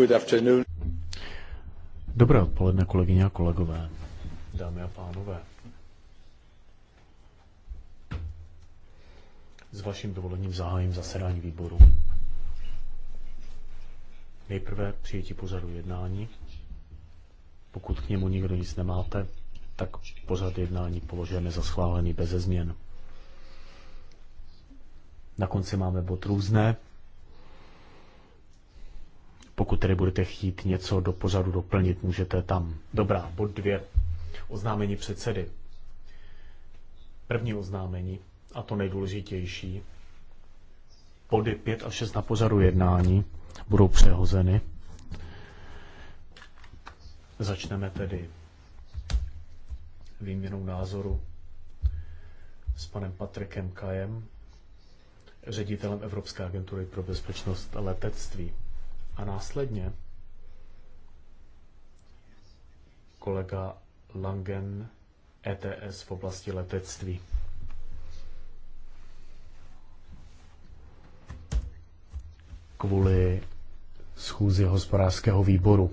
Good afternoon. Dobré odpoledne, kolegyně a kolegové, dámy a pánové. S vaším dovolením zahájím zasedání výboru. Nejprve přijetí pořadu jednání. Pokud k němu nikdo nic nemáte, tak pořad jednání položíme za schválený beze změn. Na konci máme bod různé, pokud tedy budete chtít něco do pořadu doplnit, můžete tam. Dobrá, bod dvě. Oznámení předsedy. První oznámení, a to nejdůležitější. Body 5 a 6 na pořadu jednání budou přehozeny. Začneme tedy výměnou názoru s panem Patrikem Kajem, ředitelem Evropské agentury pro bezpečnost letectví. A následně kolega Langen ETS v oblasti letectví. Kvůli schůzi hospodářského výboru,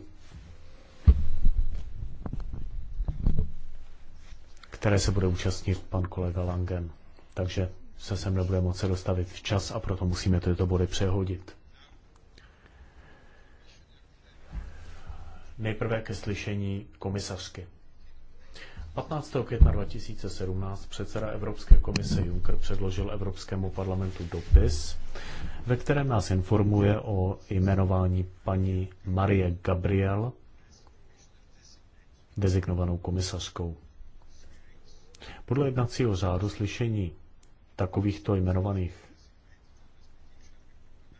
které se bude účastnit pan kolega Langen. Takže se sem nebude moci dostavit včas a proto musíme tyto body přehodit. Nejprve ke slyšení komisařky. 15. května 2017 předseda Evropské komise Juncker předložil Evropskému parlamentu dopis, ve kterém nás informuje o jmenování paní Marie Gabriel dezignovanou komisařkou. Podle jednacího řádu slyšení takovýchto jmenovaných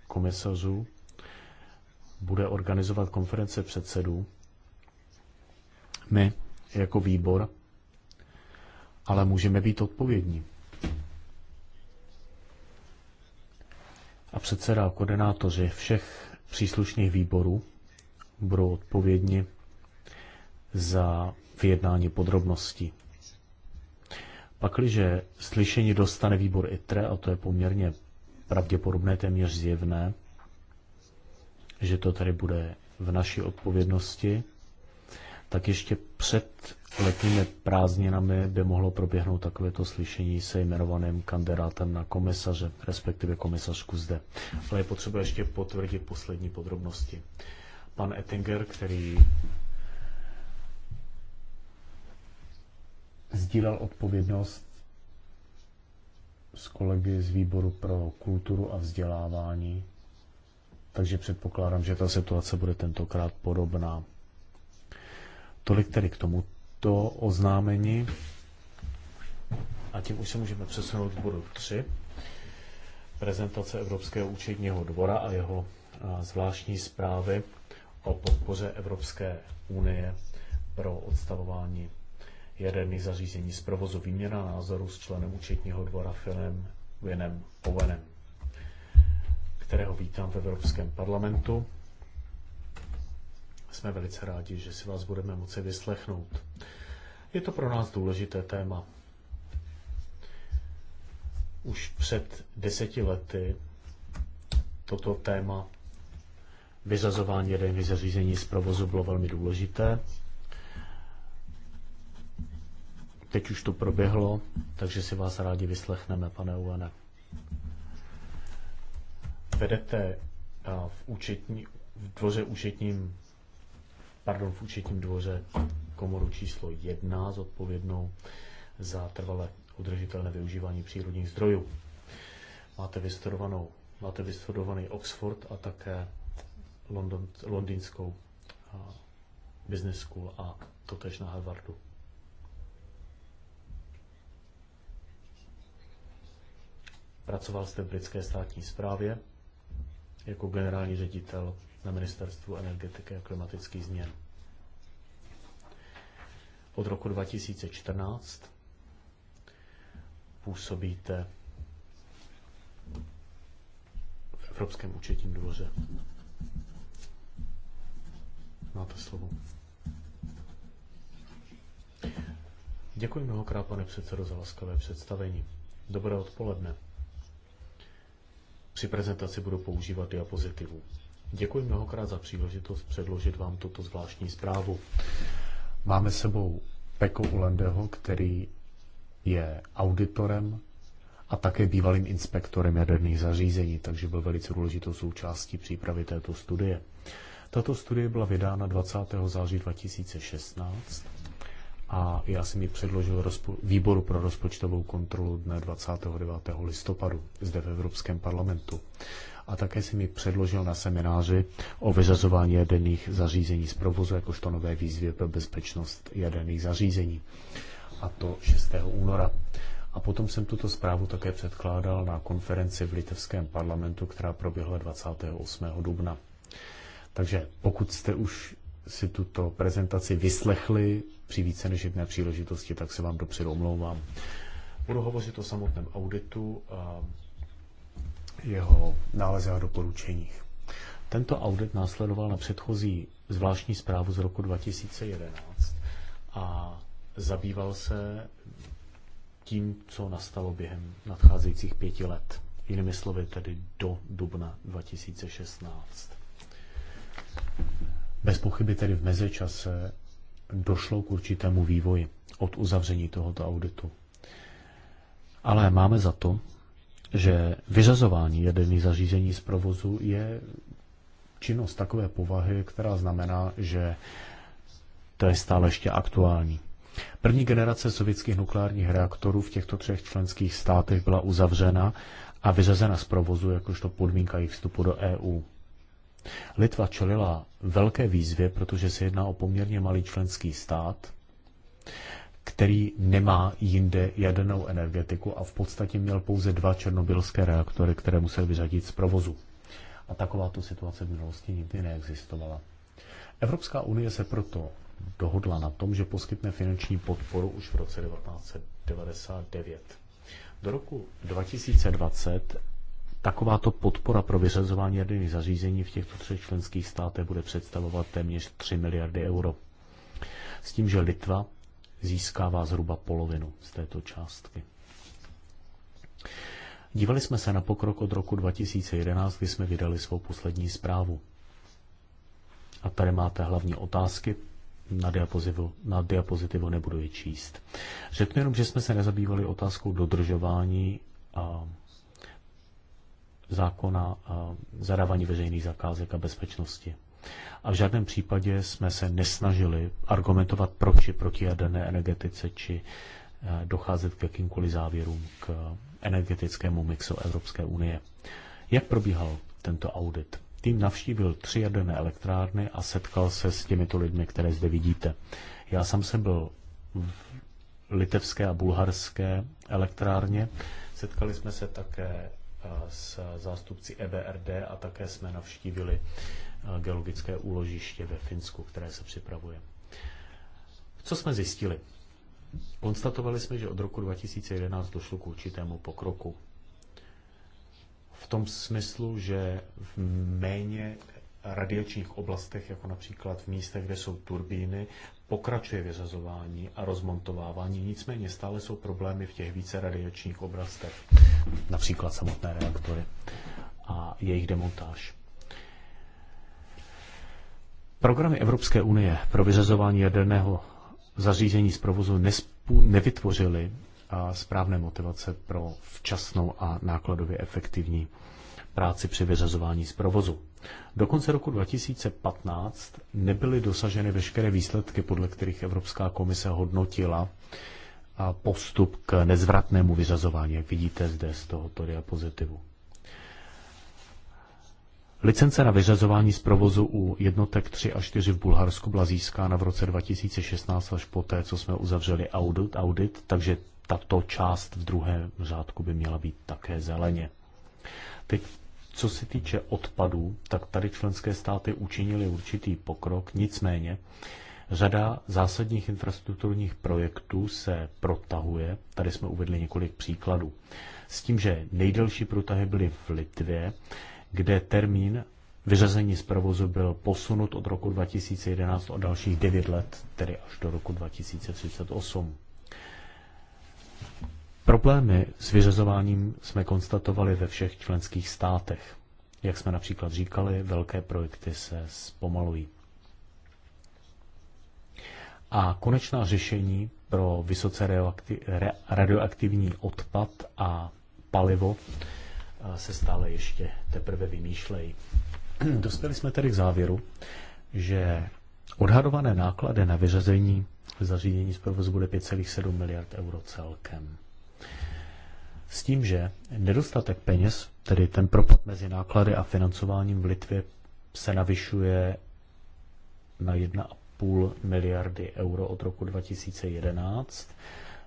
komisařů bude organizovat konference předsedů, my jako výbor, ale můžeme být odpovědní. A předseda a koordinátoři všech příslušných výborů budou odpovědni za vyjednání podrobností. Pakliže slyšení dostane výbor ITRE, a to je poměrně pravděpodobné, téměř zjevné, že to tady bude v naší odpovědnosti, tak ještě před letními prázdninami by mohlo proběhnout takovéto slyšení se jmenovaným kandidátem na komisaře, respektive komisařku zde. Ale je potřeba ještě potvrdit poslední podrobnosti. Pan Ettinger, který sdílel odpovědnost s kolegy z výboru pro kulturu a vzdělávání, takže předpokládám, že ta situace bude tentokrát podobná. Tolik tedy k tomuto oznámení. A tím už se můžeme přesunout k bodu 3. Prezentace Evropského účetního dvora a jeho zvláštní zprávy o podpoře Evropské unie pro odstavování jaderných zařízení z provozu výměna názoru s členem účetního dvora Filem Vinem Owenem kterého vítám v Evropském parlamentu. Jsme velice rádi, že si vás budeme moci vyslechnout. Je to pro nás důležité téma. Už před deseti lety toto téma vyzazování jaderných zařízení z provozu bylo velmi důležité. Teď už to proběhlo, takže si vás rádi vyslechneme, pane Uene vedete eh, v, účetní, v dvoře účetním, pardon, v účetním dvoře komoru číslo jedna zodpovědnou za trvalé udržitelné využívání přírodních zdrojů. Máte vystudovanou, máte vystudovaný Oxford a také London, londýnskou eh, business school a totež na Harvardu. Pracoval jste v britské státní správě jako generální ředitel na Ministerstvu energetiky a klimatických změn. Od roku 2014 působíte v Evropském účetním dvoře. Máte slovo. Děkuji mnohokrát, pane předsedo, za laskavé představení. Dobré odpoledne při prezentaci budu používat diapozitivu. Děkuji mnohokrát za příležitost předložit vám tuto zvláštní zprávu. Máme sebou Peko Ulandeho, který je auditorem a také bývalým inspektorem jaderných zařízení, takže byl velice důležitou součástí přípravy této studie. Tato studie byla vydána 20. září 2016 a já jsem ji předložil rozpo- výboru pro rozpočtovou kontrolu dne 29. listopadu zde v Evropském parlamentu. A také jsem ji předložil na semináři o vyřazování jaderných zařízení z provozu, jakožto nové výzvy pro bezpečnost jaderných zařízení. A to 6. února. A potom jsem tuto zprávu také předkládal na konferenci v litevském parlamentu, která proběhla 28. dubna. Takže pokud jste už si tuto prezentaci vyslechli při více než jedné příležitosti, tak se vám dopředu omlouvám. Budu hovořit o samotném auditu a jeho náleze a doporučeních. Tento audit následoval na předchozí zvláštní zprávu z roku 2011 a zabýval se tím, co nastalo během nadcházejících pěti let. Jinými slovy tedy do dubna 2016. Bez pochyby tedy v mezičase došlo k určitému vývoji od uzavření tohoto auditu. Ale máme za to, že vyřazování jaderných zařízení z provozu je činnost takové povahy, která znamená, že to je stále ještě aktuální. První generace sovětských nukleárních reaktorů v těchto třech členských státech byla uzavřena a vyřazena z provozu jakožto podmínka jejich vstupu do EU. Litva čelila velké výzvě, protože se jedná o poměrně malý členský stát, který nemá jinde jadernou energetiku a v podstatě měl pouze dva černobylské reaktory, které musel vyřadit z provozu. A takováto situace v minulosti nikdy neexistovala. Evropská unie se proto dohodla na tom, že poskytne finanční podporu už v roce 1999. Do roku 2020 Takováto podpora pro vyřazování jaderných zařízení v těchto třech členských státech bude představovat téměř 3 miliardy euro. S tím, že Litva získává zhruba polovinu z této částky. Dívali jsme se na pokrok od roku 2011, kdy jsme vydali svou poslední zprávu. A tady máte hlavní otázky. Na diapozitivu, na diapozitivu nebudu je číst. Řeknu jenom, že jsme se nezabývali otázkou dodržování a zákona a zadávání veřejných zakázek a bezpečnosti. A v žádném případě jsme se nesnažili argumentovat proč je proti jaderné energetice či eh, docházet k jakýmkoliv závěrům k energetickému mixu Evropské unie. Jak probíhal tento audit? Tým navštívil tři jaderné elektrárny a setkal se s těmito lidmi, které zde vidíte. Já sám jsem byl v litevské a bulharské elektrárně. Setkali jsme se také s zástupci EBRD a také jsme navštívili e, geologické úložiště ve Finsku, které se připravuje. Co jsme zjistili? Konstatovali jsme, že od roku 2011 došlo k určitému pokroku. V tom smyslu, že v méně radiačních oblastech, jako například v místech, kde jsou turbíny, pokračuje vyřazování a rozmontovávání, nicméně stále jsou problémy v těch více radiačních oblastech, například samotné reaktory a jejich demontáž. Programy Evropské unie pro vyřazování jaderného zařízení z provozu nespů, nevytvořily správné motivace pro včasnou a nákladově efektivní práci při vyřazování z provozu. Do konce roku 2015 nebyly dosaženy veškeré výsledky, podle kterých Evropská komise hodnotila postup k nezvratnému vyřazování, jak vidíte zde z tohoto diapozitivu. Licence na vyřazování z provozu u jednotek 3 a 4 v Bulharsku byla získána v roce 2016 až poté, co jsme uzavřeli audit, audit takže tato část v druhém řádku by měla být také zeleně. Teď co se týče odpadů, tak tady členské státy učinily určitý pokrok, nicméně řada zásadních infrastrukturních projektů se protahuje. Tady jsme uvedli několik příkladů. S tím, že nejdelší protahy byly v Litvě, kde termín vyřazení z provozu byl posunut od roku 2011 o dalších 9 let, tedy až do roku 2038. Problémy s vyřazováním jsme konstatovali ve všech členských státech. Jak jsme například říkali, velké projekty se zpomalují. A konečná řešení pro vysoce radioaktivní odpad a palivo eh, se stále ještě teprve vymýšlejí. Dostali jsme tedy k závěru, že odhadované náklady na vyřazení zařízení z provozu bude 5,7 miliard euro celkem. S tím, že nedostatek peněz, tedy ten propad mezi náklady a financováním v Litvě se navyšuje na 1,5 miliardy euro od roku 2011,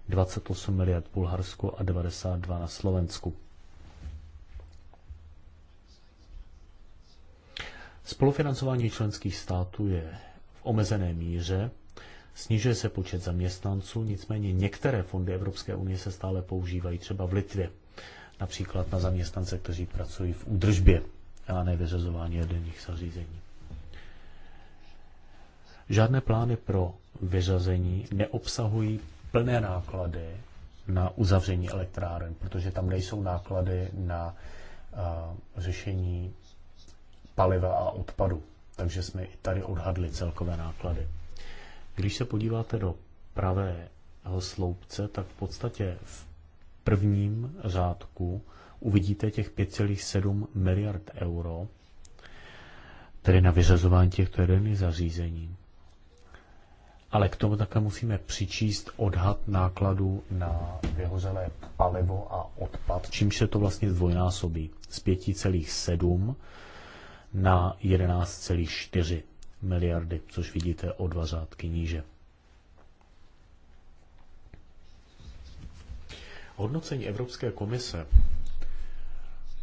28 miliard v Bulharsku a 92 na Slovensku. Spolufinancování členských států je v omezené míře, Snižuje se počet zaměstnanců, nicméně některé fondy Evropské unie se stále používají, třeba v Litvě, například na zaměstnance, kteří pracují v údržbě a vyřazování jaderných zařízení. Žádné plány pro vyřazení neobsahují plné náklady na uzavření elektráren, protože tam nejsou náklady na a, řešení paliva a odpadu. Takže jsme i tady odhadli celkové náklady. Když se podíváte do pravého sloupce, tak v podstatě v prvním řádku uvidíte těch 5,7 miliard euro, tedy na vyřazování těchto jedených zařízení. Ale k tomu také musíme přičíst odhad nákladů na vyhořelé palivo a odpad, čímž se to vlastně zdvojnásobí z 5,7 na 11,4 miliardy, což vidíte o dva zátky níže. Hodnocení Evropské komise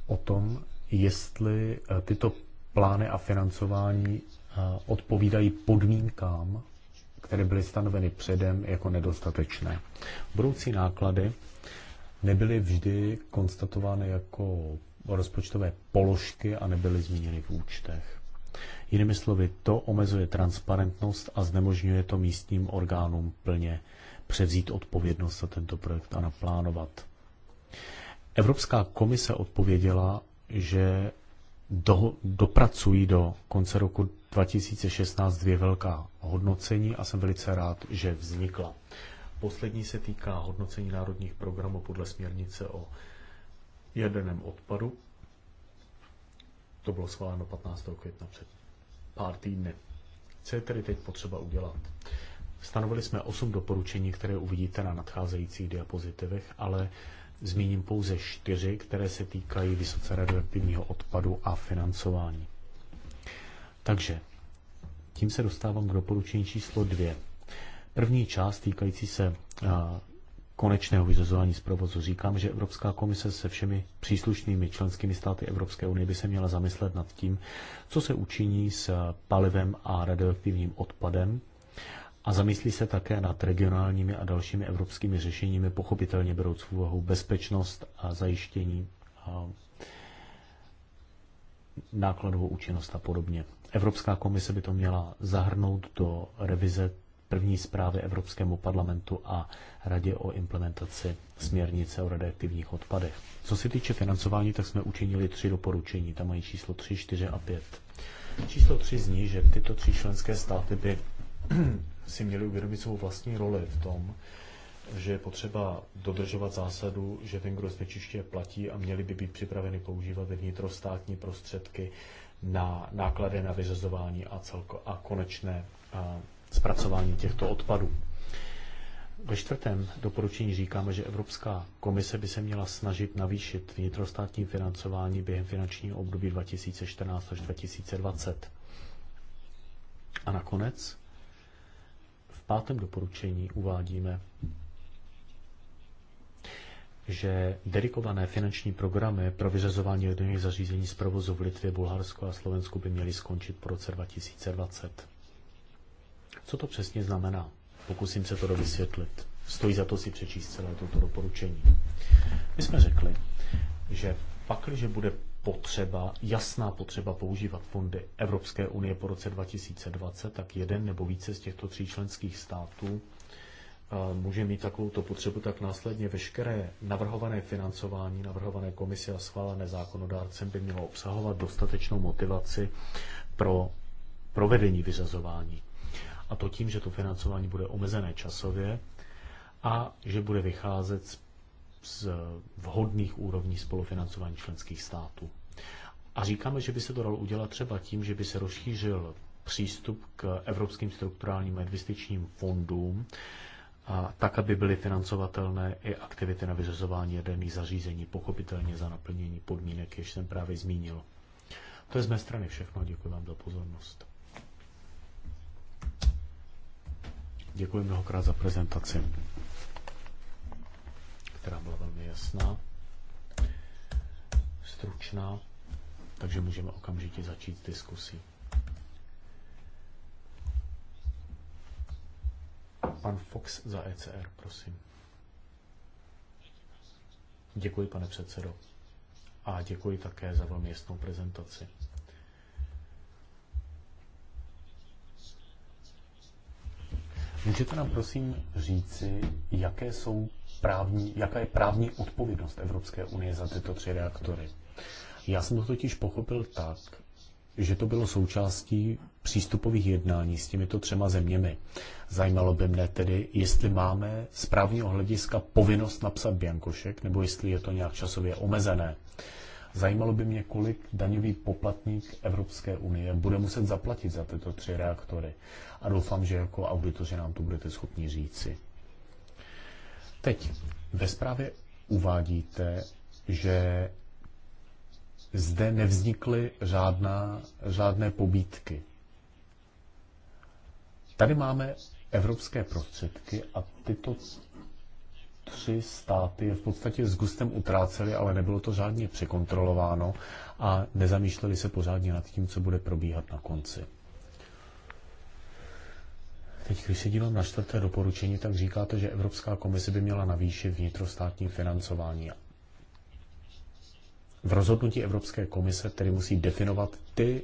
o tom, jestli eh, tyto plány a financování eh, odpovídají podmínkám, které byly stanoveny předem jako nedostatečné. Budoucí náklady nebyly vždy konstatovány jako rozpočtové položky a nebyly zmíněny v účtech. Jinými slovy, to omezuje transparentnost a znemožňuje to místním orgánům plně převzít odpovědnost za tento projekt a naplánovat. Evropská komise odpověděla, že do, dopracují do konce roku 2016 dvě velká hodnocení a jsem velice rád, že vznikla. Poslední se týká hodnocení národních programů podle směrnice o jaderném odpadu. To bylo schváleno 15. května před pár týdny. Co je tedy teď potřeba udělat? Stanovili jsme 8 doporučení, které uvidíte na nadcházejících diapozitivech, ale zmíním pouze 4, které se týkají vysoce radioaktivního odpadu a financování. Takže tím se dostávám k doporučení číslo 2. První část týkající se konečného vyzazování z provozu. Říkám, že Evropská komise se všemi příslušnými členskými státy Evropské unie by se měla zamyslet nad tím, co se učiní s palivem a radioaktivním odpadem a zamyslí se také nad regionálními a dalšími evropskými řešeními, pochopitelně berouc v úvahu bezpečnost a zajištění a nákladovou účinnost a podobně. Evropská komise by to měla zahrnout do revize první zprávy Evropskému parlamentu a Radě o implementaci směrnice o radioaktivních odpadech. Co se týče financování, tak jsme učinili tři doporučení. Tam mají číslo 3, 4 a 5. Číslo 3 zní, že tyto tři členské státy by si měly uvědomit svou vlastní roli v tom, že je potřeba dodržovat zásadu, že ten, kdo znečiště platí a měli by být připraveni používat vnitrostátní prostředky na náklady na vyřazování a, celko, a konečné a zpracování těchto odpadů. Ve čtvrtém doporučení říkáme, že Evropská komise by se měla snažit navýšit vnitrostátní financování během finančního období 2014 až 2020. A nakonec v pátém doporučení uvádíme, že dedikované finanční programy pro vyřazování jedných zařízení z provozu v Litvě, Bulharsku a Slovensku by měly skončit po roce 2020. Co to přesně znamená? Pokusím se to dovysvětlit. Stojí za to si přečíst celé toto doporučení. My jsme řekli, že pakliže bude potřeba, jasná potřeba používat fondy Evropské unie po roce 2020, tak jeden nebo více z těchto tří členských států eh, může mít takovou potřebu, tak následně veškeré navrhované financování, navrhované komise a schválené zákonodárcem by mělo obsahovat dostatečnou motivaci pro provedení vyřazování a to tím, že to financování bude omezené časově a že bude vycházet z, z vhodných úrovní spolufinancování členských států. A říkáme, že by se to dalo udělat třeba tím, že by se rozšířil přístup k evropským strukturálním investičním fondům, a tak, aby byly financovatelné i aktivity na vyřazování jaderných zařízení, pochopitelně za naplnění podmínek, jež jsem právě zmínil. To je z mé strany všechno, děkuji vám za pozornost. Děkuji mnohokrát za prezentaci, která byla velmi jasná, stručná, takže můžeme okamžitě začít diskusí. Pan Fox za ECR, prosím. Děkuji, pane předsedo. A děkuji také za velmi jasnou prezentaci. Můžete nám prosím říci, jaké jsou právní, jaká je právní odpovědnost Evropské unie za tyto tři reaktory? Já jsem to totiž pochopil tak, že to bylo součástí přístupových jednání s těmito třema zeměmi. Zajímalo by mne tedy, jestli máme z právního hlediska povinnost napsat Biankošek, nebo jestli je to nějak časově omezené. Zajímalo by mě, kolik daňový poplatník Evropské unie bude muset zaplatit za tyto tři reaktory. A doufám, že jako auditoři nám to budete schopni říci. Teď ve zprávě uvádíte, že zde nevznikly žádná, žádné pobítky. Tady máme evropské prostředky a tyto tři státy je v podstatě s gustem utráceli, ale nebylo to žádně překontrolováno a nezamýšleli se pořádně nad tím, co bude probíhat na konci. Teď, když se dívám na čtvrté doporučení, tak říkáte, že Evropská komise by měla navýšit vnitrostátní financování. V rozhodnutí Evropské komise tedy musí definovat ty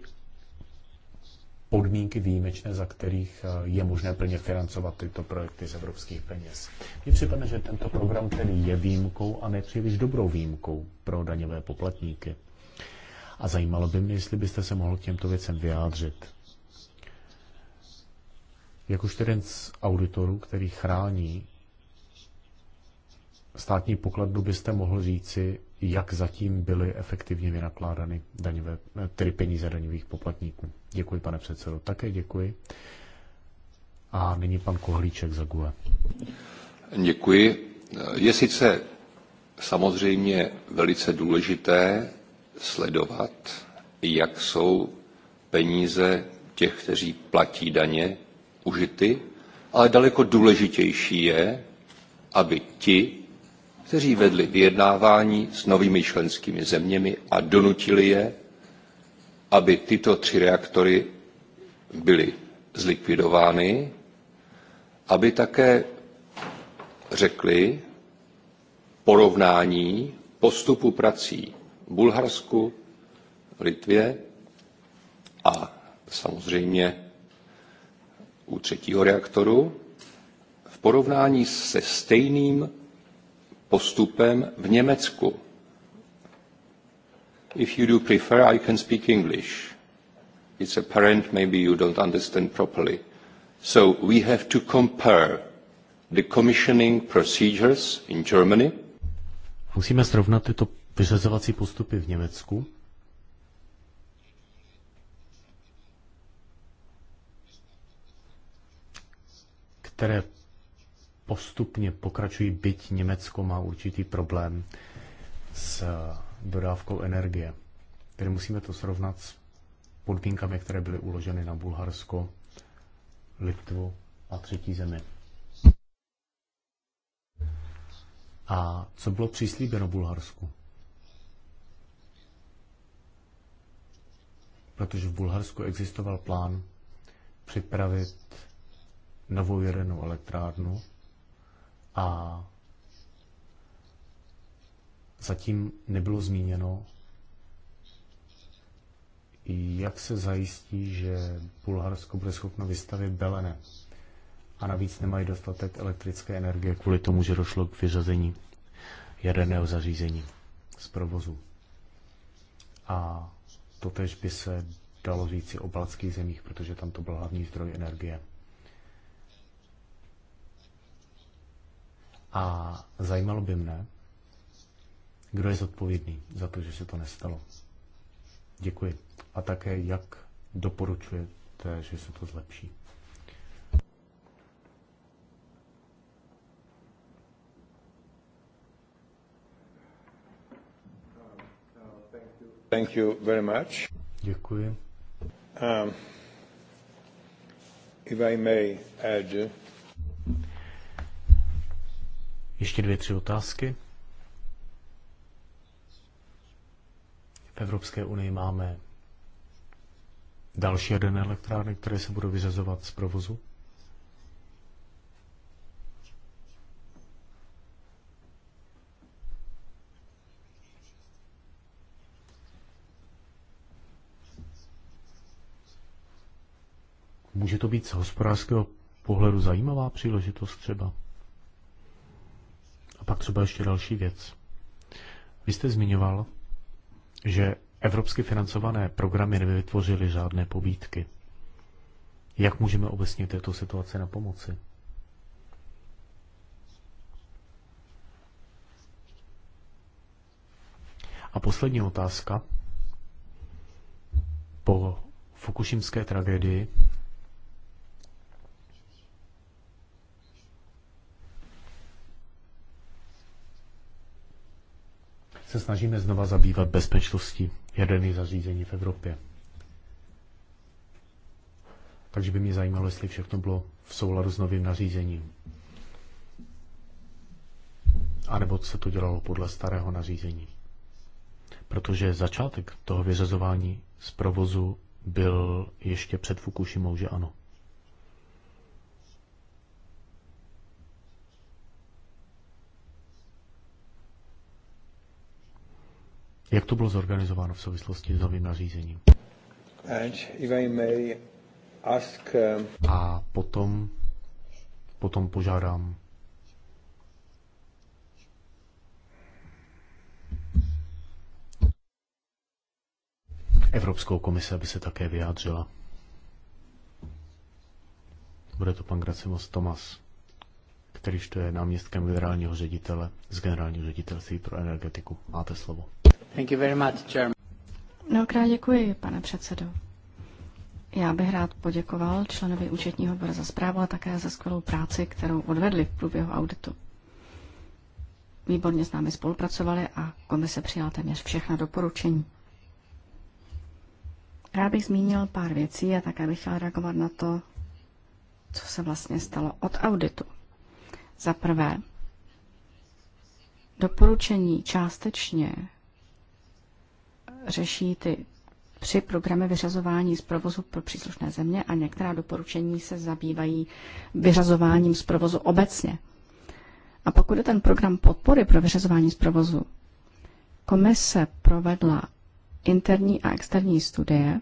podmínky výjimečné, za kterých eh, je možné plně financovat tyto projekty z evropských peněz. Mně připadne, že tento program tedy je výjimkou a nepříliš dobrou výjimkou pro daňové poplatníky. A zajímalo by mě, jestli byste se mohl k těmto věcem vyjádřit. Jak už jeden z auditorů, který chrání státní pokladnu, byste mohl říci, jak zatím byly efektivně vynakládány daňové, tedy peníze daňových poplatníků. Děkuji, pane předsedo. Také děkuji. A nyní pan Kohlíček za GUE. Děkuji. Je sice samozřejmě velice důležité sledovat, jak jsou peníze těch, kteří platí daně, užity, ale daleko důležitější je, aby ti, kteří vedli vyjednávání s novými členskými zeměmi a donutili je, aby tyto tři reaktory byly zlikvidovány, aby také řekli porovnání postupu prací v Bulharsku, Litvě a samozřejmě u třetího reaktoru v porovnání se stejným postupem v Německu. If you do prefer, I can speak English. It's apparent maybe you don't understand properly. So we have to compare the commissioning procedures in Germany. Musíme srovnat tyto vyřazovací postupy v Německu které postupně pokračují, byť Německo má určitý problém s eh, dodávkou energie. Tedy musíme to srovnat s podmínkami, které byly uloženy na Bulharsko, Litvu a třetí zemi. A co bylo přislíbeno Bulharsku? Protože v Bulharsku existoval plán připravit novou jadernou elektrárnu a zatím nebylo zmíněno, jak se zajistí, že Bulharsko bude schopno vystavit Belene. A navíc nemají dostatek elektrické energie kvůli tomu, že došlo k vyřazení jaderného zařízení z provozu. A to tež by se dalo říci o baltských zemích, protože tam to byl hlavní zdroj energie. A zajímalo by mne, kdo je zodpovědný za to, že se to nestalo. Děkuji. A také, jak doporučujete, že se to zlepší. Thank you very much. Děkuji. Um, if I may add, ještě dvě, tři otázky. V Evropské unii máme další jaderné elektrárny, které se budou vyřazovat z provozu. Může to být z hospodářského pohledu zajímavá příležitost třeba? A pak třeba ještě další věc. Vy jste zmiňoval, že evropsky financované programy nevytvořily žádné pobídky. Jak můžeme obecně této situaci na pomoci? A poslední otázka. Po fukušimské tragédii se snažíme znova zabývat bezpečností jaderných zařízení v Evropě. Takže by mě zajímalo, jestli všechno bylo v souladu s novým nařízením. A nebo se to dělalo podle starého nařízení. Protože začátek toho vyřazování z provozu byl ještě před Fukushimou, že ano. Jak to bylo zorganizováno v souvislosti s novým nařízením? Ask... Um, A potom, potom požádám Evropskou komisi, aby se také vyjádřila. Bude to pan Gracimos Tomas, kterýž to je náměstkem generálního ředitele z generálního ředitelství pro energetiku. Máte slovo. Thank you very much, Chairman. Mnohokrát děkuji, pane předsedo. Já bych rád poděkoval členovi účetního dvora za zprávu a také za skvělou práci, kterou odvedli v průběhu auditu. Výborně s námi spolupracovali a komise přijala téměř všechna doporučení. Rád bych zmínil pár věcí a také bych chtěl reagovat na to, co se vlastně stalo od auditu. Za prvé, doporučení částečně řeší ty tři programy vyřazování z provozu pro příslušné země a některá doporučení se zabývají vyřazováním z provozu obecně. A pokud je ten program podpory pro vyřazování z provozu, komise provedla interní a externí studie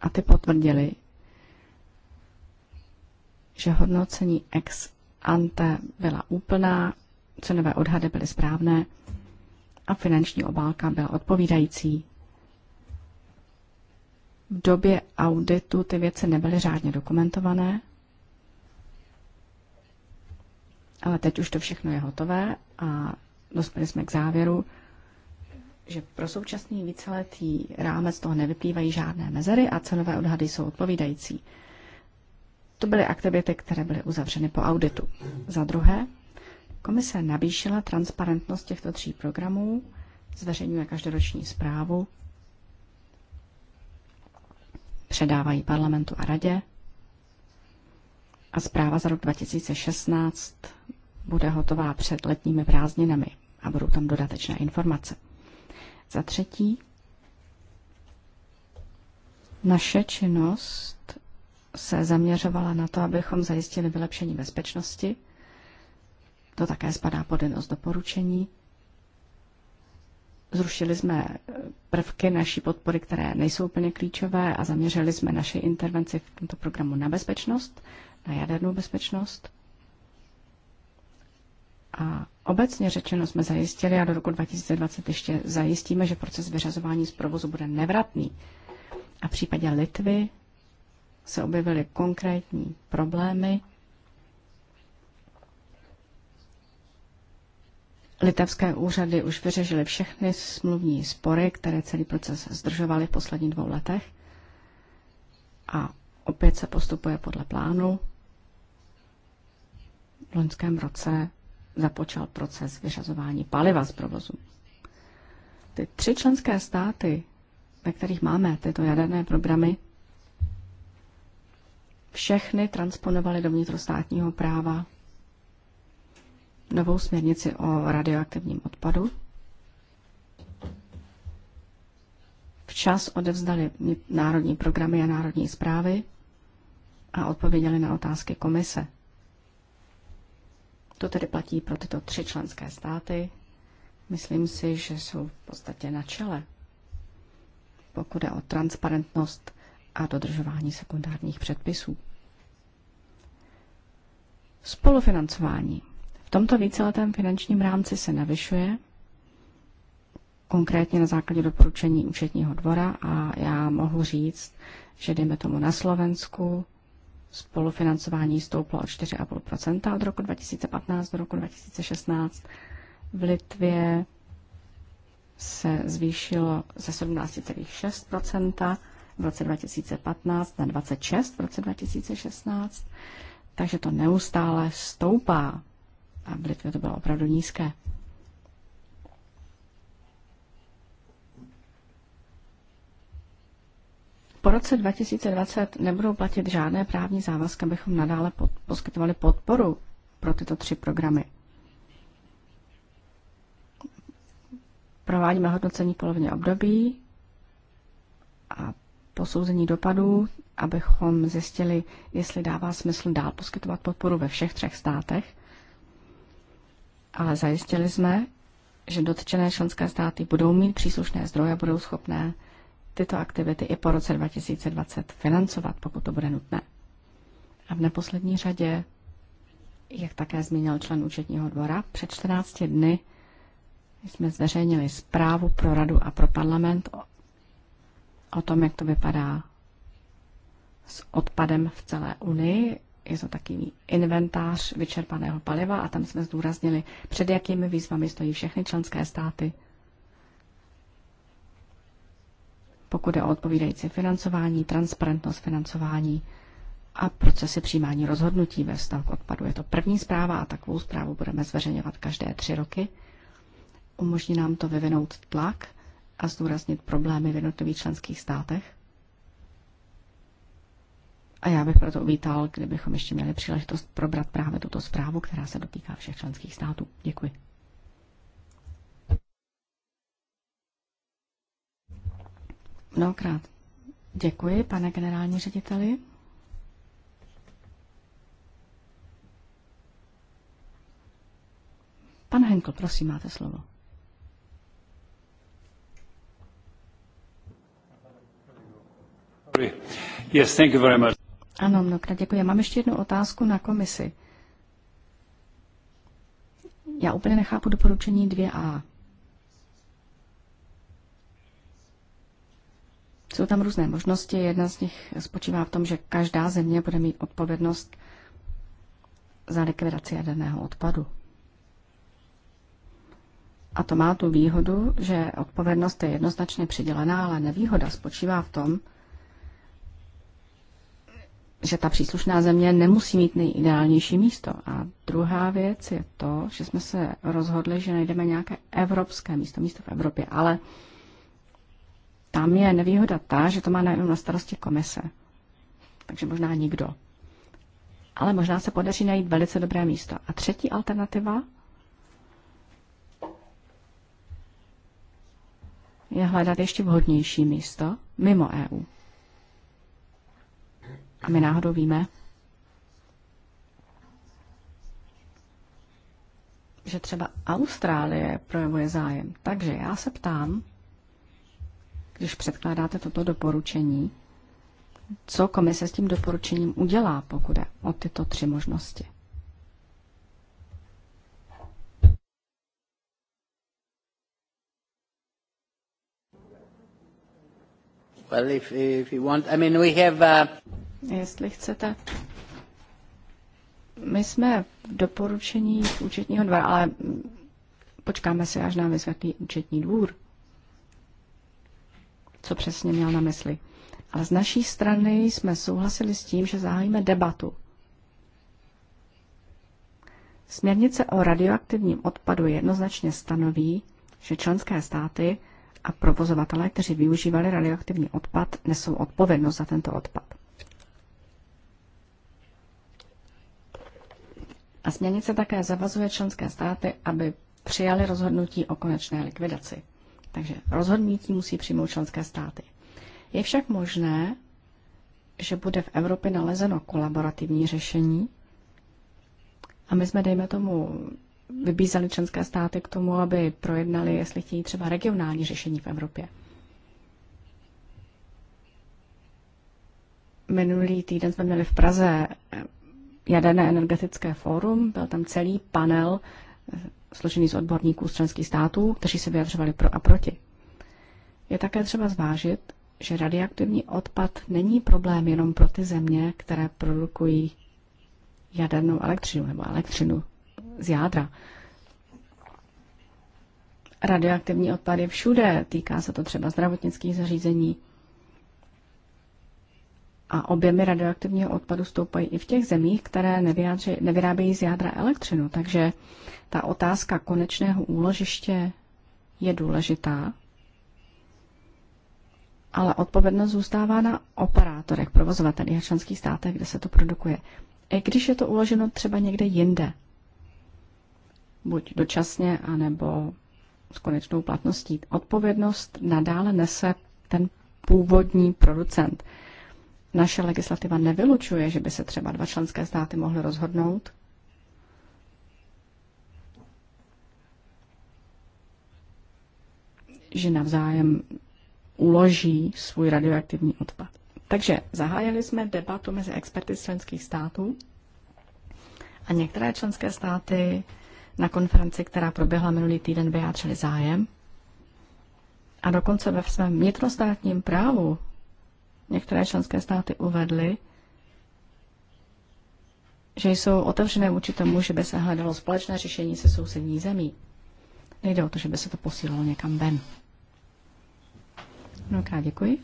a ty potvrdili, že hodnocení ex ante byla úplná, cenové odhady byly správné a finanční obálka byla odpovídající v době auditu ty věci nebyly řádně dokumentované, ale teď už to všechno je hotové a dospěli jsme k závěru, že pro současný víceletý rámec toho nevyplývají žádné mezery a cenové odhady jsou odpovídající. To byly aktivity, které byly uzavřeny po auditu. Za druhé, komise navýšila transparentnost těchto tří programů, zveřejňuje každoroční zprávu předávají parlamentu a radě. A zpráva za rok 2016 bude hotová před letními prázdninami a budou tam dodatečné informace. Za třetí, naše činnost se zaměřovala na to, abychom zajistili vylepšení bezpečnosti. To také spadá pod jedno z doporučení Zrušili jsme prvky naší podpory, které nejsou úplně klíčové a zaměřili jsme naše intervenci v tomto programu na bezpečnost, na jadernou bezpečnost. A obecně řečeno jsme zajistili a do roku 2020 ještě zajistíme, že proces vyřazování z provozu bude nevratný. A v případě Litvy se objevily konkrétní problémy, Litevské úřady už vyřešily všechny smluvní spory, které celý proces zdržovaly v posledních dvou letech. A opět se postupuje podle plánu. V loňském roce započal proces vyřazování paliva z provozu. Ty tři členské státy, ve kterých máme tyto jaderné programy, všechny transponovaly do vnitrostátního práva novou směrnici o radioaktivním odpadu. Včas odevzdali národní programy a národní zprávy a odpověděli na otázky komise. To tedy platí pro tyto tři členské státy. Myslím si, že jsou v podstatě na čele, pokud je o transparentnost a dodržování sekundárních předpisů. Spolufinancování tomto víceletém finančním rámci se navyšuje, konkrétně na základě doporučení účetního dvora a já mohu říct, že dejme tomu na Slovensku spolufinancování stouplo o 4,5% od roku 2015 do roku 2016. V Litvě se zvýšilo ze 17,6% v roce 2015 na 26 v roce 2016, takže to neustále stoupá a v Litvě to bylo opravdu nízké. Po roce 2020 nebudou platit žádné právní závazky, abychom nadále pod, poskytovali podporu pro tyto tři programy. Provádíme hodnocení polovně období a posouzení dopadů, abychom zjistili, jestli dává smysl dál poskytovat podporu ve všech třech státech – ale zajistili jsme, že dotčené členské státy budou mít příslušné zdroje a budou schopné tyto aktivity i po roce 2020 financovat, pokud to bude nutné. A v neposlední řadě, jak také zmínil člen účetního dvora, před 14 dny jsme zveřejnili zprávu pro radu a pro parlament o, o tom, jak to vypadá s odpadem v celé Unii je to takový inventář vyčerpaného paliva a tam jsme zdůraznili, před jakými výzvami stojí všechny členské státy, pokud je o odpovídající financování, transparentnost financování a procesy přijímání rozhodnutí ve vztahu k odpadu. Je to první zpráva a takovou zprávu budeme zveřejňovat každé tři roky. Umožní nám to vyvinout tlak a zdůraznit problémy v jednotlivých členských státech a já bych proto uvítal, kdybychom ještě měli příležitost probrat právě tuto zprávu, která se dotýká všech členských států. Děkuji. Mnohokrát. Děkuji, pane generální řediteli. Pan Henkel, prosím, máte slovo. Yes, thank you very much. Ano, mnohokrát děkuji. Já mám ještě jednu otázku na komisi. Já úplně nechápu doporučení 2a. Jsou tam různé možnosti. Jedna z nich spočívá v tom, že každá země bude mít odpovědnost za likvidaci jaderného odpadu. A to má tu výhodu, že odpovědnost je jednoznačně přidělená, ale nevýhoda spočívá v tom, že ta příslušná země nemusí mít nejideálnější místo. A druhá věc je to, že jsme se rozhodli, že najdeme nějaké evropské místo, místo v Evropě, ale tam je nevýhoda ta, že to má najednou na starosti komise. Takže možná nikdo. Ale možná se podaří najít velice dobré místo. A třetí alternativa je hledat ještě vhodnější místo mimo EU. A my náhodou víme, že třeba Austrálie projevuje zájem. Takže já se ptám, když předkládáte toto doporučení, co komise s tím doporučením udělá, pokud je o tyto tři možnosti? Well, if, if you want, I mean, we have, uh jestli chcete. My jsme v doporučení účetního dvora, ale počkáme si, až nám vysvětlí účetní dvůr, co přesně měl na mysli. Ale z naší strany jsme souhlasili s tím, že zahájíme debatu. Směrnice o radioaktivním odpadu jednoznačně stanoví, že členské státy a provozovatelé, kteří využívali radioaktivní odpad, nesou odpovědnost za tento odpad. A směrnice také zavazuje členské státy, aby přijali rozhodnutí o konečné likvidaci. Takže rozhodnutí musí přijmout členské státy. Je však možné, že bude v Evropě nalezeno kolaborativní řešení a my jsme, dejme tomu, vybízali členské státy k tomu, aby projednali, jestli chtějí třeba regionální řešení v Evropě. Minulý týden jsme měli v Praze jaderné energetické fórum, byl tam celý panel eh, složený z odborníků z členských států, kteří se vyjadřovali pro a proti. Je také třeba zvážit, že radioaktivní odpad není problém jenom pro ty země, které produkují jadernou elektřinu nebo elektřinu z jádra. Radioaktivní odpad je všude, týká se to třeba zdravotnických zařízení, a objemy radioaktivního odpadu stoupají i v těch zemích, které nevyrábějí z jádra elektřinu. Takže ta otázka konečného úložiště je důležitá, ale odpovědnost zůstává na operátorech, provozovatelích a členských státech, kde se to produkuje. I když je to uloženo třeba někde jinde, buď dočasně, anebo s konečnou platností, odpovědnost nadále nese ten původní producent – naše legislativa nevylučuje, že by se třeba dva členské státy mohly rozhodnout, že navzájem uloží svůj radioaktivní odpad. Takže zahájili jsme debatu mezi experty z členských států a některé členské státy na konferenci, která proběhla minulý týden, vyjádřili zájem. A dokonce ve svém vnitrostátním právu Některé členské státy uvedly, že jsou otevřené vůči tomu, že by se hledalo společné řešení se sousední zemí. Nejde o to, že by se to posílalo někam ven. Mnohokrát děkuji.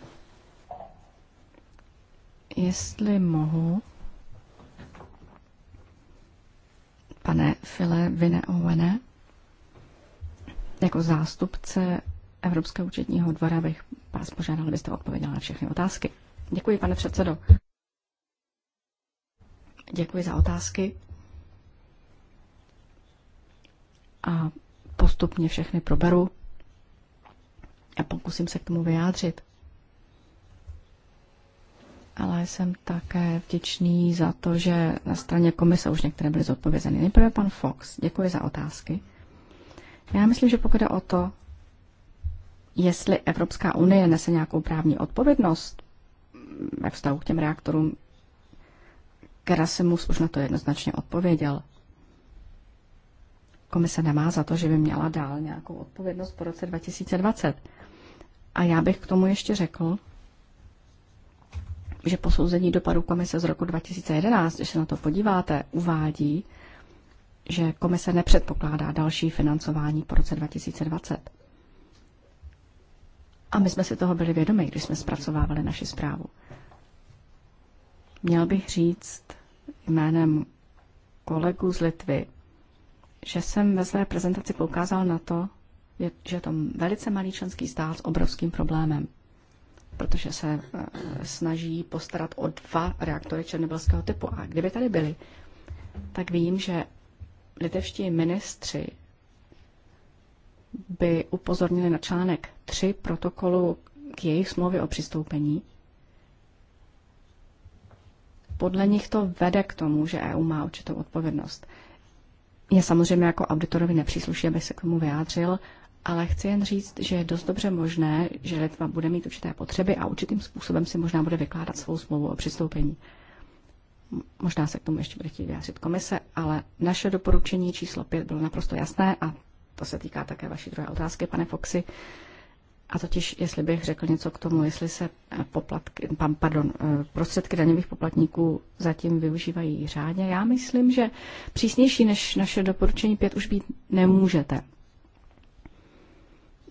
Jestli mohu, pane File Vine Owene, jako zástupce Evropského účetního dvora bych vás požádal, abyste odpověděla na všechny otázky. Děkuji, pane předsedo. Děkuji za otázky. A postupně všechny proberu a pokusím se k tomu vyjádřit. Ale jsem také vděčný za to, že na straně komise už některé byly zodpovězeny. Nejprve pan Fox, děkuji za otázky. Já myslím, že pokud je o to, jestli Evropská unie nese nějakou právní odpovědnost ve vztahu k těm reaktorům, Gerasimus už na to jednoznačně odpověděl. Komise nemá za to, že by měla dál nějakou odpovědnost po roce 2020. A já bych k tomu ještě řekl, že posouzení dopadu komise z roku 2011, když se na to podíváte, uvádí, že komise nepředpokládá další financování po roce 2020. A my jsme si toho byli vědomi, když jsme zpracovávali naši zprávu. Měl bych říct jménem kolegů z Litvy, že jsem ve své prezentaci poukázal na to, že je to velice malý členský stát s obrovským problémem, protože se eh, snaží postarat o dva reaktory černobylského typu. A kdyby tady byli, tak vím, že litevští ministři by upozornili na článek 3 protokolu k jejich smlouvě o přistoupení. Podle nich to vede k tomu, že EU má určitou odpovědnost. Je samozřejmě jako auditorovi nepřísluší, aby se k tomu vyjádřil, ale chci jen říct, že je dost dobře možné, že Litva bude mít určité potřeby a určitým způsobem si možná bude vykládat svou smlouvu o přistoupení. Možná se k tomu ještě bude chtít vyjádřit komise, ale naše doporučení číslo 5 bylo naprosto jasné a to se týká také vaší druhé otázky, pane Foxy. A totiž, jestli bych řekl něco k tomu, jestli se eh, poplatky, pardon, eh, prostředky daňových poplatníků zatím využívají řádně, já myslím, že přísnější než naše doporučení 5 už být nemůžete.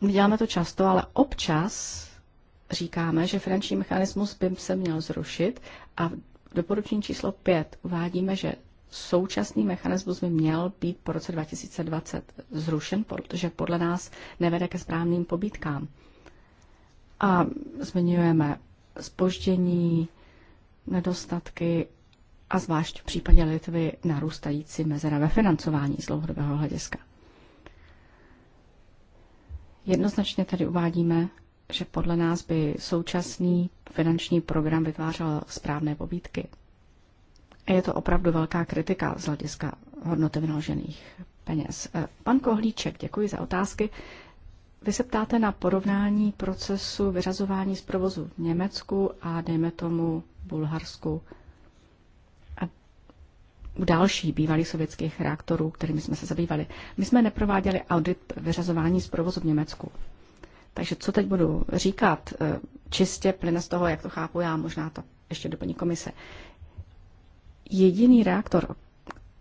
My děláme to často, ale občas říkáme, že finanční mechanismus by se měl zrušit a v doporučení číslo 5 uvádíme, že současný mechanismus by měl být po roce 2020 zrušen, protože podle nás nevede ke správným pobítkám. A zmiňujeme spoždění, nedostatky a zvlášť v případě Litvy narůstající mezera ve financování z dlouhodobého hlediska. Jednoznačně tedy uvádíme, že podle nás by současný finanční program vytvářel správné pobídky je to opravdu velká kritika z hlediska hodnoty vynaložených peněz. Eh, pan Kohlíček, děkuji za otázky. Vy se ptáte na porovnání procesu vyřazování z provozu v Německu a dejme tomu Bulharsku a u dalších bývalých sovětských reaktorů, kterými jsme se zabývali. My jsme neprováděli audit vyřazování z provozu v Německu. Takže co teď budu říkat, eh, čistě plyne z toho, jak to chápu já, možná to ještě doplní komise. Jediný reaktor,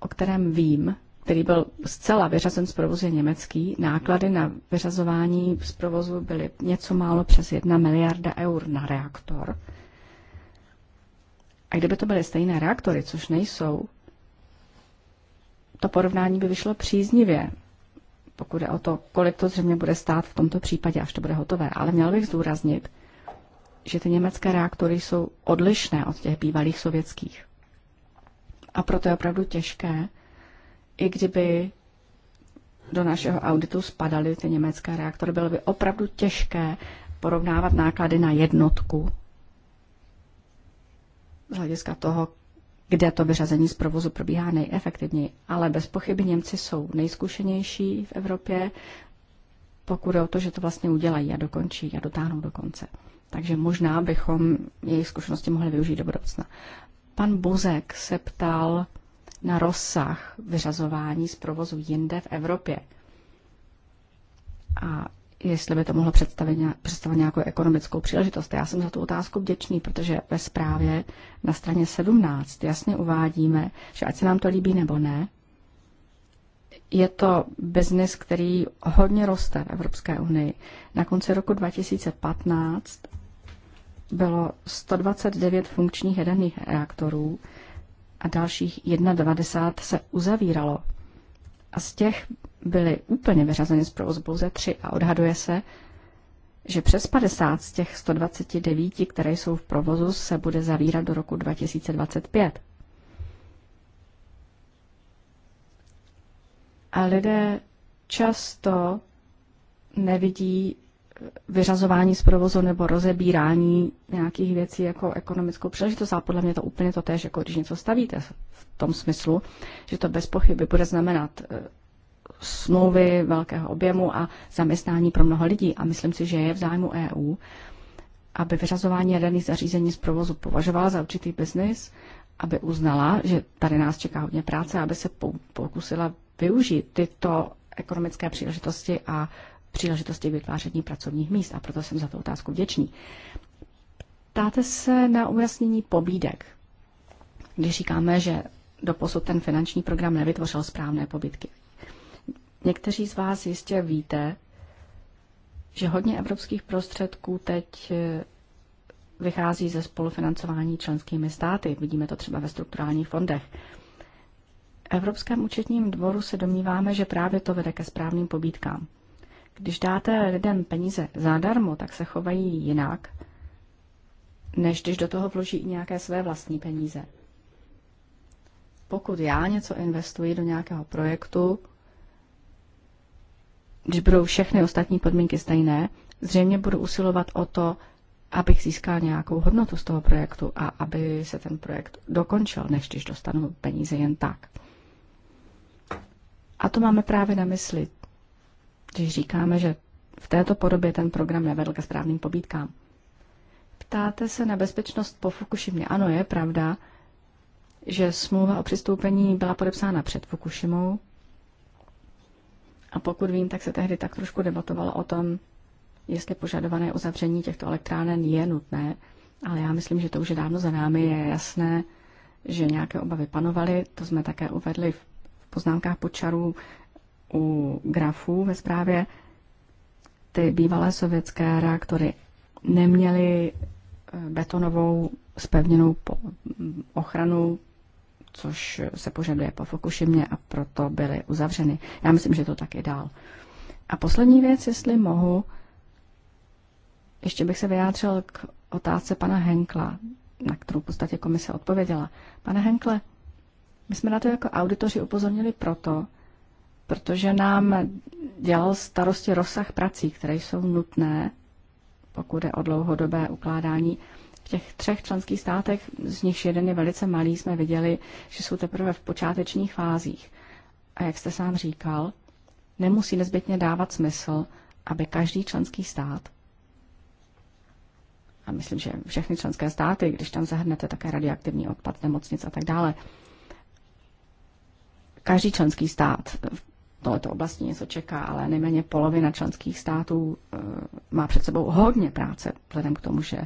o kterém vím, který byl zcela vyřazen z provozu je německý. Náklady na vyřazování z provozu byly něco málo přes 1 miliarda eur na reaktor. A kdyby to byly stejné reaktory, což nejsou, to porovnání by vyšlo příznivě, pokud je o to, kolik to zřejmě bude stát v tomto případě, až to bude hotové. Ale měl bych zdůraznit, že ty německé reaktory jsou odlišné od těch bývalých sovětských. A proto je opravdu těžké, i kdyby do našeho auditu spadaly ty německé reaktory, bylo by opravdu těžké porovnávat náklady na jednotku z hlediska toho, kde to vyřazení z provozu probíhá nejefektivněji. Ale bez pochyby Němci jsou nejzkušenější v Evropě, pokud je o to, že to vlastně udělají a dokončí a dotáhnou do konce. Takže možná bychom jejich zkušenosti mohli využít do budoucna. Pan Buzek se ptal na rozsah vyřazování z provozu jinde v Evropě a jestli by to mohlo představit, představit nějakou ekonomickou příležitost. Já jsem za tu otázku vděčný, protože ve zprávě na straně 17 jasně uvádíme, že ať se nám to líbí nebo ne, je to biznis, který hodně roste v Evropské unii. Na konci roku 2015 bylo 129 funkčních jaderných reaktorů a dalších 21 se uzavíralo. A z těch byly úplně vyřazeny z provozu pouze 3 a odhaduje se, že přes 50 z těch 129, které jsou v provozu, se bude zavírat do roku 2025. A lidé často nevidí, vyřazování z provozu nebo rozebírání nějakých věcí jako ekonomickou příležitost, ale podle mě to úplně to též, jako když něco stavíte v tom smyslu, že to bez pochyby bude znamenat e, smlouvy velkého objemu a zaměstnání pro mnoho lidí. A myslím si, že je v zájmu EU, aby vyřazování jaderných zařízení z provozu považovala za určitý biznis, aby uznala, že tady nás čeká hodně práce, aby se pokusila využít tyto ekonomické příležitosti a příležitosti vytváření pracovních míst a proto jsem za tu otázku vděčný. Ptáte se na ujasnění pobídek. Když říkáme, že doposud ten finanční program nevytvořil správné pobytky. Někteří z vás jistě víte, že hodně evropských prostředků teď eh, vychází ze spolufinancování členskými státy. Vidíme to třeba ve strukturálních fondech. V Evropském účetním dvoru se domníváme, že právě to vede ke správným pobítkám. Když dáte lidem peníze zadarmo, tak se chovají jinak, než když do toho vloží i nějaké své vlastní peníze. Pokud já něco investuji do nějakého projektu, když budou všechny ostatní podmínky stejné, zřejmě budu usilovat o to, abych získal nějakou hodnotu z toho projektu a aby se ten projekt dokončil, než když dostanu peníze jen tak. A to máme právě na mysli když říkáme, že v této podobě ten program nevedl ke správným pobídkám. Ptáte se na bezpečnost po Fukushimě. Ano, je pravda, že smlouva o přistoupení byla podepsána před Fukushimou. A pokud vím, tak se tehdy tak trošku debatovalo o tom, jestli požadované uzavření těchto elektránen je nutné, ale já myslím, že to už je dávno za námi. Je jasné, že nějaké obavy panovaly, to jsme také uvedli v poznámkách počarů u grafů ve zprávě, ty bývalé sovětské reaktory neměly eh, betonovou spevněnou ochranu, což se požaduje po Fukushimě a proto byly uzavřeny. Já myslím, že to tak i dál. A poslední věc, jestli mohu, ještě bych se vyjádřil k otázce pana Henkla, na kterou v podstatě komise odpověděla. Pane Henkle, my jsme na to jako auditoři upozornili proto, protože nám dělal starosti rozsah prací, které jsou nutné, pokud je o dlouhodobé ukládání. V těch třech členských státech, z nichž jeden je velice malý, jsme viděli, že jsou teprve v počátečních fázích. A jak jste sám říkal, nemusí nezbytně dávat smysl, aby každý členský stát, a myslím, že všechny členské státy, když tam zahrnete také radioaktivní odpad, nemocnic a tak dále, každý členský stát v touto oblasti něco čeká, ale nejméně polovina členských států eh, má před sebou hodně práce, vzhledem k tomu, že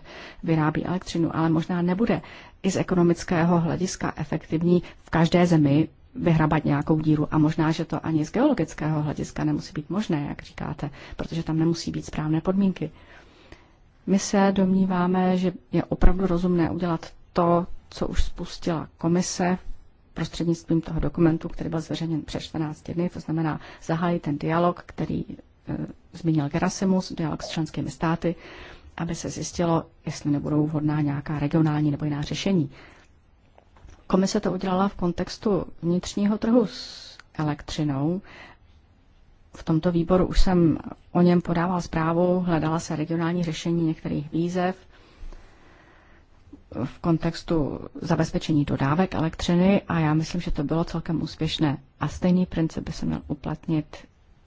vyrábí elektřinu, ale možná nebude i z ekonomického hlediska efektivní v každé zemi vyhrabat nějakou díru a možná, že to ani z geologického hlediska nemusí být možné, jak říkáte, protože tam nemusí být správné podmínky. My se domníváme, že je opravdu rozumné udělat to, co už spustila komise prostřednictvím toho dokumentu, který byl zveřejněn před 14 dny, to znamená zahájit ten dialog, který e, zmínil Gerasimus, dialog s členskými státy, aby se zjistilo, jestli nebudou vhodná nějaká regionální nebo jiná řešení. Komise to udělala v kontextu vnitřního trhu s elektřinou. V tomto výboru už jsem o něm podával zprávu, hledala se regionální řešení některých výzev, v kontextu zabezpečení dodávek elektřiny a já myslím, že to bylo celkem úspěšné. A stejný princip by se měl uplatnit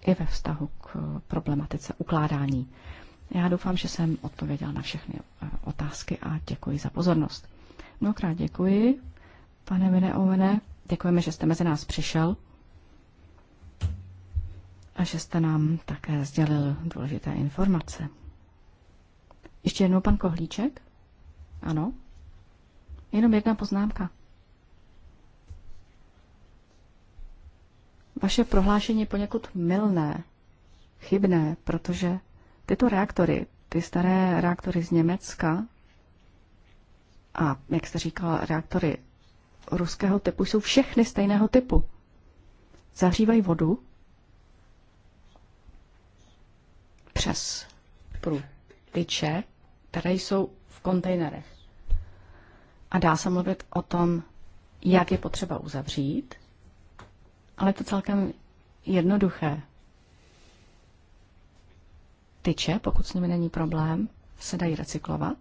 i ve vztahu k problematice ukládání. Já doufám, že jsem odpověděl na všechny eh, otázky a děkuji za pozornost. Mnohokrát děkuji, pane Mine Ovene. Děkujeme, že jste mezi nás přišel a že jste nám také sdělil důležité informace. Ještě jednou pan Kohlíček? Ano. Jenom jedna poznámka. Vaše prohlášení je poněkud milné, chybné, protože tyto reaktory, ty staré reaktory z Německa a, jak jste říkala, reaktory ruského typu jsou všechny stejného typu. Zahřívají vodu přes průtyče, které jsou v kontejnerech. A dá se mluvit o tom, jak je potřeba uzavřít, ale je to celkem jednoduché. Tyče, pokud s nimi není problém, se dají recyklovat.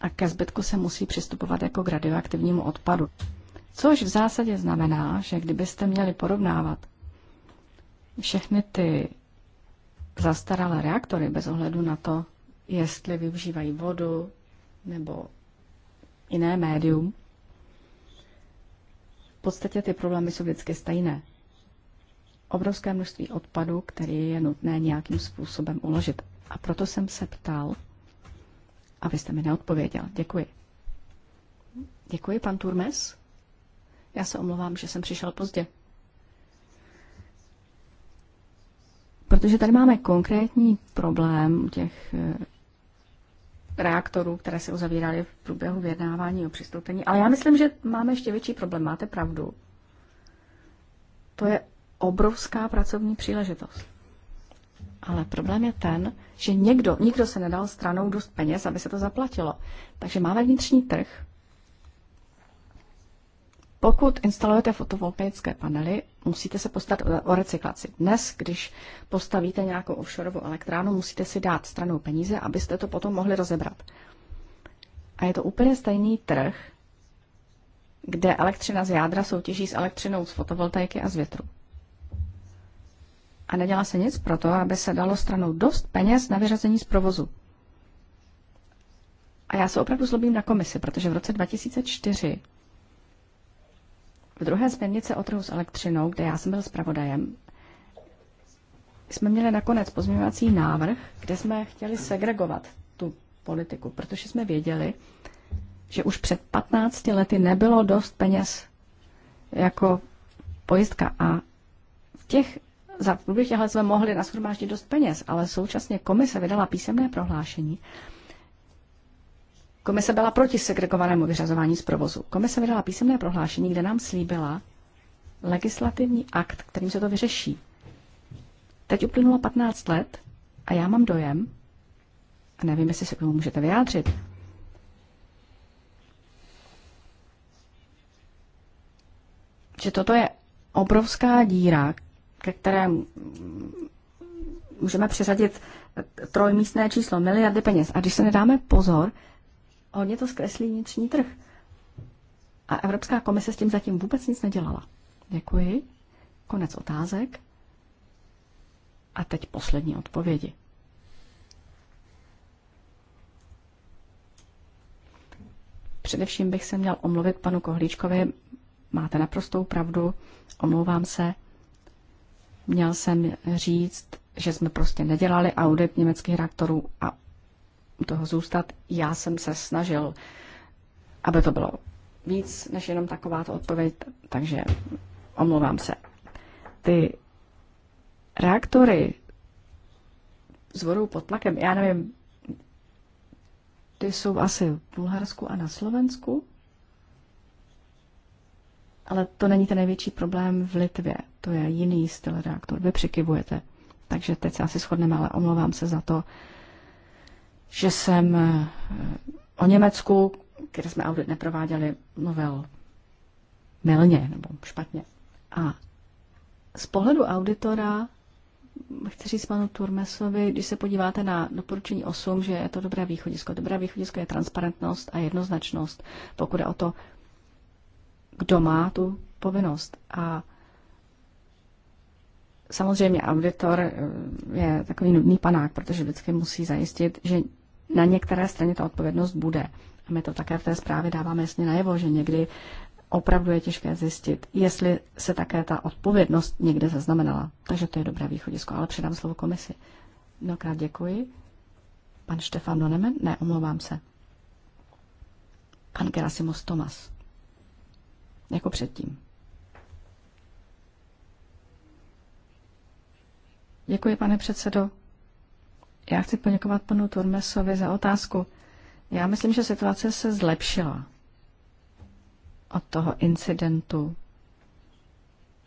A ke zbytku se musí přistupovat jako k radioaktivnímu odpadu. Což v zásadě znamená, že kdybyste měli porovnávat všechny ty zastaralé reaktory bez ohledu na to, jestli využívají vodu nebo jiné médium. V podstatě ty problémy jsou vždycky stejné. Obrovské množství odpadu, který je nutné nějakým způsobem uložit. A proto jsem se ptal, a vy jste mi neodpověděl. Děkuji. Děkuji, pan Turmes. Já se omlouvám, že jsem přišel pozdě. Protože tady máme konkrétní problém těch eh, reaktorů, které se uzavíraly v průběhu vyjednávání o přistoupení. Ale já myslím, že máme ještě větší problém. Máte pravdu. To je obrovská pracovní příležitost. Ale problém je ten, že někdo, nikdo se nedal stranou dost peněz, aby se to zaplatilo. Takže máme vnitřní trh, pokud instalujete fotovoltaické panely, musíte se postarat o recyklaci. Dnes, když postavíte nějakou offshoreovou elektrárnu, musíte si dát stranou peníze, abyste to potom mohli rozebrat. A je to úplně stejný trh, kde elektřina z jádra soutěží s elektřinou z fotovoltaiky a z větru. A nedělá se nic pro to, aby se dalo stranou dost peněz na vyřazení z provozu. A já se opravdu zlobím na komisi, protože v roce 2004 v druhé směrnice o trhu s elektřinou, kde já jsem byl zpravodajem, jsme měli nakonec pozměňovací návrh, kde jsme chtěli segregovat tu politiku, protože jsme věděli, že už před 15 lety nebylo dost peněz jako pojistka a v těch za průběh těchto jsme mohli nashromáždit dost peněz, ale současně komise vydala písemné prohlášení, Komise byla proti segregovanému vyřazování z provozu. Komise vydala písemné prohlášení, kde nám slíbila legislativní akt, kterým se to vyřeší. Teď uplynulo 15 let a já mám dojem, a nevím, jestli se k tomu můžete vyjádřit, že toto je obrovská díra, ke které můžeme přesadit trojmístné číslo, miliardy peněz. A když se nedáme pozor, hodně to zkreslí vnitřní trh. A Evropská komise s tím zatím vůbec nic nedělala. Děkuji. Konec otázek. A teď poslední odpovědi. Především bych se měl omluvit panu Kohlíčkovi. Máte naprostou pravdu. Omlouvám se. Měl jsem říct, že jsme prostě nedělali audit německých reaktorů a u toho zůstat. Já jsem se snažil, aby to bylo víc než jenom taková to odpověď, takže omlouvám se. Ty reaktory s vodou pod tlakem, já nevím, ty jsou asi v Bulharsku a na Slovensku, ale to není ten největší problém v Litvě. To je jiný styl reaktor. Vy přikivujete. Takže teď se asi shodneme, ale omlouvám se za to, že jsem eh, o Německu, které jsme audit neprováděli, mluvil milně nebo špatně. A z pohledu auditora chci říct panu Turmesovi, když se podíváte na doporučení 8, že je to dobré východisko. Dobré východisko je transparentnost a jednoznačnost, pokud je o to, kdo má tu povinnost. A samozřejmě auditor eh, je takový nudný panák, protože vždycky musí zajistit, že na některé straně ta odpovědnost bude. A my to také v té zprávě dáváme jasně najevo, že někdy opravdu je těžké zjistit, jestli se také ta odpovědnost někde zaznamenala. Takže to je dobré východisko, ale předám slovo komisi. Mnohokrát děkuji. Pan Štefan Donemen? Ne, omlouvám se. Pan Gerasimos Tomas. Jako předtím. Děkuji, pane předsedo. Já chci poděkovat panu Turmesovi za otázku. Já myslím, že situace se zlepšila od toho incidentu,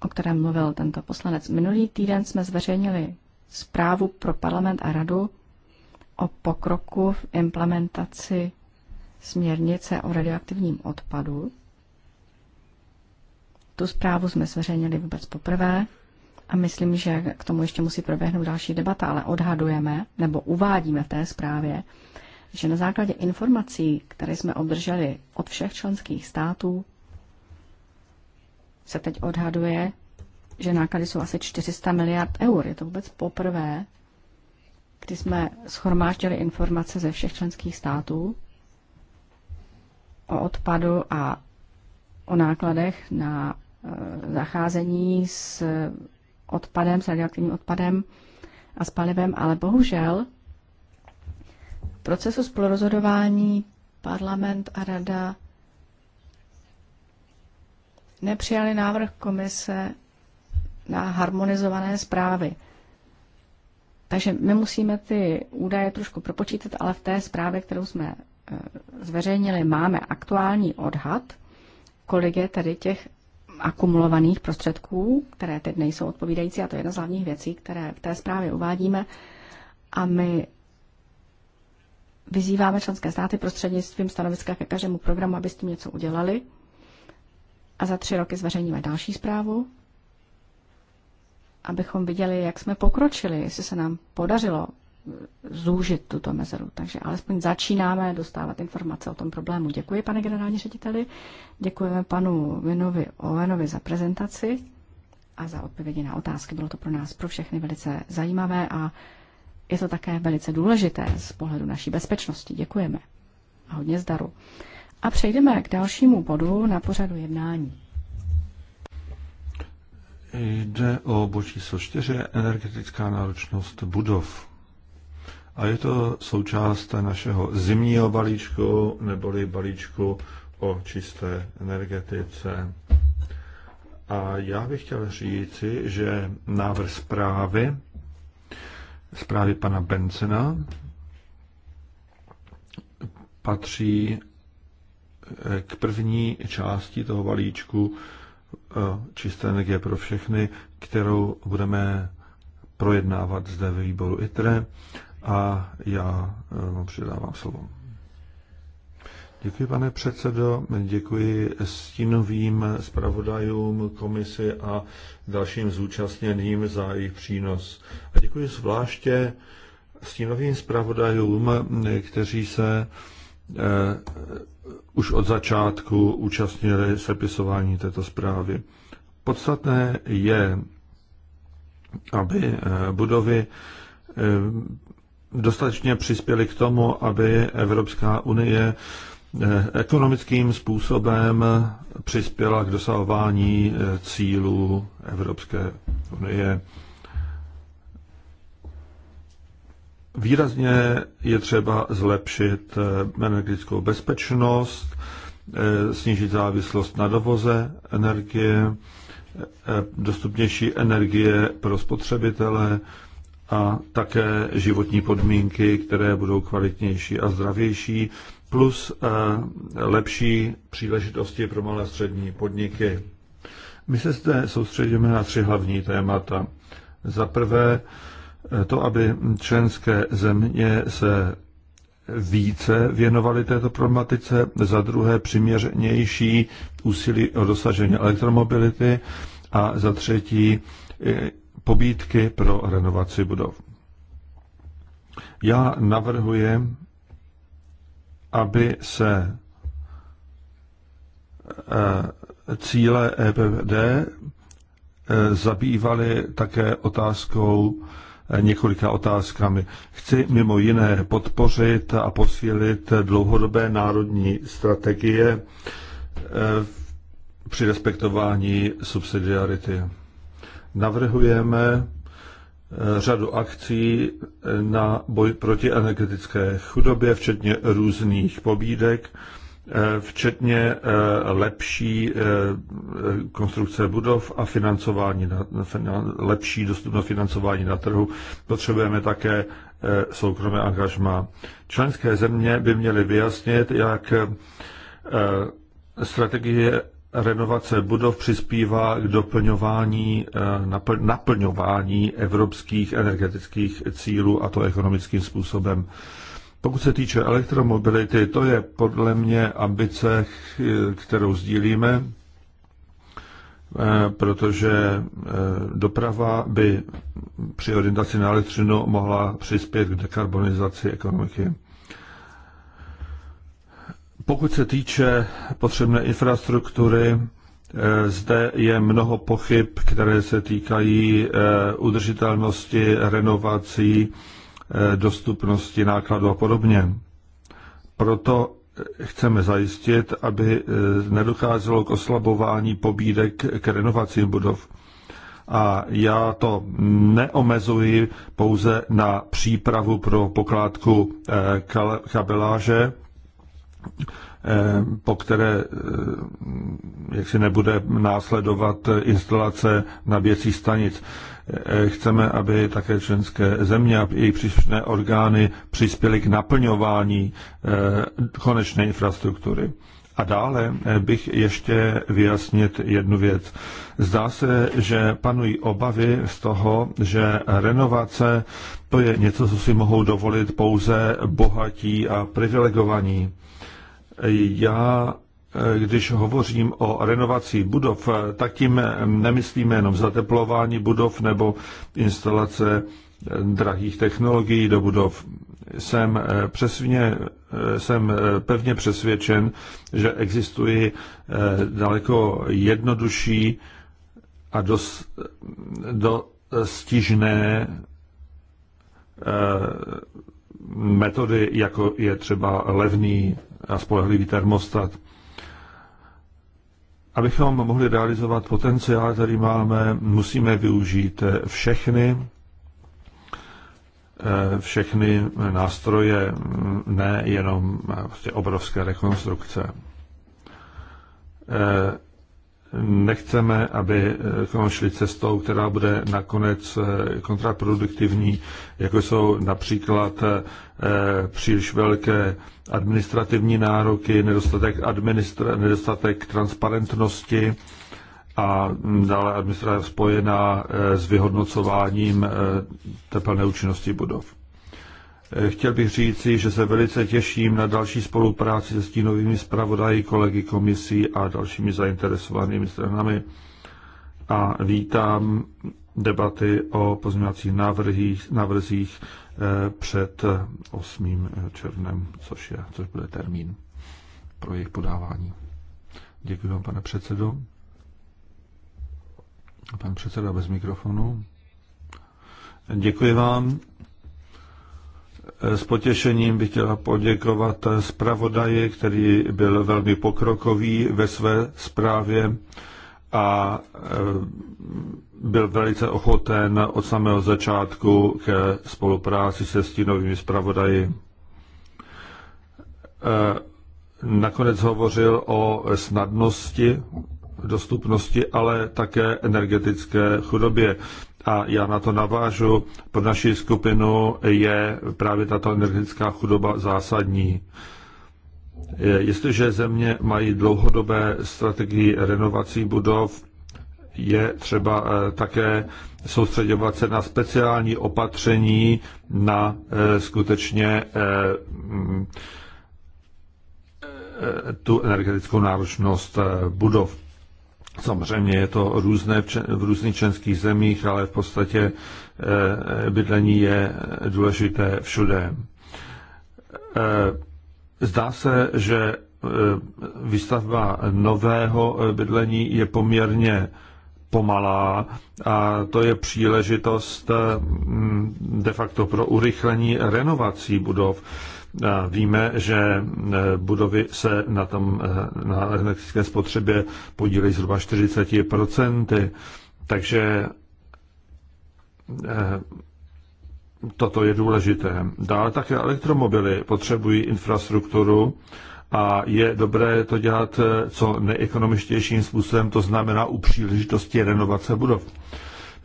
o kterém mluvil tento poslanec. Minulý týden jsme zveřejnili zprávu pro parlament a radu o pokroku v implementaci směrnice o radioaktivním odpadu. Tu zprávu jsme zveřejnili vůbec poprvé. A myslím, že k tomu ještě musí proběhnout další debata, ale odhadujeme nebo uvádíme v té zprávě, že na základě informací, které jsme obdrželi od všech členských států, se teď odhaduje, že náklady jsou asi 400 miliard eur. Je to vůbec poprvé, kdy jsme schromáždili informace ze všech členských států o odpadu a o nákladech na e, zacházení s odpadem, s radioaktivním odpadem a s palivem, ale bohužel v procesu spolurozhodování parlament a rada nepřijali návrh komise na harmonizované zprávy. Takže my musíme ty údaje trošku propočítat, ale v té zprávě, kterou jsme eh, zveřejnili, máme aktuální odhad, kolik je tedy těch akumulovaných prostředků, které teď nejsou odpovídající, a to je jedna z hlavních věcí, které v té zprávě uvádíme. A my vyzýváme členské státy prostřednictvím stanoviska ke každému programu, aby s tím něco udělali. A za tři roky zveřejníme další zprávu, abychom viděli, jak jsme pokročili, jestli se nám podařilo zúžit tuto mezeru. Takže alespoň začínáme dostávat informace o tom problému. Děkuji, pane generální řediteli. Děkujeme panu Vinovi Ovenovi za prezentaci a za odpovědi na otázky. Bylo to pro nás pro všechny velice zajímavé a je to také velice důležité z pohledu naší bezpečnosti. Děkujeme a hodně zdaru. A přejdeme k dalšímu bodu na pořadu jednání. Jde o bod číslo 4, energetická náročnost budov a je to součást našeho zimního balíčku neboli balíčku o čisté energetice. A já bych chtěl říci, že návrh zprávy, zprávy pana Bencena, patří eh, k první části toho balíčku eh, čisté energie pro všechny, kterou budeme projednávat zde ve výboru ITRE a já eh, mu předávám slovo. Děkuji, pane předsedo, děkuji stínovým zpravodajům, komisi a dalším zúčastněným za jejich přínos. A děkuji zvláště stínovým zpravodajům, kteří se eh, už od začátku účastnili sepisování této zprávy. Podstatné je, aby eh, budovy eh, dostatečně přispěli k tomu, aby Evropská unie eh, ekonomickým způsobem přispěla k dosahování eh, cílů Evropské unie. Výrazně je třeba zlepšit eh, energetickou bezpečnost, snížit závislost na dovoze energie, dostupnější energie pro spotřebitele, a také životní podmínky, které budou kvalitnější a zdravější, plus eh, lepší příležitosti pro malé střední podniky. My se zde soustředíme na tři hlavní témata. Za prvé eh, to, aby členské země se více věnovali této problematice, za druhé přiměřenější úsilí o dosažení elektromobility a za třetí eh, pobídky pro renovaci budov. Já navrhuji, aby se eh, cíle EPVD eh, zabývaly také otázkou, eh, několika otázkami. Chci mimo jiné podpořit a posílit dlouhodobé národní strategie při respektování subsidiarity navrhujeme eh, řadu akcí eh, na boj proti energetické chudobě, včetně různých pobídek, eh, včetně lepší konstrukce budov a financování, lepší dostupnost financování na trhu. Potřebujeme také soukromé angažma. Členské země by měly vyjasnit, jak strategie renovace budov přispívá k doplňování, eh, naplňování evropských energetických cílů a to ekonomickým způsobem. Pokud se týče elektromobility, to je podle mě ambice, eh, kterou sdílíme, eh, protože doprava by při orientaci na elektřinu mohla přispět k dekarbonizaci ekonomiky. Pokud se týče potřebné infrastruktury, eh, zde je mnoho pochyb, které se týkají eh, udržitelnosti, renovací, eh, dostupnosti nákladu a podobně. Proto chceme zajistit, aby nedocházelo k oslabování pobídek k renovacím budov. A já to neomezuji pouze na přípravu pro pokládku kabeláže, Eh, po které eh, jak si nebude následovat instalace na nabíjecích stanic. Eh, chceme, aby také členské země a jejich příslušné orgány přispěly k naplňování konečné infrastruktury. A dále bych ještě vyjasnit jednu věc. Zdá se, že panují obavy z toho, že renovace to je něco, co si mohou dovolit pouze bohatí a privilegovaní. Já, eh, když hovořím o renovací budov, eh, tak tím eh, nemyslíme jenom zateplování budov nebo instalace drahých technologií do budov. Jsem, přesně, jsem pevně přesvědčen, že existují daleko jednodušší a dos, dostižné metody, jako je třeba levný a spolehlivý termostat. Abychom mohli realizovat potenciál, který máme, musíme využít eh, všechny eh, všechny nástroje, ne jenom eh, prostě obrovské rekonstrukce nechceme, aby šli cestou, která bude nakonec eh, kontraproduktivní, jako jsou například eh, příliš velké administrativní nároky, nedostatek, administra- nedostatek transparentnosti a dále administrativa spojená eh, s vyhodnocováním tepelné účinnosti budov. Eh, chtěl bych říci, že se velice těším na další spolupráci se stínovými zpravodaji, kolegy komisí a dalšími zainteresovanými stranami a vítám debaty o pozměňovacích návrzích, návrzích eh, před 8. Eh, červnem, což, je, což bude termín pro jejich podávání. Děkuji vám, pane předsedo. Pan předseda bez mikrofonu. Děkuji vám. S potěšením bych chtěla poděkovat zpravodaji, který byl velmi pokrokový ve své zprávě a e, byl velice ochoten od samého začátku ke spolupráci se stínovými zpravodaji. E, nakonec hovořil o snadnosti, dostupnosti, ale také energetické chudobě a já na to navážu, pro naši skupinu je právě tato energetická chudoba zásadní. Jestliže země mají dlouhodobé strategii renovací budov, je třeba eh, také soustředovat se na speciální opatření na eh, skutečně eh, mm, tu energetickou náročnost budov. Samozřejmě je to různé v různých členských zemích, ale v podstatě eh, bydlení je důležité všude. Eh, zdá se, že eh, výstavba nového bydlení je poměrně pomalá a to je příležitost de facto pro urychlení renovací budov. Víme, že e, budovy se na, tom, e, na elektrické spotřebě podílejí zhruba 40%, takže e, toto je důležité. Dále také elektromobily potřebují infrastrukturu a je dobré to dělat co nejekonomičtějším způsobem, to znamená u příležitosti renovace budov.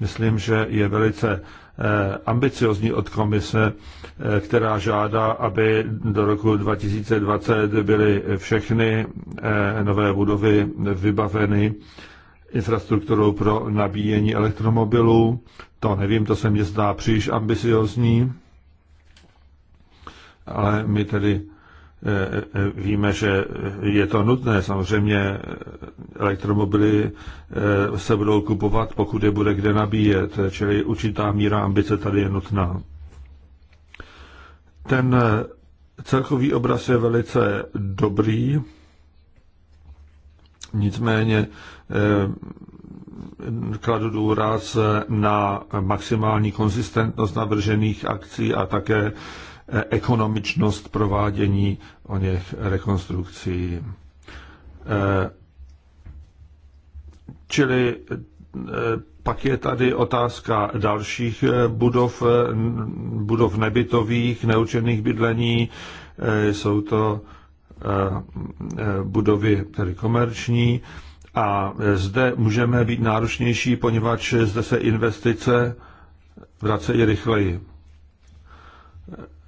Myslím, že je velice Eh, ambiciozní od komise, eh, která žádá, aby do roku 2020 byly všechny eh, nové budovy vybaveny infrastrukturou pro nabíjení elektromobilů. To nevím, to se mně zdá příliš ambiciozní, ale my tedy Eh, eh, víme, že je to nutné. Samozřejmě eh, elektromobily se budou kupovat, pokud je bude kde nabíjet, čili určitá míra ambice tady je nutná. Ten celkový obraz je velice dobrý, nicméně kladu důraz na maximální konzistentnost navržených akcí a také E, ekonomičnost provádění o něch rekonstrukcí. E, čili e, pak je tady otázka dalších budov, budov nebytových, neučených bydlení. Jsou to budovy tedy komerční a zde můžeme být náročnější, poněvadž zde se investice vracejí rychleji.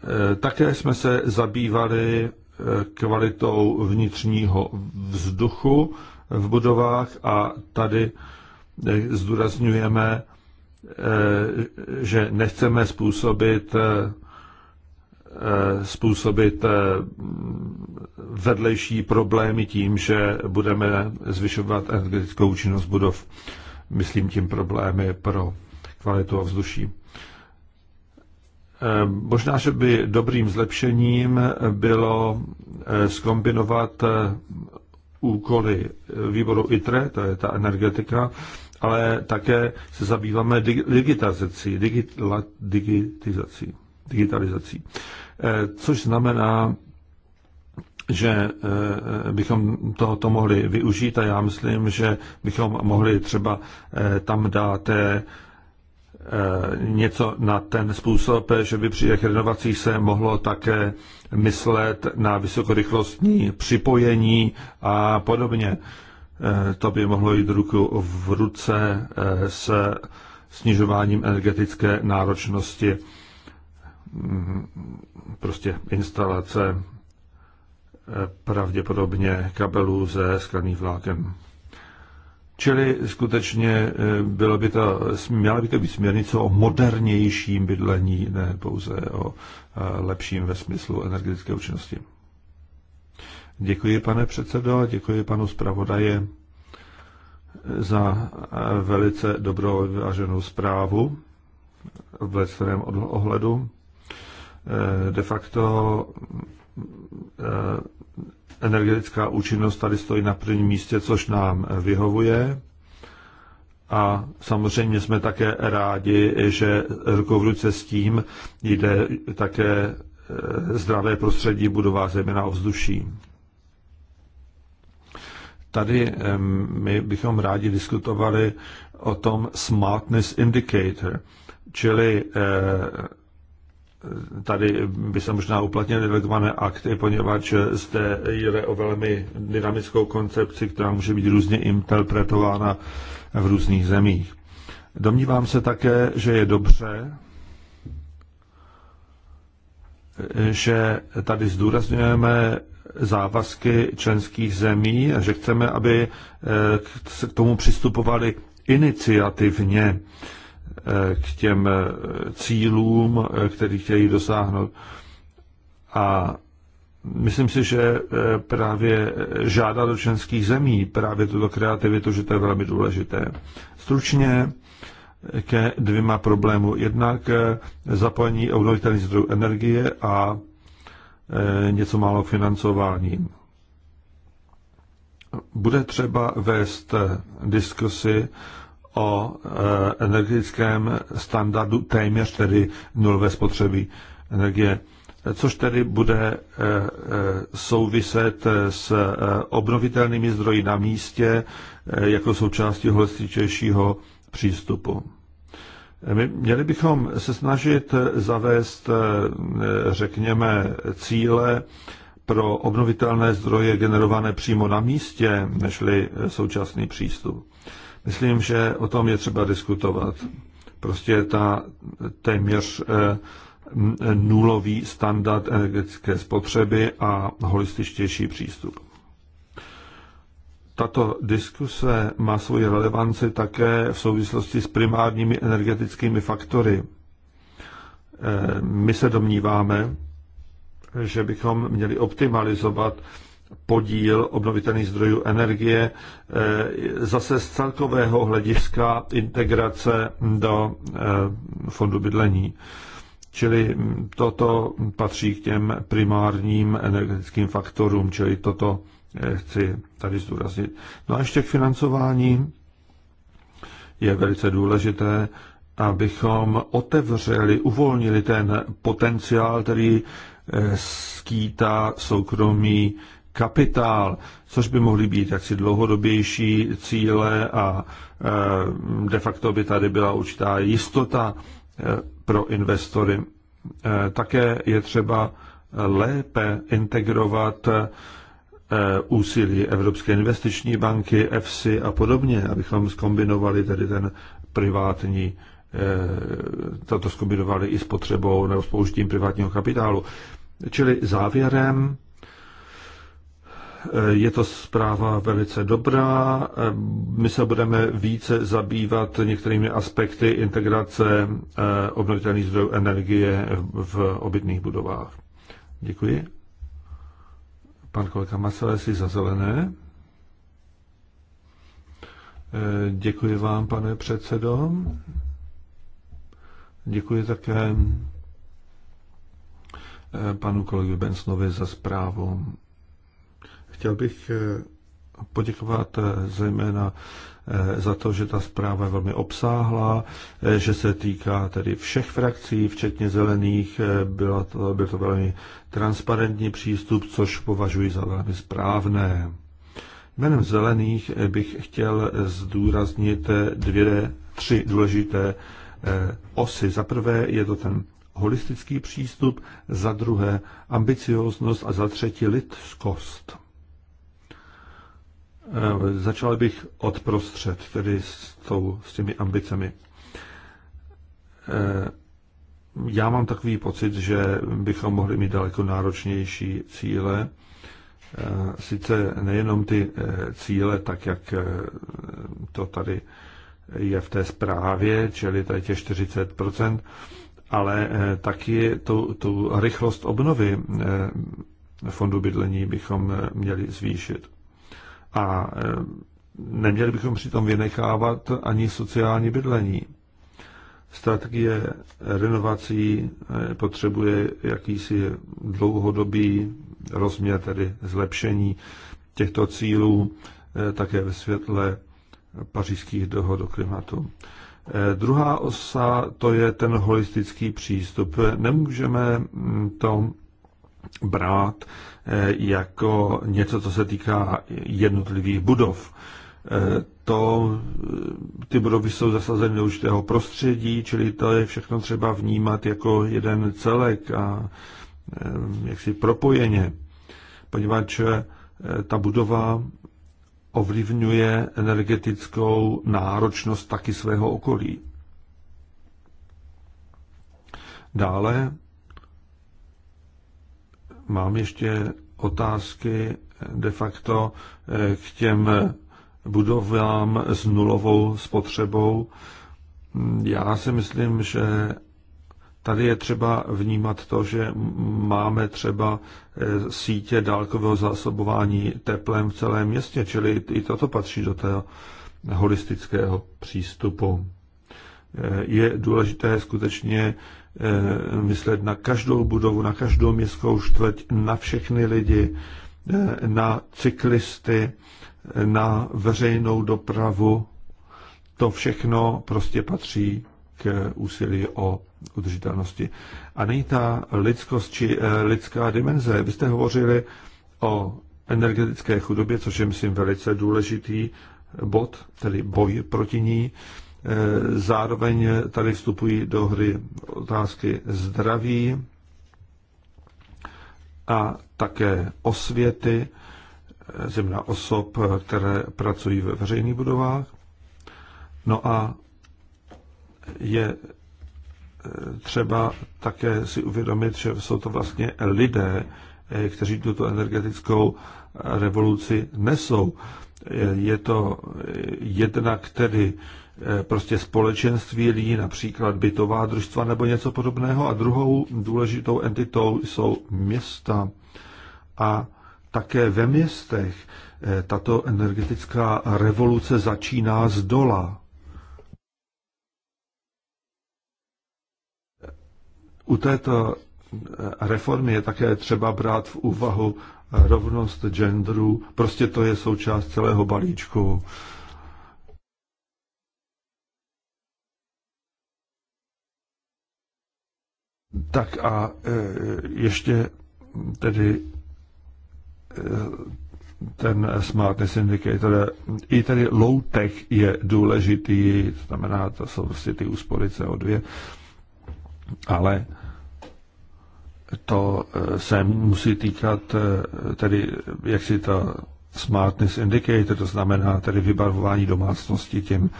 Eh, také jsme se zabývali eh, kvalitou vnitřního vzduchu v budovách a tady eh, zdůrazňujeme, že nechceme způsobit způsobit vedlejší problémy tím, že budeme zvyšovat energetickou účinnost budov. Myslím tím problémy pro kvalitu ovzduší. Ehm, možná, že by dobrým zlepšením eh, bylo skombinovat eh, eh, úkoly výboru ITRE, to je ta energetika, ale také se zabýváme digitalizací, digitalizací, digitalizací, což znamená, že bychom to mohli využít a já myslím, že bychom mohli třeba tam dát Eh, něco na ten způsob, že by při těch renovacích se mohlo také myslet na vysokorychlostní připojení a podobně. Eh, to by mohlo jít ruku v ruce eh, s snižováním energetické náročnosti mm, prostě instalace pravděpodobně kabelů ze sklených vlákem. Čili skutečně eh, bylo by to, měla by to být směrnice o modernějším bydlení, ne pouze o eh, lepším ve smyslu energetické účinnosti. Děkuji, pane předsedo, děkuji panu zpravodaje eh, za velice dobrou vyváženou zprávu v leckém ohledu. De facto energetická účinnost tady stojí na prvním místě, což nám vyhovuje. A samozřejmě jsme také rádi, že ruku v ruce s tím jde také eh, zdravé prostředí budová zejména ovzduší. Tady my bychom rádi diskutovali o tom smartness indicator, čili eh, tady by se možná uplatnily delegované akty, poněvadž zde jde o velmi dynamickou koncepci, která může být různě interpretována v různých zemích. Domnívám se také, že je dobře, že tady zdůrazňujeme závazky členských zemí a že chceme, aby se k tomu přistupovali iniciativně k těm eh, cílům, eh, který chtějí dosáhnout. A myslím si, že eh, právě žádá do členských zemí právě tuto kreativitu, že to je velmi důležité. Stručně ke dvěma problémům. Jednak zapojení obnovitelných zdrojů energie a něco málo financování. Bude třeba vést diskusy o eh, energetickém standardu téměř tedy nulové spotřeby energie, což tedy bude eh, eh, souviset s obnovitelnými zdroji na místě jako součástí holističejšího přístupu. My měli bychom se snažit zavést, řekněme, cíle pro obnovitelné zdroje generované přímo na místě, nežli současný přístup. Myslím, že o tom je třeba diskutovat. Prostě ta téměř eh, nulový standard energetické spotřeby a holističtější přístup. Tato diskuse má svoji relevanci také v souvislosti s primárními energetickými faktory. Eh, my se domníváme, že bychom měli optimalizovat podíl obnovitelných zdrojů energie eh, zase z celkového hlediska integrace do eh, fondu bydlení. Čili toto patří k těm primárním energetickým faktorům, čili toto eh, chci tady zdůraznit. No a ještě k financování je velice důležité, abychom otevřeli, uvolnili ten potenciál, který skýtá soukromý kapitál, což by mohly být jaksi dlouhodobější cíle a e, de facto by tady byla určitá jistota e, pro investory. E, také je třeba lépe integrovat úsilí Evropské investiční banky, EFSI a podobně, abychom zkombinovali tedy ten privátní, toto skombinovali i s potřebou nebo s použitím privátního kapitálu. Čili závěrem je to zpráva velice dobrá. My se budeme více zabývat některými aspekty integrace eh, obnovitelných zdrojů energie v obytných budovách. Děkuji. Pan kolega si za zelené. Eh, děkuji vám, pane předsedo. Děkuji také eh, panu kolegu Bensnovi za zprávu. Chtěl bych eh, poděkovat eh, zejména eh, za to, že ta zpráva je velmi obsáhlá, že se týká tedy všech frakcí, včetně zelených. Byla to, byl to velmi transparentní přístup, což považuji za velmi správné. Jménem zelených bych chtěl zdůraznit dvě, tři důležité osy. Za prvé je to ten holistický přístup, za druhé ambicióznost a za třetí lidskost. Eh, začal bych od prostřed, tedy s, tou, s těmi ambicemi. Eh, já mám takový pocit, že bychom mohli mít daleko náročnější cíle. Eh, sice nejenom ty cíle, tak jak to tady je v té zprávě, čili tady těch 40 ale taky tu, tu rychlost obnovy fondu bydlení bychom měli zvýšit. A e, neměli bychom přitom vynechávat ani sociální bydlení. Strategie renovací e, potřebuje jakýsi dlouhodobý rozměr, tedy zlepšení těchto cílů e, také ve světle pařížských dohod o klimatu. Druhá osa to je ten holistický přístup. Nemůžeme mm, to brát Eh, jako něco, co se týká jednotlivých budov. Eh, to, eh, ty budovy jsou zasazeny do určitého prostředí, čili to je všechno třeba vnímat jako jeden celek a jaksi propojeně, poněvadž ta budova ovlivňuje energetickou náročnost taky svého okolí. Dále Mám ještě otázky de facto eh, k těm budovám s nulovou spotřebou. Já si myslím, že tady je třeba vnímat to, že máme třeba eh, sítě dálkového zásobování teplem v celém městě, čili i toto patří do té holistického přístupu. Eh, je důležité skutečně Eh, myslet na každou budovu, na každou městskou čtvrť, na všechny lidi, eh, na cyklisty, eh, na veřejnou dopravu. To všechno prostě patří k úsilí o udržitelnosti. A není ta lidskost či lidská dimenze. Vy jste hovořili o energetické chudobě, což je, myslím, velice důležitý bod, tedy boj proti ní. Eh, zároveň tady vstupují do hry otázky zdraví a také osvěty, eh, zejména osob, které pracují ve veřejných budovách. No a je eh, třeba také si uvědomit, že jsou to vlastně lidé, kteří tuto energetickou revoluci nesou. Je to jednak tedy Eh, prostě společenství lidí, například bytová družstva nebo něco podobného. A druhou důležitou entitou jsou města. A také ve městech eh, tato energetická revoluce začíná z dola. U této eh, reformy je také třeba brát v úvahu rovnost genderu. Prostě to je součást celého balíčku. Tak a e, ještě tedy e, ten Smartness Indicator, i tedy low-tech je důležitý, to znamená, to jsou vlastně ty úspory CO2, ale to e, se musí týkat tedy, jak si to Smartness Indicator, to znamená tedy vybarvování domácnosti tím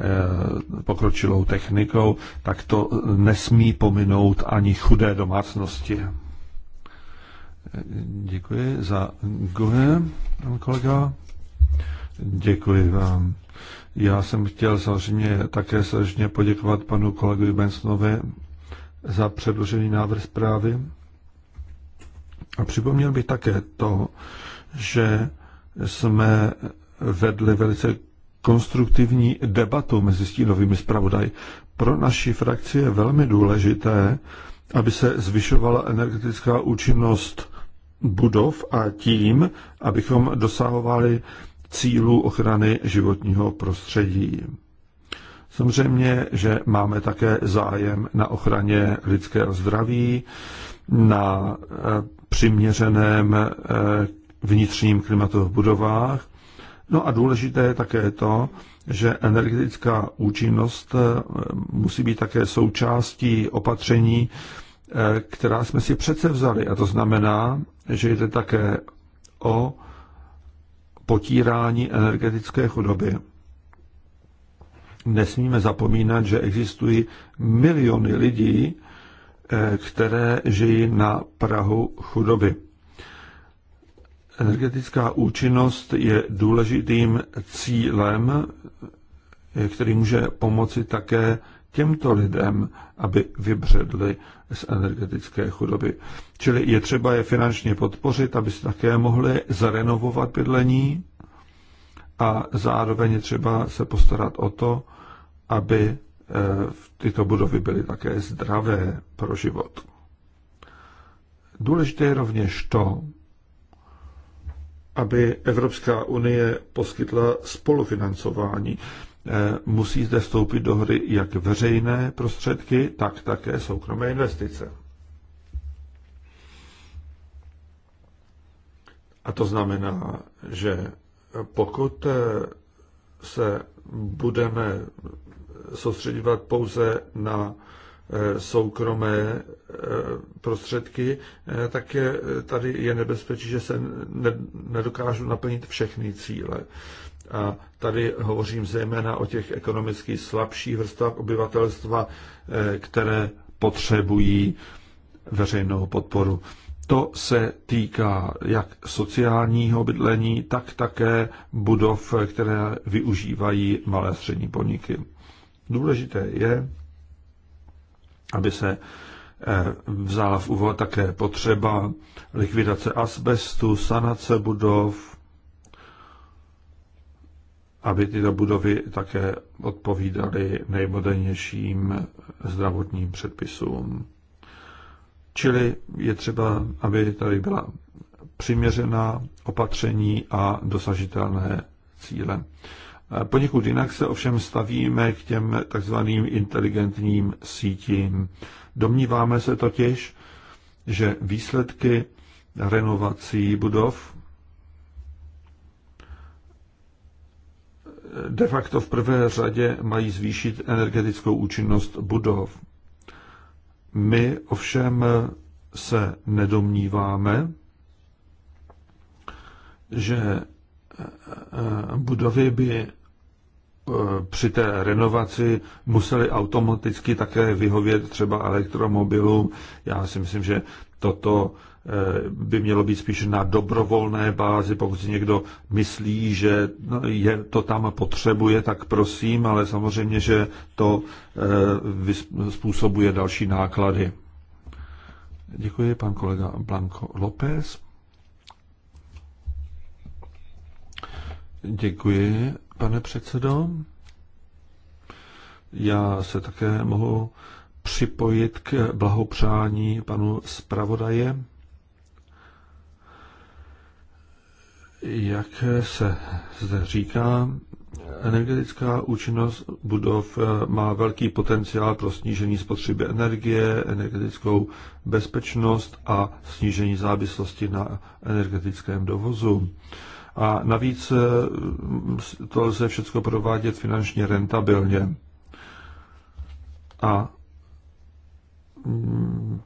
Eh, pokročilou technikou, tak to nesmí pominout ani chudé domácnosti. Děkuji za Guhe, pan kolega. Děkuji vám. Já jsem chtěl samozřejmě také srdečně poděkovat panu kolegovi Bensnovi za předložený návrh zprávy. A připomněl bych také to, že jsme vedli velice konstruktivní debatu mezi stínovými zpravodaji. Pro naši frakci je velmi důležité, aby se zvyšovala energetická účinnost budov a tím, abychom dosahovali cílů ochrany životního prostředí. Samozřejmě, že máme také zájem na ochraně lidského zdraví, na eh, přiměřeném eh, vnitřním klimatu v budovách No a důležité je také to, že energetická účinnost eh, musí být také součástí opatření, eh, která jsme si přece vzali. A to znamená, že jde také o potírání energetické chudoby. Nesmíme zapomínat, že existují miliony lidí, eh, které žijí na Prahu chudoby. Energetická účinnost je důležitým cílem, který může pomoci také těmto lidem, aby vybředli z energetické chudoby. Čili je třeba je finančně podpořit, aby si také mohli zarenovovat bydlení a zároveň je třeba se postarat o to, aby eh, tyto budovy byly také zdravé pro život. Důležité je rovněž to, aby Evropská unie poskytla spolufinancování. Eh, musí zde vstoupit do hry jak veřejné prostředky, tak také soukromé investice. A to znamená, že pokud eh, se budeme soustředovat pouze na Eh, soukromé eh, prostředky, eh, tak je, tady je nebezpečí, že se nedokážu naplnit všechny cíle. A tady hovořím zejména o těch ekonomicky slabších vrstvách obyvatelstva, které potřebují veřejnou podporu. To se týká jak sociálního bydlení, tak také budov, které využívají malé a střední podniky. Důležité je, aby se eh, vzala v úvod také potřeba likvidace asbestu, sanace budov, aby tyto budovy také odpovídaly nejmodernějším zdravotním předpisům. Čili je třeba, aby tady byla přiměřená opatření a dosažitelné cíle. Poněkud jinak se ovšem stavíme k těm takzvaným inteligentním sítím. Domníváme se totiž, že výsledky renovací budov de facto v prvé řadě mají zvýšit energetickou účinnost budov. My ovšem se nedomníváme, že budovy by eh, při té renovaci museli automaticky také vyhovět třeba elektromobilům. Já si myslím, že toto eh, by mělo být spíše na dobrovolné bázi. Pokud si někdo myslí, že no, je to tam potřebuje, tak prosím, ale samozřejmě, že to eh, způsobuje další náklady. Děkuji, pan kolega Blanco López. Děkuji, pane předsedo. Já se také mohu připojit k blahopřání panu zpravodaje. Jak se zde říká, energetická účinnost budov eh, má velký potenciál pro snížení spotřeby energie, energetickou bezpečnost a snížení závislosti na energetickém dovozu. A navíc eh, to lze všechno provádět finančně rentabilně. A mm,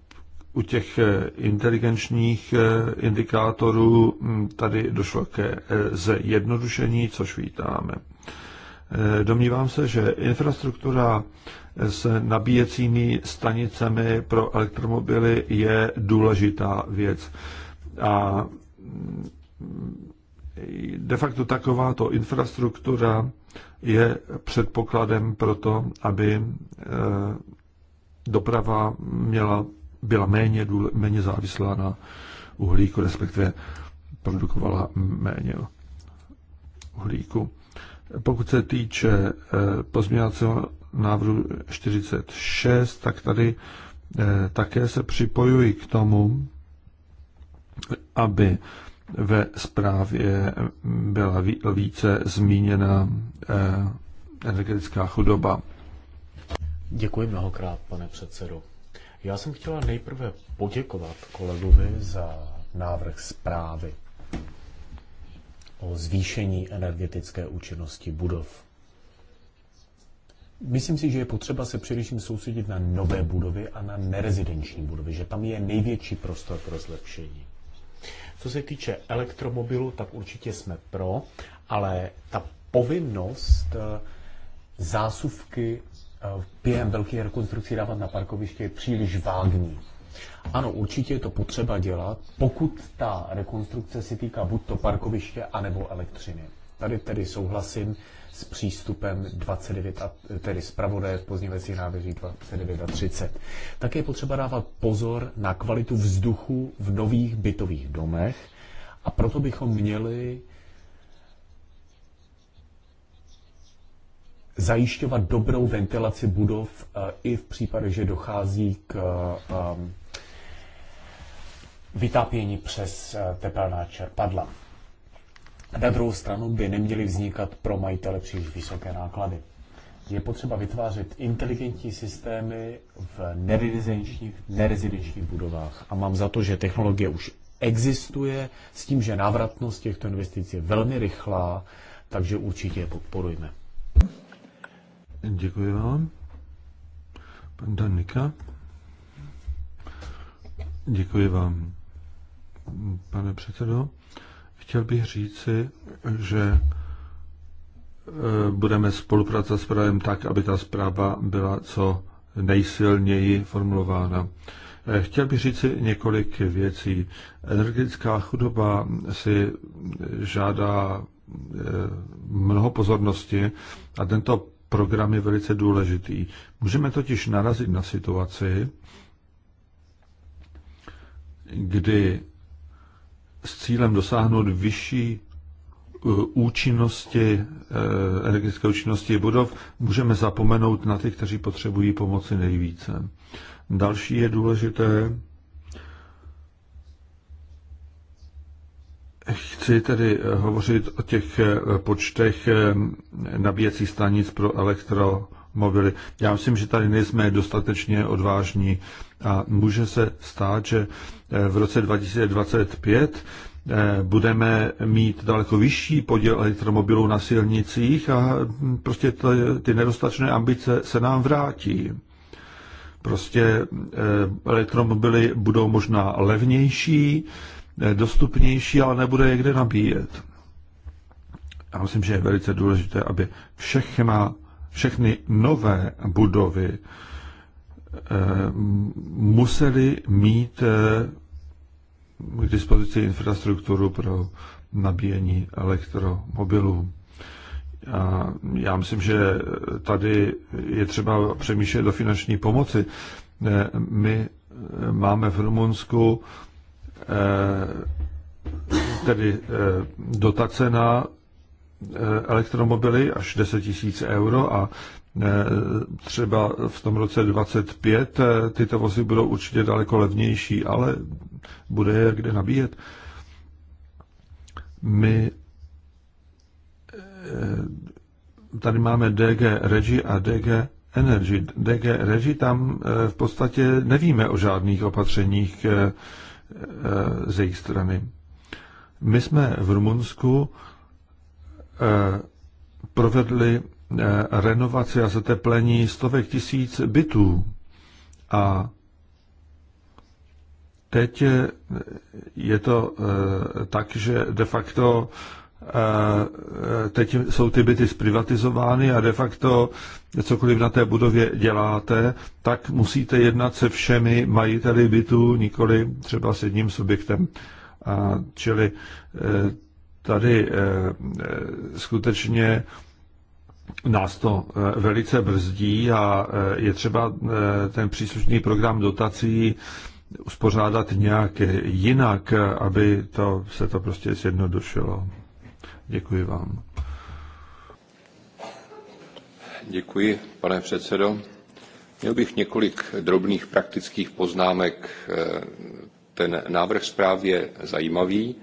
u těch eh, inteligenčních eh, indikátorů mm, tady došlo ke zjednodušení, což vítáme. Domnívám se, že infrastruktura s nabíjecími stanicemi pro elektromobily je důležitá věc. A mm, de facto takováto infrastruktura je předpokladem pro to, aby eh, doprava měla, byla méně, důle, méně závislá na uhlíku, respektive produkovala méně uhlíku. Pokud se týče eh, pozměňovacího návrhu 46, tak tady eh, také se připojuji k tomu, aby ve zprávě byla více zmíněna eh, energetická chudoba. Děkuji mnohokrát, pane předsedo. Já jsem chtěla nejprve poděkovat kolegovi za návrh zprávy o zvýšení energetické účinnosti budov. Myslím si, že je potřeba se především soustředit na nové budovy a na nerezidenční budovy, že tam je největší prostor pro zlepšení. Co se týče elektromobilu, tak určitě jsme pro, ale ta povinnost eh, zásuvky eh, během velké rekonstrukce dávat na parkoviště je příliš vágní. Ano, určitě je to potřeba dělat, pokud ta rekonstrukce se týká buď to parkoviště, anebo elektřiny. Tady tedy souhlasím s přístupem 29, a, tedy zpravodaje v pozdní návrzích 29 a 30. Také je potřeba dávat pozor na kvalitu vzduchu v nových bytových domech a proto bychom měli zajišťovat dobrou ventilaci budov eh, i v případě, že dochází k eh, mm, vytápění přes eh, teplná čerpadla. Na druhou stranu by neměly vznikat pro majitele příliš vysoké náklady. Je potřeba vytvářet inteligentní systémy v nerezidenčních, nerezidenčních budovách. A mám za to, že technologie už existuje s tím, že návratnost těchto investic je velmi rychlá, takže určitě je podporujme. Děkuji vám. Pan Danika. Děkuji vám, pane předsedo. Chtěl bych říci, že e, budeme spolupracovat s právem tak, aby ta zpráva byla co nejsilněji formulována. E, chtěl bych říci několik věcí. Energetická chudoba si žádá e, mnoho pozornosti a tento program je velice důležitý. Můžeme totiž narazit na situaci, kdy s cílem dosáhnout vyšší eh, účinnosti, eh, energetické účinnosti budov, můžeme zapomenout na ty, kteří potřebují pomoci nejvíce. Další je důležité, Chci tedy hovořit o těch eh, počtech nabíjecích stanic pro elektro mobily. Já myslím, že tady nejsme dostatečně odvážní a může se stát, že eh, v roce 2025 eh, budeme mít daleko vyšší podíl elektromobilů na silnicích a hm, prostě ty nedostatečné ambice se nám vrátí. Prostě eh, elektromobily budou možná levnější, dostupnější, ale nebude je kde nabíjet. Já myslím, že je velice důležité, aby všechna všechny nové budovy eh, museli mít eh, k dispozici infrastrukturu pro nabíjení elektromobilů. A já myslím, že tady je třeba přemýšlet o finanční pomoci. Eh, my máme v Rumunsku tedy dotace na Eh, elektromobily až 10 000 euro a eh, třeba v tom roce 25 eh, tyto vozy budou určitě daleko levnější, ale bude je kde nabíjet. My tady máme DG Regi a DG Energy. DG Regi tam v podstatě nevíme o žádných opatřeních ze jejich strany. My jsme v Rumunsku Eh, provedli eh, renovaci a zateplení stovek tisíc bytů. A teď je to eh, tak, že de facto teď jsou ty byty zprivatizovány a de facto cokoliv na té budově děláte, tak musíte jednat se všemi majiteli bytů, nikoli třeba s jedním subjektem. A čili tady eh, eh, skutečně nás to eh, velice brzdí a je třeba ten příslušný program dotací uspořádat nějak jinak, aby to, se to prostě zjednodušilo. Děkuji vám. Děkuji, pane předsedo. Měl bych několik drobných praktických poznámek. Ten návrh zprávy je zajímavý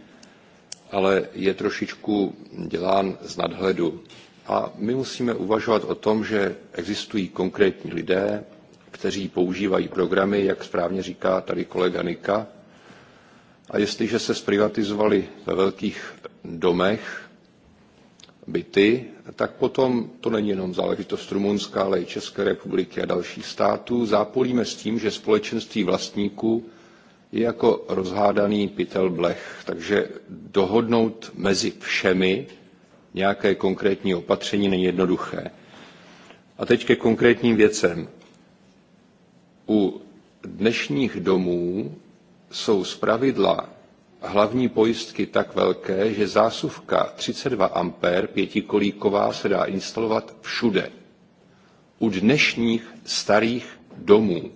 ale je trošičku dělán z nadhledu. A my musíme uvažovat o tom, že existují konkrétní lidé, kteří používají programy, jak správně říká tady kolega Nika. A jestliže se zprivatizovali ve velkých domech byty, tak potom to není jenom záležitost Rumunska, ale i České republiky a dalších států. Zápolíme s tím, že společenství vlastníků je jako rozhádaný pytel blech. Takže dohodnout mezi všemi nějaké konkrétní opatření není jednoduché. A teď ke konkrétním věcem. U dnešních domů jsou zpravidla hlavní pojistky tak velké, že zásuvka 32 ampér pětikolíková se dá instalovat všude. U dnešních starých domů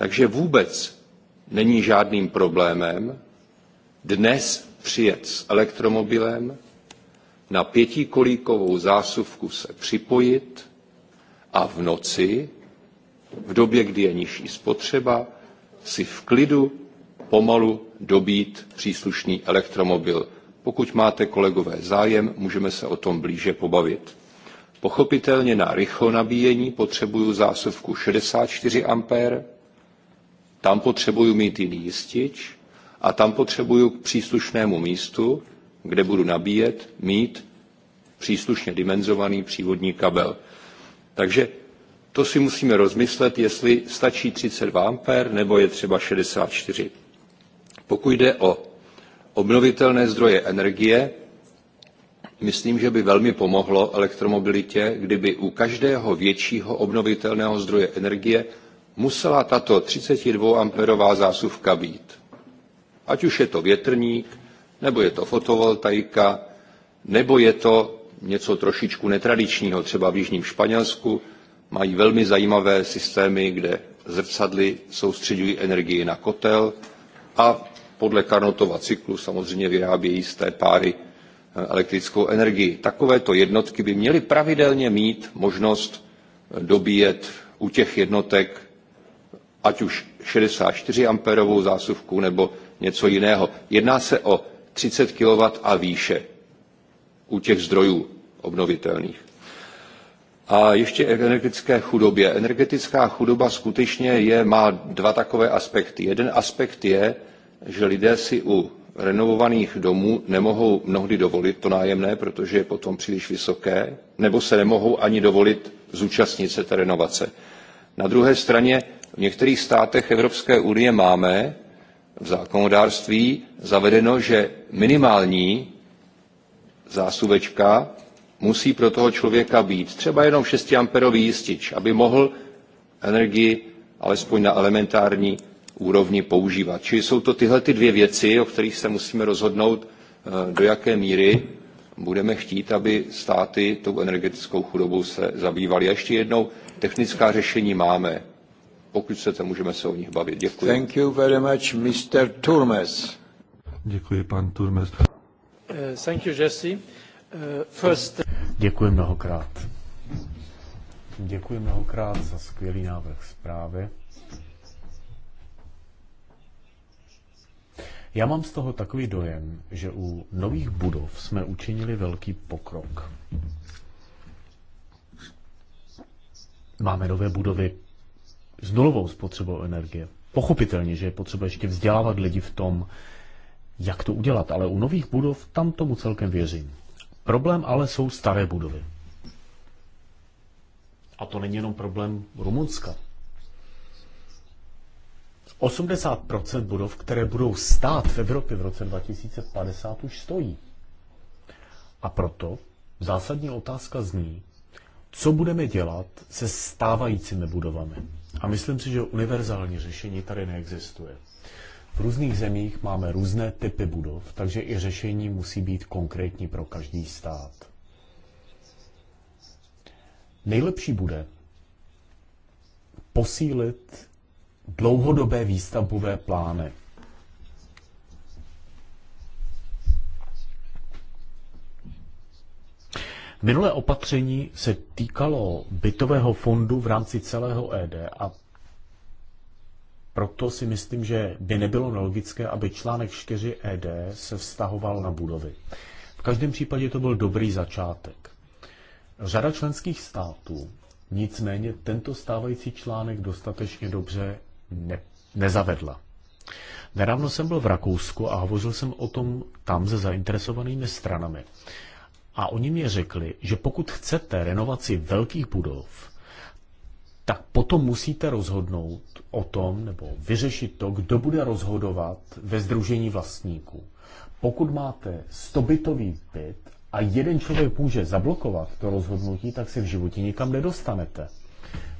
takže vůbec není žádným problémem dnes přijet s elektromobilem, na pětikolíkovou zásuvku se připojit a v noci, v době, kdy je nižší spotřeba, si v klidu pomalu dobít příslušný elektromobil. Pokud máte kolegové zájem, můžeme se o tom blíže pobavit. Pochopitelně na rychlo nabíjení potřebuju zásuvku 64 A, tam potřebuju mít jiný jistič a tam potřebuju k příslušnému místu, kde budu nabíjet, mít příslušně dimenzovaný přívodní kabel. Takže to si musíme rozmyslet, jestli stačí 32 A nebo je třeba 64. Pokud jde o obnovitelné zdroje energie, myslím, že by velmi pomohlo elektromobilitě, kdyby u každého většího obnovitelného zdroje energie musela tato 32 amperová zásuvka být. Ať už je to větrník, nebo je to fotovoltaika, nebo je to něco trošičku netradičního, třeba v Jižním Španělsku, mají velmi zajímavé systémy, kde zrcadly soustředují energii na kotel a podle Carnotova cyklu samozřejmě vyrábějí z té páry eh, elektrickou energii. Takovéto jednotky by měly pravidelně mít možnost dobíjet u těch jednotek ať už 64 amperovou zásuvku nebo něco jiného. Jedná se o 30 kW a výše u těch zdrojů obnovitelných. A ještě energetické chudobě. Energetická chudoba skutečně je, má dva takové aspekty. Jeden aspekt je, že lidé si u renovovaných domů nemohou mnohdy dovolit to nájemné, protože je potom příliš vysoké, nebo se nemohou ani dovolit zúčastnit se té renovace. Na druhé straně v některých státech Evropské unie máme v zákonodárství zavedeno, že minimální zásuvečka musí pro toho člověka být třeba jenom 6-amperový jistič, aby mohl energii alespoň na elementární úrovni používat. Čili jsou to tyhle ty dvě věci, o kterých se musíme rozhodnout, eh, do jaké míry budeme chtít, aby státy tou energetickou chudobou se zabývaly. A ještě jednou, technická řešení máme pokud chcete, můžeme se o nich bavit. Děkuji. Thank you very much, Mr. Turmes. Děkuji, pan Turmes. Uh, thank you, Jesse. Uh, first... Děkuji mnohokrát. Děkuji mnohokrát za skvělý návrh zprávy. Já mám z toho takový dojem, že u nových budov jsme učinili velký pokrok. Máme nové budovy s nulovou spotřebou energie. Pochopitelně, že je potřeba ještě vzdělávat lidi v tom, jak to udělat, ale u nových budov tam tomu celkem věřím. Problém ale jsou staré budovy. A to není jenom problém Rumunska. 80% budov, které budou stát v Evropě v roce 2050, už stojí. A proto zásadní otázka zní, co budeme dělat se stávajícími budovami. A myslím si, že univerzální řešení tady neexistuje. V různých zemích máme různé typy budov, takže i řešení musí být konkrétní pro každý stát. Nejlepší bude posílit dlouhodobé výstavbové plány. Minulé opatření se týkalo bytového fondu v rámci celého ED a proto si myslím, že by nebylo nelogické, aby článek 4 ED se vztahoval na budovy. V každém případě to byl dobrý začátek. Řada členských států nicméně tento stávající článek dostatečně dobře ne- nezavedla. Nedávno jsem byl v Rakousku a hovořil jsem o tom tam se zainteresovanými stranami. A oni mě řekli, že pokud chcete renovaci velkých budov, tak potom musíte rozhodnout o tom, nebo vyřešit to, kdo bude rozhodovat ve združení vlastníků. Pokud máte 100-bytový byt a jeden člověk může zablokovat to rozhodnutí, tak se v životě nikam nedostanete.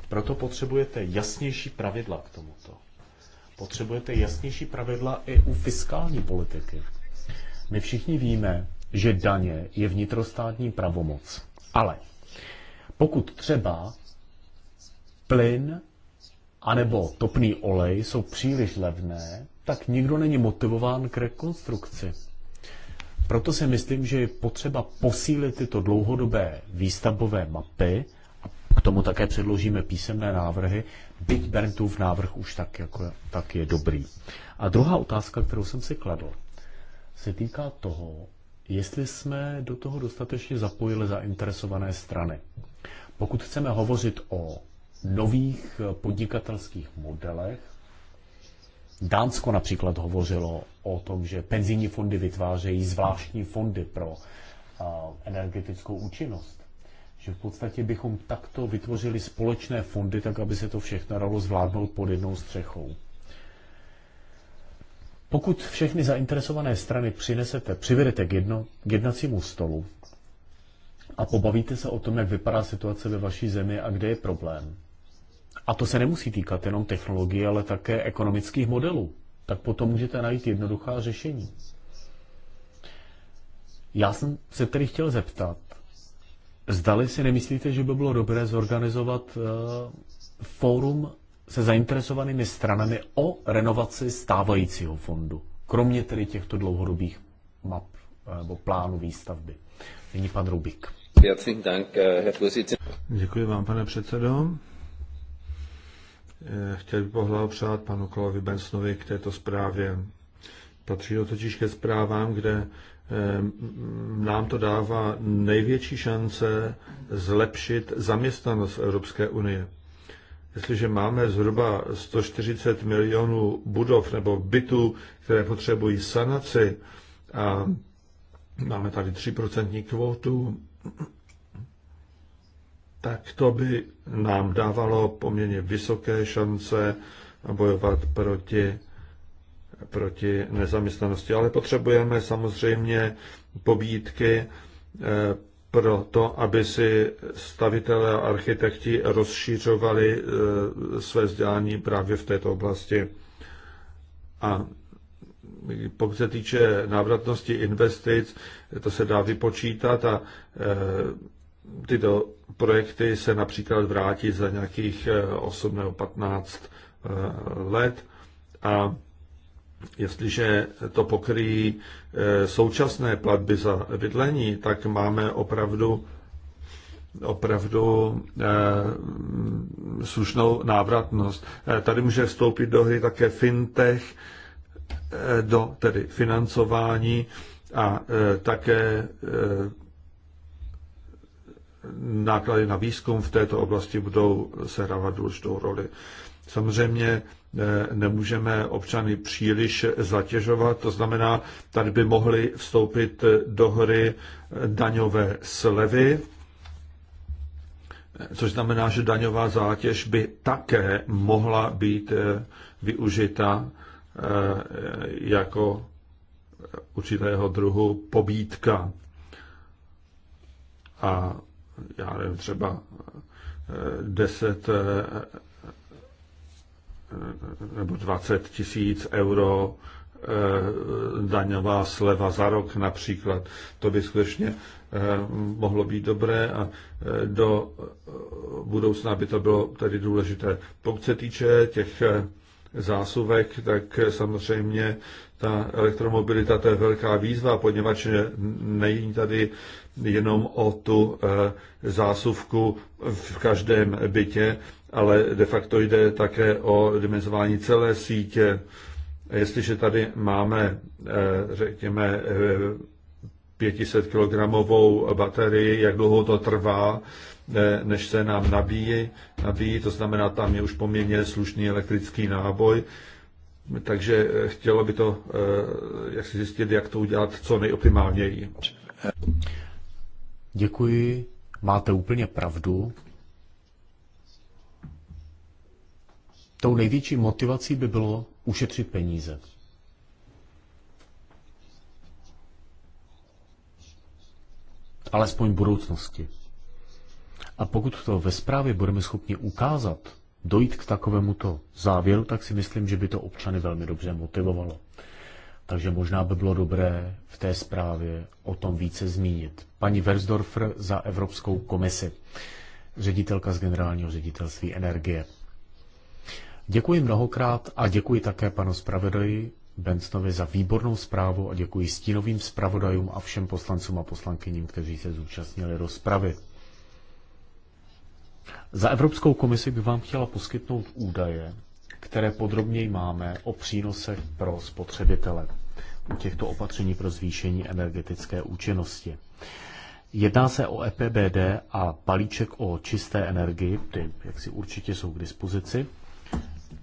Proto potřebujete jasnější pravidla k tomuto. Potřebujete jasnější pravidla i u fiskální politiky. My všichni víme, že daně je vnitrostátní pravomoc. Ale pokud třeba plyn anebo topný olej jsou příliš levné, tak nikdo není motivován k rekonstrukci. Proto si myslím, že je potřeba posílit tyto dlouhodobé výstavbové mapy a k tomu také předložíme písemné návrhy, byť Berntův návrh už tak, jako, tak je dobrý. A druhá otázka, kterou jsem si kladl, se týká toho, jestli jsme do toho dostatečně zapojili zainteresované strany. Pokud chceme hovořit o nových podnikatelských modelech, Dánsko například hovořilo o tom, že penzijní fondy vytvářejí zvláštní fondy pro energetickou účinnost. Že v podstatě bychom takto vytvořili společné fondy, tak aby se to všechno dalo zvládnout pod jednou střechou. Pokud všechny zainteresované strany přinesete, přivedete k, jedno, k jednacímu stolu a pobavíte se o tom, jak vypadá situace ve vaší zemi a kde je problém, a to se nemusí týkat jenom technologie, ale také ekonomických modelů, tak potom můžete najít jednoduchá řešení. Já jsem se tedy chtěl zeptat, zdali si nemyslíte, že by bylo dobré zorganizovat uh, fórum se zainteresovanými stranami o renovaci stávajícího fondu, kromě tedy těchto dlouhodobých map eh, nebo plánů výstavby. Nyní pan Rubik. Eh, Děkuji vám, pane předsedo. Eh, chtěl bych poblahopřát panu Kolovi Bensnovi k této zprávě. Patří to totiž ke zprávám, kde nám to dává největší šance zlepšit zaměstnanost Evropské unie. Jestliže máme zhruba 140 milionů budov nebo bytů, které potřebují sanaci a máme tady 3% kvótu, tak to by nám dávalo poměrně vysoké šance bojovat proti, proti nezaměstnanosti. Ale potřebujeme samozřejmě pobídky eh, pro to, aby si stavitelé a architekti rozšířovali e, své vzdělání právě v této oblasti. A pokud se týče návratnosti investic, to se dá vypočítat a e, tyto projekty se například vrátí za nějakých 8 e, nebo 15 let a Jestliže to pokryjí eh, současné platby za bydlení, tak máme opravdu opravdu eh, slušnou návratnost. Eh, tady může vstoupit do hry také fintech, eh, do tedy financování a eh, také eh, náklady na výzkum v této oblasti budou sehrávat důležitou roli. Samozřejmě eh, nemůžeme občany příliš zatěžovat, to znamená, tady by mohly vstoupit eh, do hry eh, daňové slevy, což znamená, že daňová zátěž by také mohla být využita jako určitého druhu pobítka. A já nevím, třeba 10 nebo 20 tisíc euro eh, daňová sleva za rok například. To by skutečně eh, mohlo být dobré a eh, do budoucna by to bylo tedy důležité. Pokud se týče těch zásuvek, tak samozřejmě ta elektromobilita to je velká výzva, poněvadž není tady jenom o tu zásuvku v každém bytě, ale de facto jde také o dimenzování celé sítě. Jestliže tady máme, eh, řekněme, 500 eh, kg baterii, jak dlouho to trvá, eh, než se nám nabíjí, nabíjí, to znamená, tam je už poměrně slušný elektrický náboj, takže chtělo by to, jak si zjistit, jak to udělat co nejoptimálněji. Děkuji, máte úplně pravdu. tou největší motivací by bylo ušetřit peníze. Alespoň v budoucnosti. A pokud to ve zprávě budeme schopni ukázat, dojít k takovému to závěru, tak si myslím, že by to občany velmi dobře motivovalo. Takže možná by bylo dobré v té zprávě o tom více zmínit. Paní Versdorfer za Evropskou komisi, ředitelka z generálního ředitelství energie. Děkuji mnohokrát a děkuji také panu zpravodaji Benstovi za výbornou zprávu a děkuji stínovým zpravodajům a všem poslancům a poslankyním, kteří se zúčastnili rozpravy. Za Evropskou komisi bych vám chtěla poskytnout údaje, které podrobněji máme o přínosech pro spotřebitele u těchto opatření pro zvýšení energetické účinnosti. Jedná se o EPBD a balíček o čisté energii, ty jak si určitě jsou k dispozici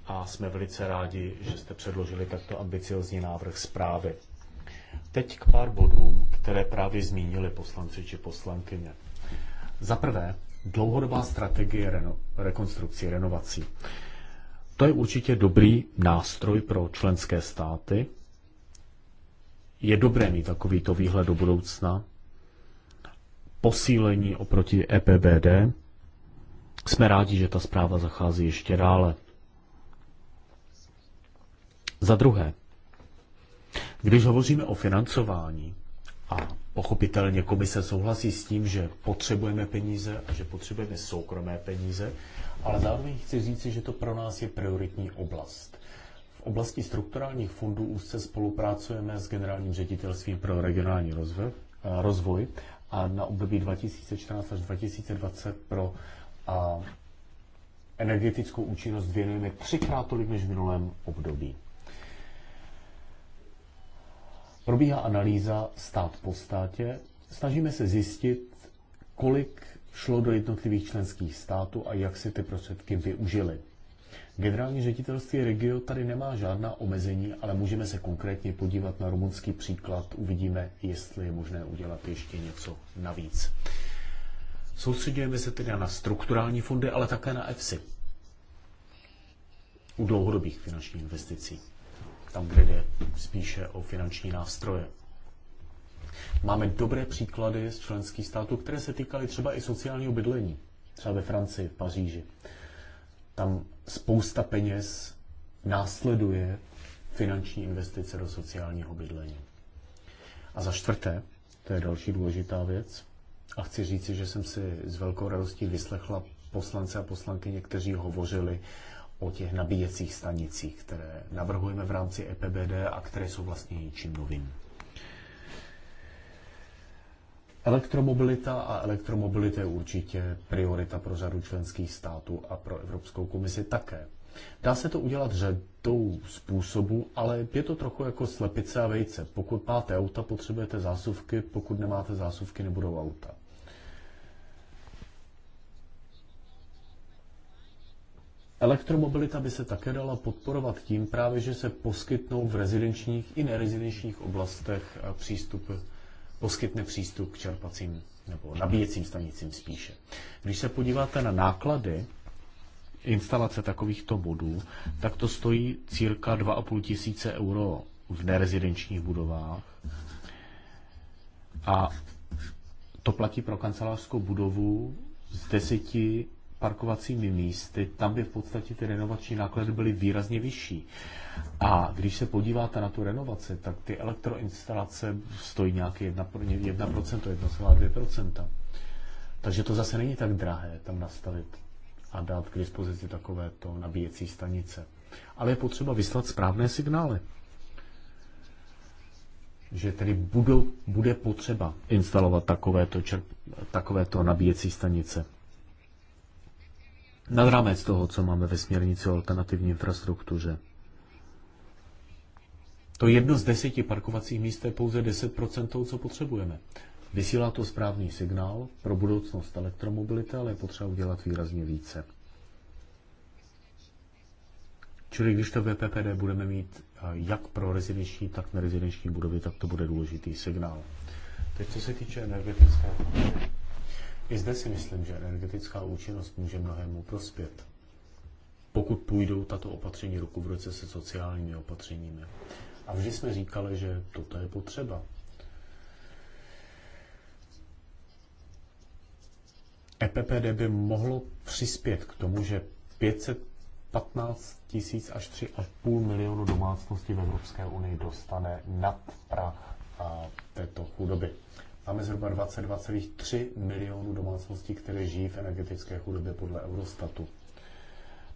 a jsme velice rádi, že jste předložili takto ambiciozní návrh zprávy. Teď k pár bodům, které právě zmínili poslanci či poslankyně. Za prvé, dlouhodobá strategie reno, rekonstrukcí, renovací. To je určitě dobrý nástroj pro členské státy. Je dobré mít takovýto výhled do budoucna. Posílení oproti EPBD. Jsme rádi, že ta zpráva zachází ještě dále. Za druhé, když hovoříme o financování, a pochopitelně komise souhlasí s tím, že potřebujeme peníze a že potřebujeme soukromé peníze, ale zároveň chci říci, že to pro nás je prioritní oblast. V oblasti strukturálních fondů úzce spolupracujeme s Generálním ředitelstvím pro regionální rozvoj, rozvoj a na období 2014 až 2020 pro a, energetickou účinnost věnujeme třikrát tolik než v minulém období. Probíhá analýza stát po státě. Snažíme se zjistit, kolik šlo do jednotlivých členských států a jak se ty prostředky využily. Generální ředitelství Regio tady nemá žádná omezení, ale můžeme se konkrétně podívat na rumunský příklad. Uvidíme, jestli je možné udělat ještě něco navíc. Soustředujeme se tedy na strukturální fondy, ale také na EFSI u dlouhodobých finančních investicí tam, kde jde spíše o finanční nástroje. Máme dobré příklady z členských států, které se týkaly třeba i sociálního bydlení, třeba ve Francii, v Paříži. Tam spousta peněz následuje finanční investice do sociálního bydlení. A za čtvrté, to je další důležitá věc, a chci říci, že jsem si s velkou radostí vyslechla poslance a poslanky, kteří hovořili o těch nabíjecích stanicích, které navrhujeme v rámci EPBD a které jsou vlastně něčím novým. Elektromobilita a elektromobilita je určitě priorita pro řadu členských států a pro Evropskou komisi také. Dá se to udělat řadou způsobů, ale je to trochu jako slepice a vejce. Pokud máte auta, potřebujete zásuvky, pokud nemáte zásuvky, nebudou auta. Elektromobilita by se také dala podporovat tím právě, že se poskytnou v rezidenčních i nerezidenčních oblastech eh, přístup, poskytne přístup k čerpacím nebo nabíjecím stanicím spíše. Když se podíváte na náklady instalace takovýchto bodů, tak to stojí cirka 2,5 tisíce euro v nerezidenčních budovách. A to platí pro kancelářskou budovu z 10 parkovacími místy, tam by v podstatě ty renovační náklady byly výrazně vyšší. A když se podíváte na tu renovaci, tak ty elektroinstalace stojí nějaké 1%, 1%, 1,2%. Takže to zase není tak drahé tam nastavit a dát k dispozici takovéto nabíjecí stanice. Ale je potřeba vyslat správné signály že tedy budou, bude potřeba instalovat takovéto, čerp, takovéto nabíjecí stanice nad rámec toho, co máme ve směrnici o alternativní infrastruktuře. To jedno z deseti parkovacích míst je pouze 10% toho, co potřebujeme. Vysílá to správný signál pro budoucnost elektromobility, ale je potřeba udělat výrazně více. Čili když to VPPD budeme mít jak pro rezidenční, tak nerezidenční budovy, tak to bude důležitý signál. Teď co se týče energetické i zde si myslím, že energetická účinnost může mnohému prospět, pokud půjdou tato opatření ruku v roce se sociálními opatřeními. A vždy jsme říkali, že toto je potřeba. EPPD by mohlo přispět k tomu, že 515 tisíc až 3,5 milionu domácností v Evropské unii dostane nad prach této chudoby. Máme zhruba 22,3 milionů domácností, které žijí v energetické chudobě podle Eurostatu.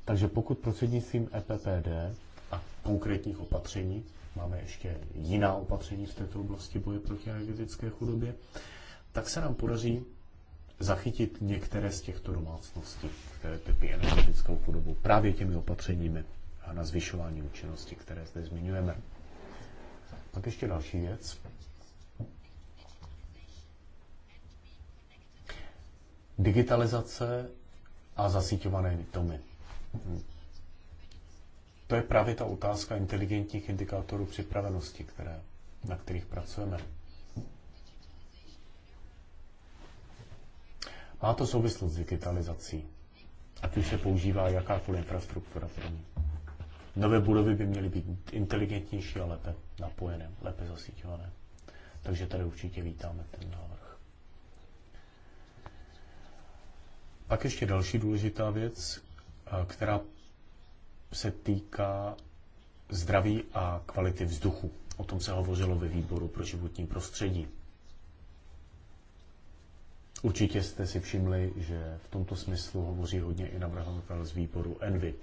Takže pokud prostřednictvím EPPD a konkrétních opatření, máme ještě jiná opatření v této oblasti boje proti energetické chudobě, tak se nám podaří zachytit některé z těchto domácností, které trpí energetickou chudobu, právě těmi opatřeními a na zvyšování účinnosti, které zde zmiňujeme. Pak ještě další věc, digitalizace a zasíťované domy. To je právě ta otázka inteligentních indikátorů připravenosti, které, na kterých pracujeme. Má to souvislost s digitalizací, ať už se používá jakákoliv infrastruktura pro ní. Nové budovy by měly být inteligentnější a lépe napojené, lépe zasíťované. Takže tady určitě vítáme ten návrh. Pak ještě další důležitá věc, která se týká zdraví a kvality vzduchu. O tom se hovořilo ve výboru pro životní prostředí. Určitě jste si všimli, že v tomto smyslu hovoří hodně i navrhovatel z výboru Envy.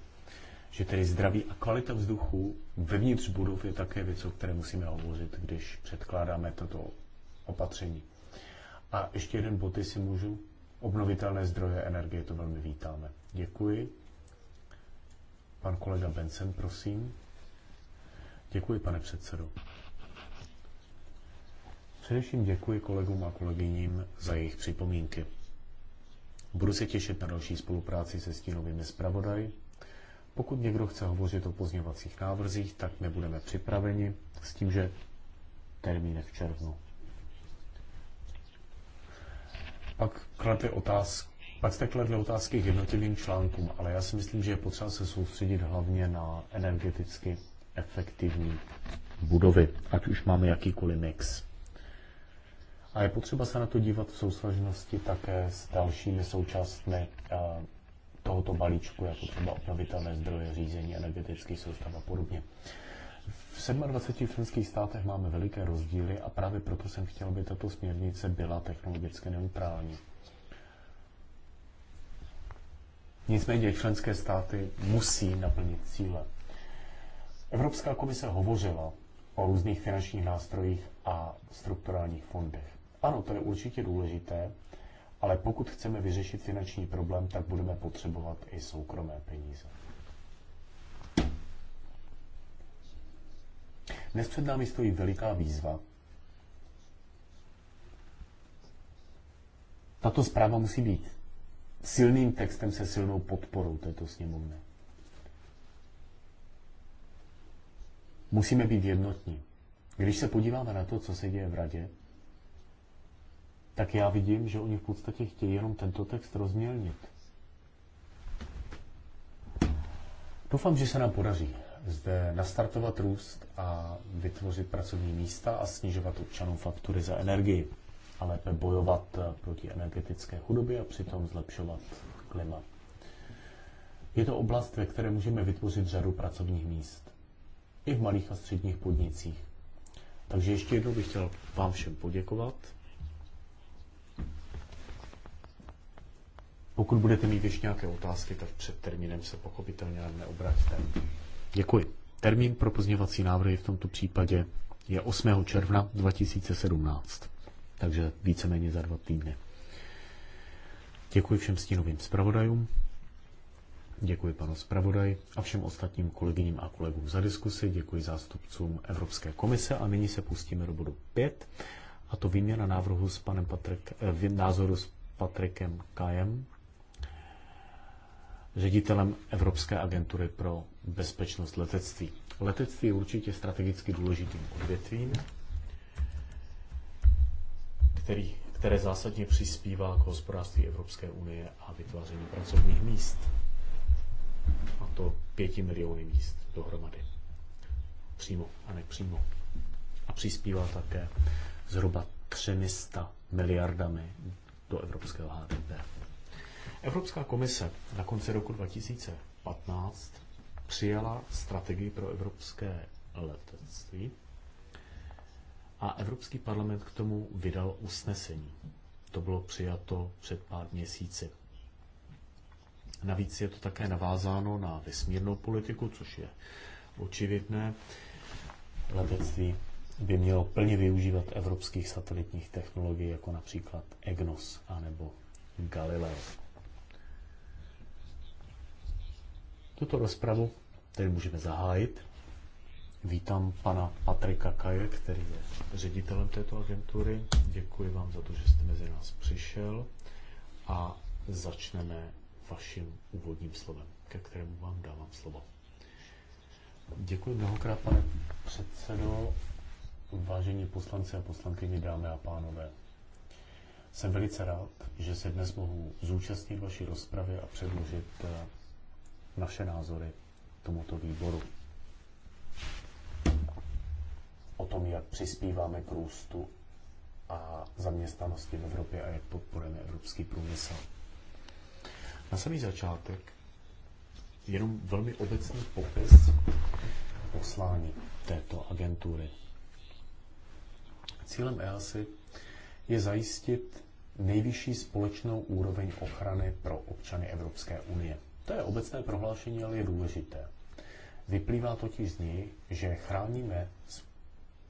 Že tedy zdraví a kvalita vzduchu vevnitř budov je také věc, o které musíme hovořit, když předkládáme toto opatření. A ještě jeden bod, jestli můžu obnovitelné zdroje energie, to velmi vítáme. Děkuji. Pan kolega Benson, prosím. Děkuji, pane předsedo. Především děkuji kolegům a kolegyním za jejich připomínky. Budu se těšit na další spolupráci se stínovými zpravodaji. Pokud někdo chce hovořit o pozněvacích návrzích, tak my budeme připraveni s tím, že termín v červnu. pak kladli otázky, pak jste kladli otázky k jednotlivým článkům, ale já si myslím, že je potřeba se soustředit hlavně na energeticky efektivní budovy, ať už máme jakýkoliv mix. A je potřeba se na to dívat v souslažnosti také s dalšími součástmi eh, tohoto balíčku, jako třeba obnovitelné zdroje, řízení energetický soustav a podobně. V 27 členských státech máme veliké rozdíly a právě proto jsem chtěl, aby tato směrnice byla technologicky neutrální. Nicméně členské státy musí naplnit cíle. Evropská komise hovořila o různých finančních nástrojích a strukturálních fondech. Ano, to je určitě důležité, ale pokud chceme vyřešit finanční problém, tak budeme potřebovat i soukromé peníze. Dnes před námi stojí veliká výzva. Tato zpráva musí být silným textem se silnou podporou této sněmovny. Musíme být jednotní. Když se podíváme na to, co se děje v radě, tak já vidím, že oni v podstatě chtějí jenom tento text rozmělnit. Doufám, že se nám podaří zde nastartovat růst a vytvořit pracovní místa a snižovat občanům faktury za energii a lépe bojovat eh, proti energetické chudobě a přitom zlepšovat klima. Je to oblast, ve které můžeme vytvořit řadu pracovních míst. I v malých a středních podnicích. Takže ještě jednou bych chtěl vám všem poděkovat. Pokud budete mít ještě nějaké otázky, tak před termínem se pochopitelně neobraťte. Děkuji. Termín pro pozměňovací návrhy v tomto případě je 8. června 2017, takže víceméně za dva týdny. Děkuji všem stínovým zpravodajům, děkuji panu zpravodaj a všem ostatním kolegyním a kolegům za diskusi, děkuji zástupcům Evropské komise a nyní se pustíme do bodu 5 a to výměna návrhu s panem Patrik, eh, názoru s Patrikem Kajem, ředitelem Evropské agentury pro bezpečnost letectví. Letectví je určitě strategicky důležitým odvětvím, který, které zásadně přispívá k hospodářství Evropské unie a vytváření pracovních míst. A to pěti miliony míst dohromady. Přímo a nepřímo. A přispívá také zhruba 300 miliardami do evropského HDP. Evropská komise na konci roku 2015 přijala strategii pro evropské letectví a Evropský parlament k tomu vydal usnesení. To bylo přijato před pár měsíci. Navíc je to také navázáno na vesmírnou politiku, což je očividné. Letectví by mělo plně využívat evropských satelitních technologií, jako například EGNOS anebo Galileo. Tuto rozpravu tedy můžeme zahájit. Vítám pana Patrika Kaje, který je ředitelem této agentury. Děkuji vám za to, že jste mezi nás přišel a začneme vaším úvodním slovem, ke kterému vám dávám slovo. Děkuji mnohokrát, pane předsedo, vážení poslanci a poslankyně, dámy a pánové. Jsem velice rád, že se dnes mohu zúčastnit vaší rozpravy a předložit eh, naše názory tomuto výboru. O tom, jak přispíváme k růstu a zaměstnanosti v Evropě a jak podporujeme evropský průmysl. Na samý začátek jenom velmi obecný popis poslání této agentury. Cílem EASY je zajistit nejvyšší společnou úroveň ochrany pro občany Evropské unie. To je obecné prohlášení, ale je důležité. Vyplývá totiž z něj, že chráníme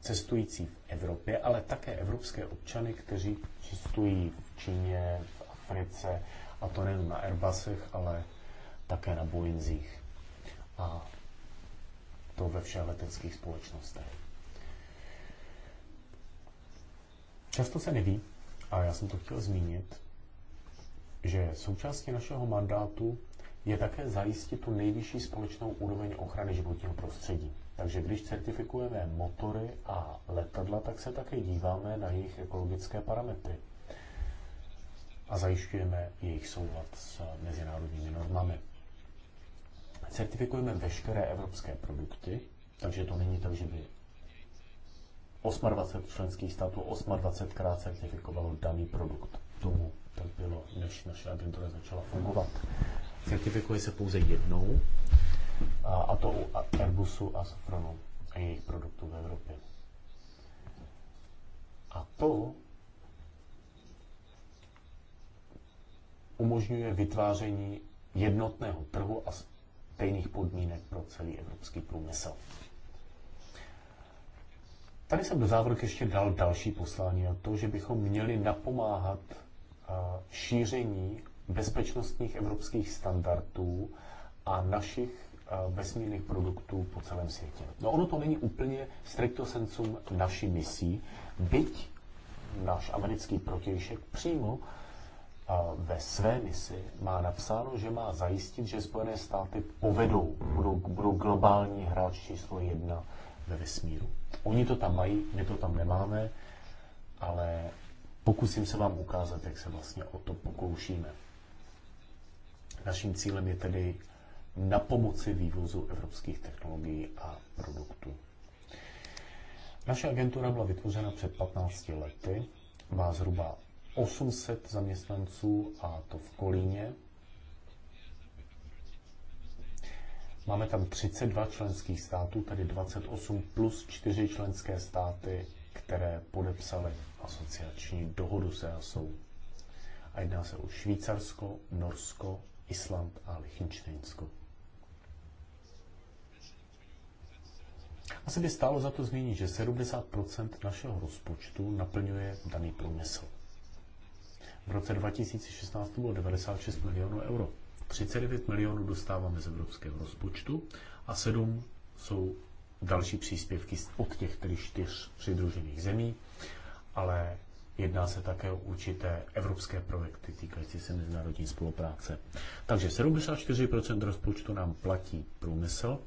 cestující v Evropě, ale také evropské občany, kteří cestují v Číně, v Africe, a to nejen na Airbusech, ale také na Boeingzích. A to ve všech leteckých společnostech. Často se neví, a já jsem to chtěl zmínit, že součástí našeho mandátu je také zajistit tu nejvyšší společnou úroveň ochrany životního prostředí. Takže když certifikujeme motory a letadla, tak se také díváme na jejich ekologické parametry a zajišťujeme jejich soulad s mezinárodními normami. Certifikujeme veškeré evropské produkty, takže to není tak, že by 28 členských států 28 krát certifikovalo daný produkt. Tomu tak bylo, než naše agentura začala fungovat certifikuje se pouze jednou, a to u Airbusu a Safranu a jejich produktů v Evropě. A to umožňuje vytváření jednotného trhu a stejných podmínek pro celý evropský průmysl. Tady jsem do závorky ještě dal další poslání a to, že bychom měli napomáhat šíření bezpečnostních evropských standardů a našich eh, vesmírných produktů po celém světě. No ono to není úplně stricto sensum naší misí, byť náš americký protějšek přímo eh, ve své misi má napsáno, že má zajistit, že Spojené státy povedou, budou, budou globální hráč číslo jedna ve vesmíru. Oni to tam mají, my to tam nemáme, ale pokusím se vám ukázat, jak se vlastně o to pokoušíme. Naším cílem je tedy na pomoci vývozu evropských technologií a produktů. Naše agentura byla vytvořena před 15 lety, má zhruba 800 zaměstnanců a to v Kolíně. Máme tam 32 členských států, tedy 28 plus 4 členské státy, které podepsaly asociační dohodu s EASou. A jedná se o Švýcarsko, Norsko, Island a Lichtensteinsko. Asi by stálo za to zmínit, že 70 našeho rozpočtu naplňuje daný průmysl. V roce 2016 bylo 96 milionů euro. 39 milionů dostáváme z evropského rozpočtu a 7 jsou další příspěvky od těch tedy čtyř přidružených zemí, ale Jedná se také o určité evropské projekty týkající se mezinárodní spolupráce. Takže 74% rozpočtu nám platí průmysl.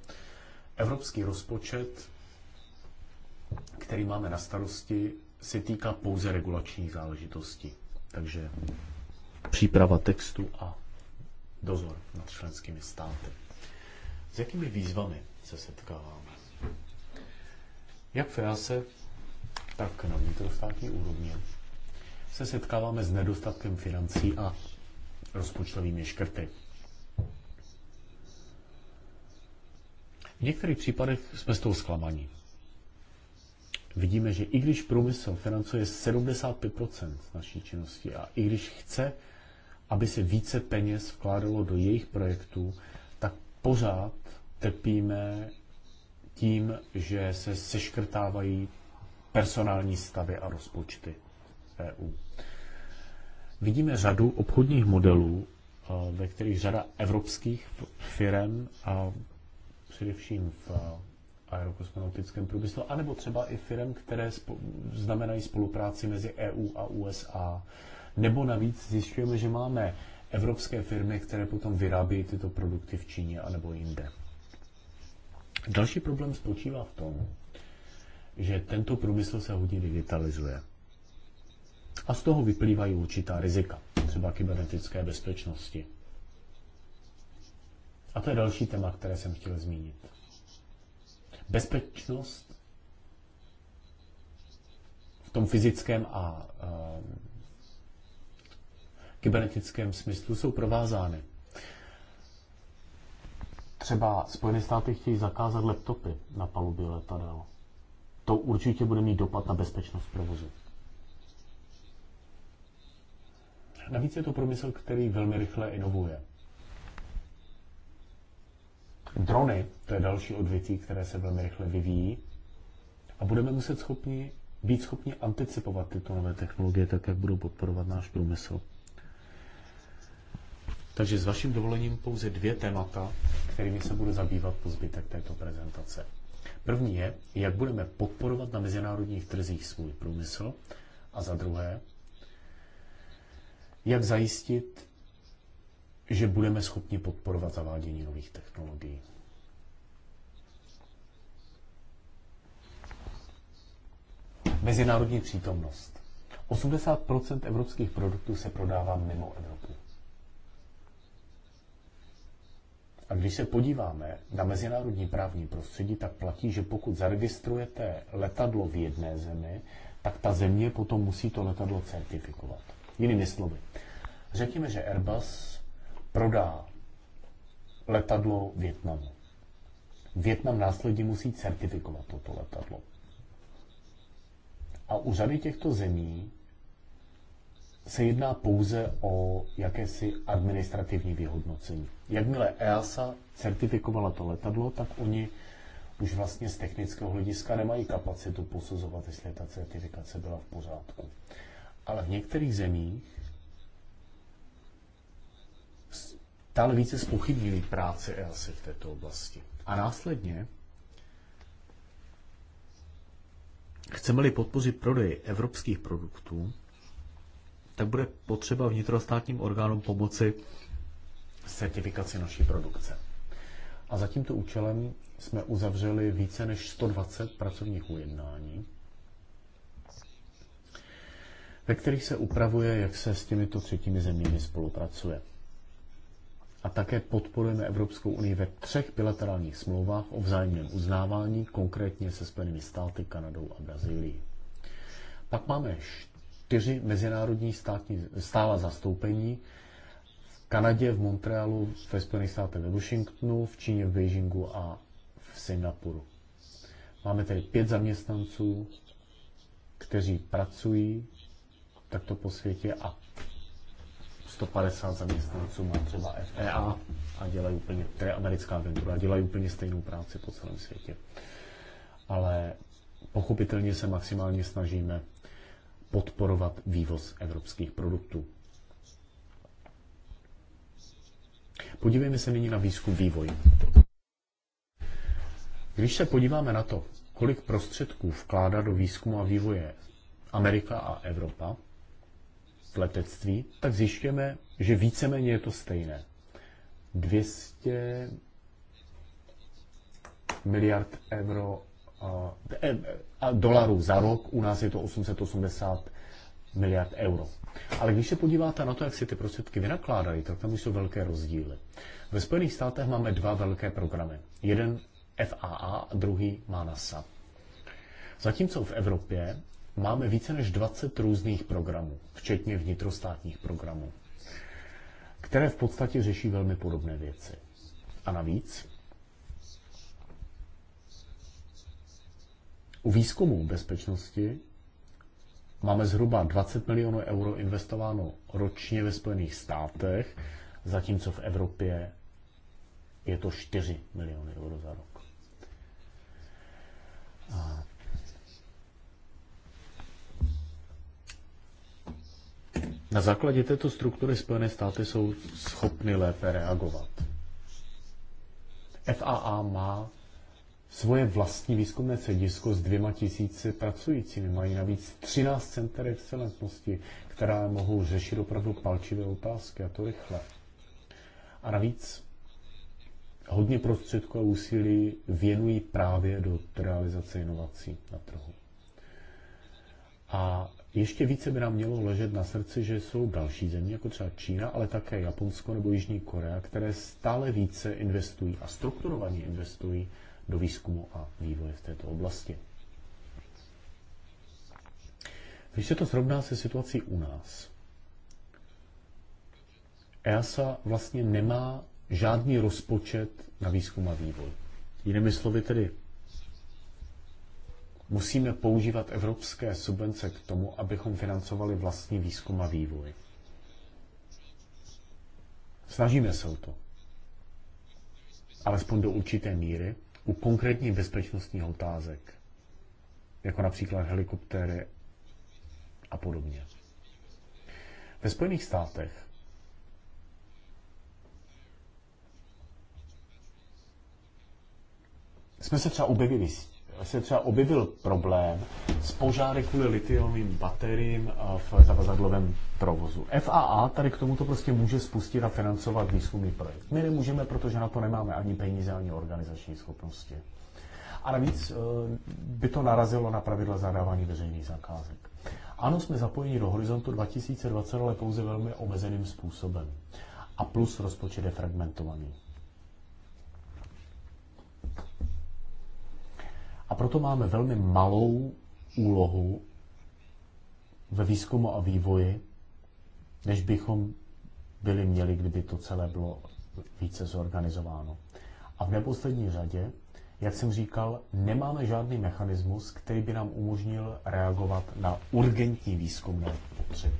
Evropský rozpočet, který máme na starosti, se týká pouze regulačních záležitostí. Takže příprava textu a dozor nad členskými státy. S jakými výzvami se setkáváme? Jak v EASE, tak na vnitrostátní úrovni se setkáváme s nedostatkem financí a rozpočtovými škrty. V některých případech jsme s tou zklamaní. Vidíme, že i když průmysl financuje 75% naší činnosti a i když chce, aby se více peněz vkládalo do jejich projektů, tak pořád trpíme tím, že se seškrtávají personální stavy a rozpočty. EU. Vidíme řadu obchodních modelů, e, ve kterých řada evropských firm, a především v e, aerokosmonautickém průmyslu, anebo třeba i firm, které znamenají spolupráci mezi EU a USA. Nebo navíc zjišťujeme, že máme evropské firmy, které potom vyrábí tyto produkty v Číně anebo jinde. Další problém spočívá v tom, že tento průmysl se hodně digitalizuje. A z toho vyplývají určitá rizika, třeba kybernetické bezpečnosti. A to je další téma, které jsem chtěl zmínit. Bezpečnost v tom fyzickém a um, kybernetickém smyslu jsou provázány. Třeba Spojené státy chtějí zakázat laptopy na palubě letadel. To určitě bude mít dopad na bezpečnost provozu. Navíc je to průmysl, který velmi rychle inovuje. Drony, to je další odvětví, které se velmi rychle vyvíjí a budeme muset schopni, být schopni anticipovat tyto nové technologie, tak jak budou podporovat náš průmysl. Takže s vaším dovolením pouze dvě témata, kterými se budu zabývat po zbytek této prezentace. První je, jak budeme podporovat na mezinárodních trzích svůj průmysl a za druhé, jak zajistit, že budeme schopni podporovat zavádění nových technologií. Mezinárodní přítomnost. 80 evropských produktů se prodává mimo Evropu. A když se podíváme na mezinárodní právní prostředí, tak platí, že pokud zaregistrujete letadlo v jedné zemi, tak ta země potom musí to letadlo certifikovat. Jinými slovy, řekněme, že Airbus prodá letadlo Větnamu. Větnam následně musí certifikovat toto letadlo. A u řady těchto zemí se jedná pouze o jakési administrativní vyhodnocení. Jakmile EASA certifikovala to letadlo, tak oni už vlastně z technického hlediska nemají kapacitu posuzovat, jestli ta certifikace byla v pořádku ale v některých zemích stále více spochybňují práce, EASY v této oblasti. A následně Chceme-li podpořit prodej evropských produktů, tak bude potřeba vnitrostátním orgánům pomoci certifikaci naší produkce. A za tímto účelem jsme uzavřeli více než 120 pracovních ujednání ve kterých se upravuje, jak se s těmito třetími zeměmi spolupracuje. A také podporujeme Evropskou unii ve třech bilaterálních smlouvách o vzájemném uznávání, konkrétně se Spojenými státy, Kanadou a Brazílií. Pak máme čtyři mezinárodní státní, stála zastoupení v Kanadě, v Montrealu, ve Spojených státech ve Washingtonu, v Číně, v Beijingu a v Singapuru. Máme tedy pět zaměstnanců, kteří pracují takto po světě a 150 zaměstnanců má třeba FEA a dělají úplně, to je americká agentura, dělají úplně stejnou práci po celém světě. Ale pochopitelně se maximálně snažíme podporovat vývoz evropských produktů. Podívejme se nyní na výzkum vývoj. Když se podíváme na to, kolik prostředků vkládá do výzkumu a vývoje Amerika a Evropa, v letectví, tak zjišťujeme, že víceméně je to stejné. 200 miliard euro a, e, a dolarů za rok, u nás je to 880 miliard euro. Ale když se podíváte na to, jak se ty prostředky vynakládají, tak tam už jsou velké rozdíly. Ve Spojených státech máme dva velké programy. Jeden FAA a druhý má NASA. Zatímco v Evropě Máme více než 20 různých programů, včetně vnitrostátních programů, které v podstatě řeší velmi podobné věci. A navíc u výzkumu bezpečnosti máme zhruba 20 milionů euro investováno ročně ve Spojených státech, zatímco v Evropě je to 4 miliony euro za rok. Na základě této struktury Spojené státy jsou schopny lépe reagovat. FAA má svoje vlastní výzkumné středisko s dvěma tisíci pracujícími. Mají navíc 13 center excelentnosti, která mohou řešit opravdu palčivé otázky a to rychle. A navíc hodně prostředků a úsilí věnují právě do realizace inovací na trhu. A ještě více by nám mělo ležet na srdci, že jsou další země, jako třeba Čína, ale také Japonsko nebo Jižní Korea, které stále více investují a strukturovaně investují do výzkumu a vývoje v této oblasti. Když se to srovná se situací u nás, EASA vlastně nemá žádný rozpočet na výzkum a vývoj. Jinými slovy tedy Musíme používat evropské subvence k tomu, abychom financovali vlastní výzkum a vývoj. Snažíme se o to. Alespoň do určité míry u konkrétních bezpečnostních otázek, jako například helikoptéry a podobně. Ve Spojených státech jsme se třeba objevili s se třeba objevil problém s požáry kvůli litiovým bateriím eh, v zavazadlovém provozu. FAA tady k tomuto prostě může spustit a financovat výzkumný projekt. My nemůžeme, protože na to nemáme ani peníze, ani organizační schopnosti. A navíc eh, by to narazilo na pravidla zadávání veřejných zakázek. Ano, jsme zapojeni do horizontu 2020, ale pouze velmi omezeným způsobem. A plus rozpočet je fragmentovaný. A proto máme velmi malou úlohu ve výzkumu a vývoji, než bychom byli měli, kdyby to celé bylo více zorganizováno. A v neposlední řadě, jak jsem říkal, nemáme žádný mechanismus, který by nám umožnil reagovat na urgentní výzkumné potřeby.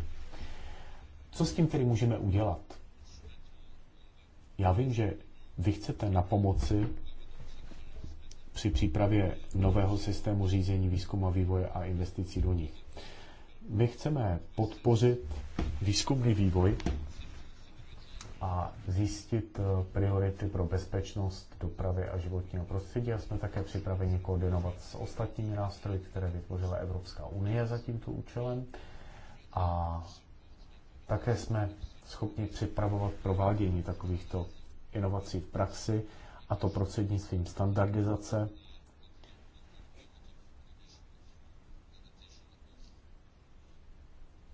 Co s tím tedy můžeme udělat? Já vím, že vy chcete na pomoci při přípravě nového systému řízení výzkumu a vývoje a investicí do nich. My chceme podpořit výzkumný vývoj a zjistit eh, priority pro bezpečnost, dopravy a životního prostředí a jsme také připraveni koordinovat s ostatními nástroji, které vytvořila Evropská unie za tímto účelem a také jsme schopni připravovat provádění takovýchto inovací v praxi a to prostřednictvím standardizace,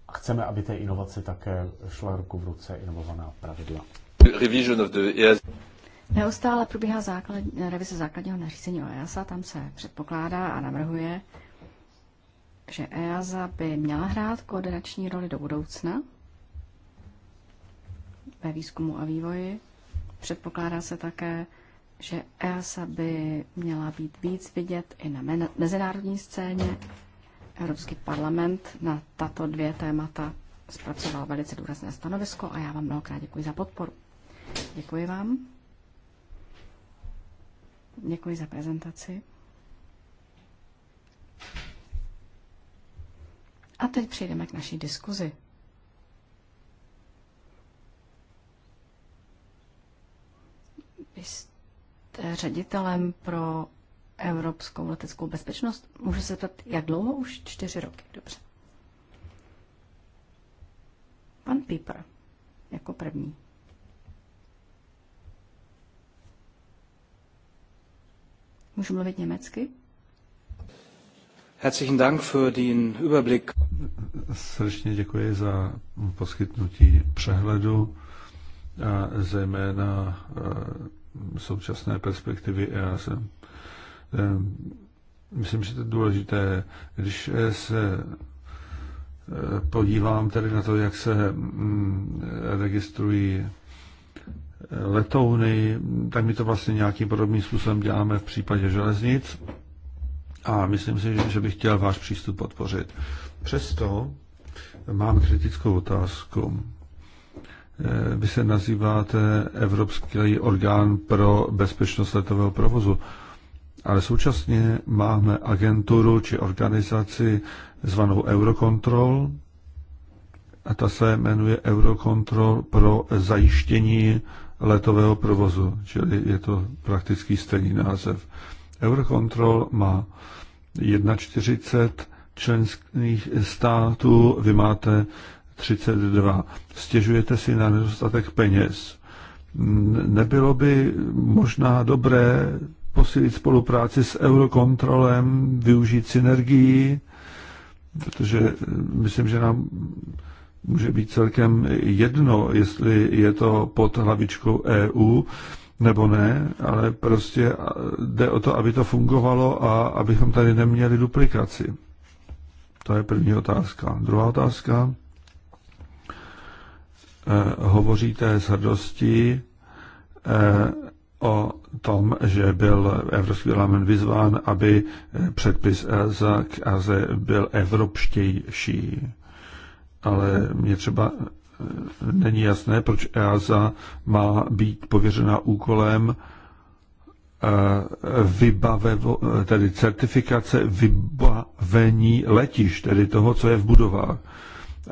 a chceme, aby té inovace také šla ruku v ruce inovovaná pravidla. E Neustále probíhá základ, revize základního nařízení o EASA, tam se předpokládá a navrhuje, že EASA by měla hrát koordinační roli do budoucna ve výzkumu a vývoji. Předpokládá se také, že EASA by měla být víc vidět i na mezinárodní scéně. Evropský parlament na tato dvě témata zpracoval velice důrazné stanovisko a já vám mnohokrát děkuji za podporu. Děkuji vám. Děkuji za prezentaci. A teď přejdeme k naší diskuzi. Vy ředitelem pro evropskou leteckou bezpečnost. Můžu se zeptat, jak dlouho? Už čtyři roky, dobře. Pan Piper jako první. Můžu mluvit německy? Herzlichen Dank für den Überblick. Srdečně děkuji za poskytnutí přehledu a zejména eh, současné perspektivy EASA. Myslím, že to je důležité, když se e, podívám tedy na to, jak se mm, registrují e, letouny, tak my to vlastně nějakým podobným způsobem děláme v případě železnic a myslím si, že bych chtěl váš přístup podpořit. Přesto mám kritickou otázku. Eh, vy se nazýváte Evropský orgán pro bezpečnost letového provozu, ale současně máme agenturu či organizaci zvanou Eurocontrol a ta se jmenuje Eurocontrol pro zajištění letového provozu, čili je to prakticky stejný název. Eurocontrol má 41 členských států, vy máte 32. Stěžujete si na nedostatek peněz. Nebylo by možná dobré posílit spolupráci s Eurokontrolem, využít synergii, protože eh, myslím, že nám může být celkem jedno, jestli je to pod hlavičkou EU nebo ne, ale prostě eh, jde o to, aby to fungovalo a abychom tady neměli duplikaci. To je první otázka. Druhá otázka. Eh, hovoříte s hrdostí eh, o tom, že byl Evropský parlament vyzván, aby eh, předpis ELSA k AZE byl evropštější. Ale mě třeba není jasné, proč EASA má být pověřena úkolem vybave, tedy certifikace vybavení letiš, tedy toho, co je v budovách.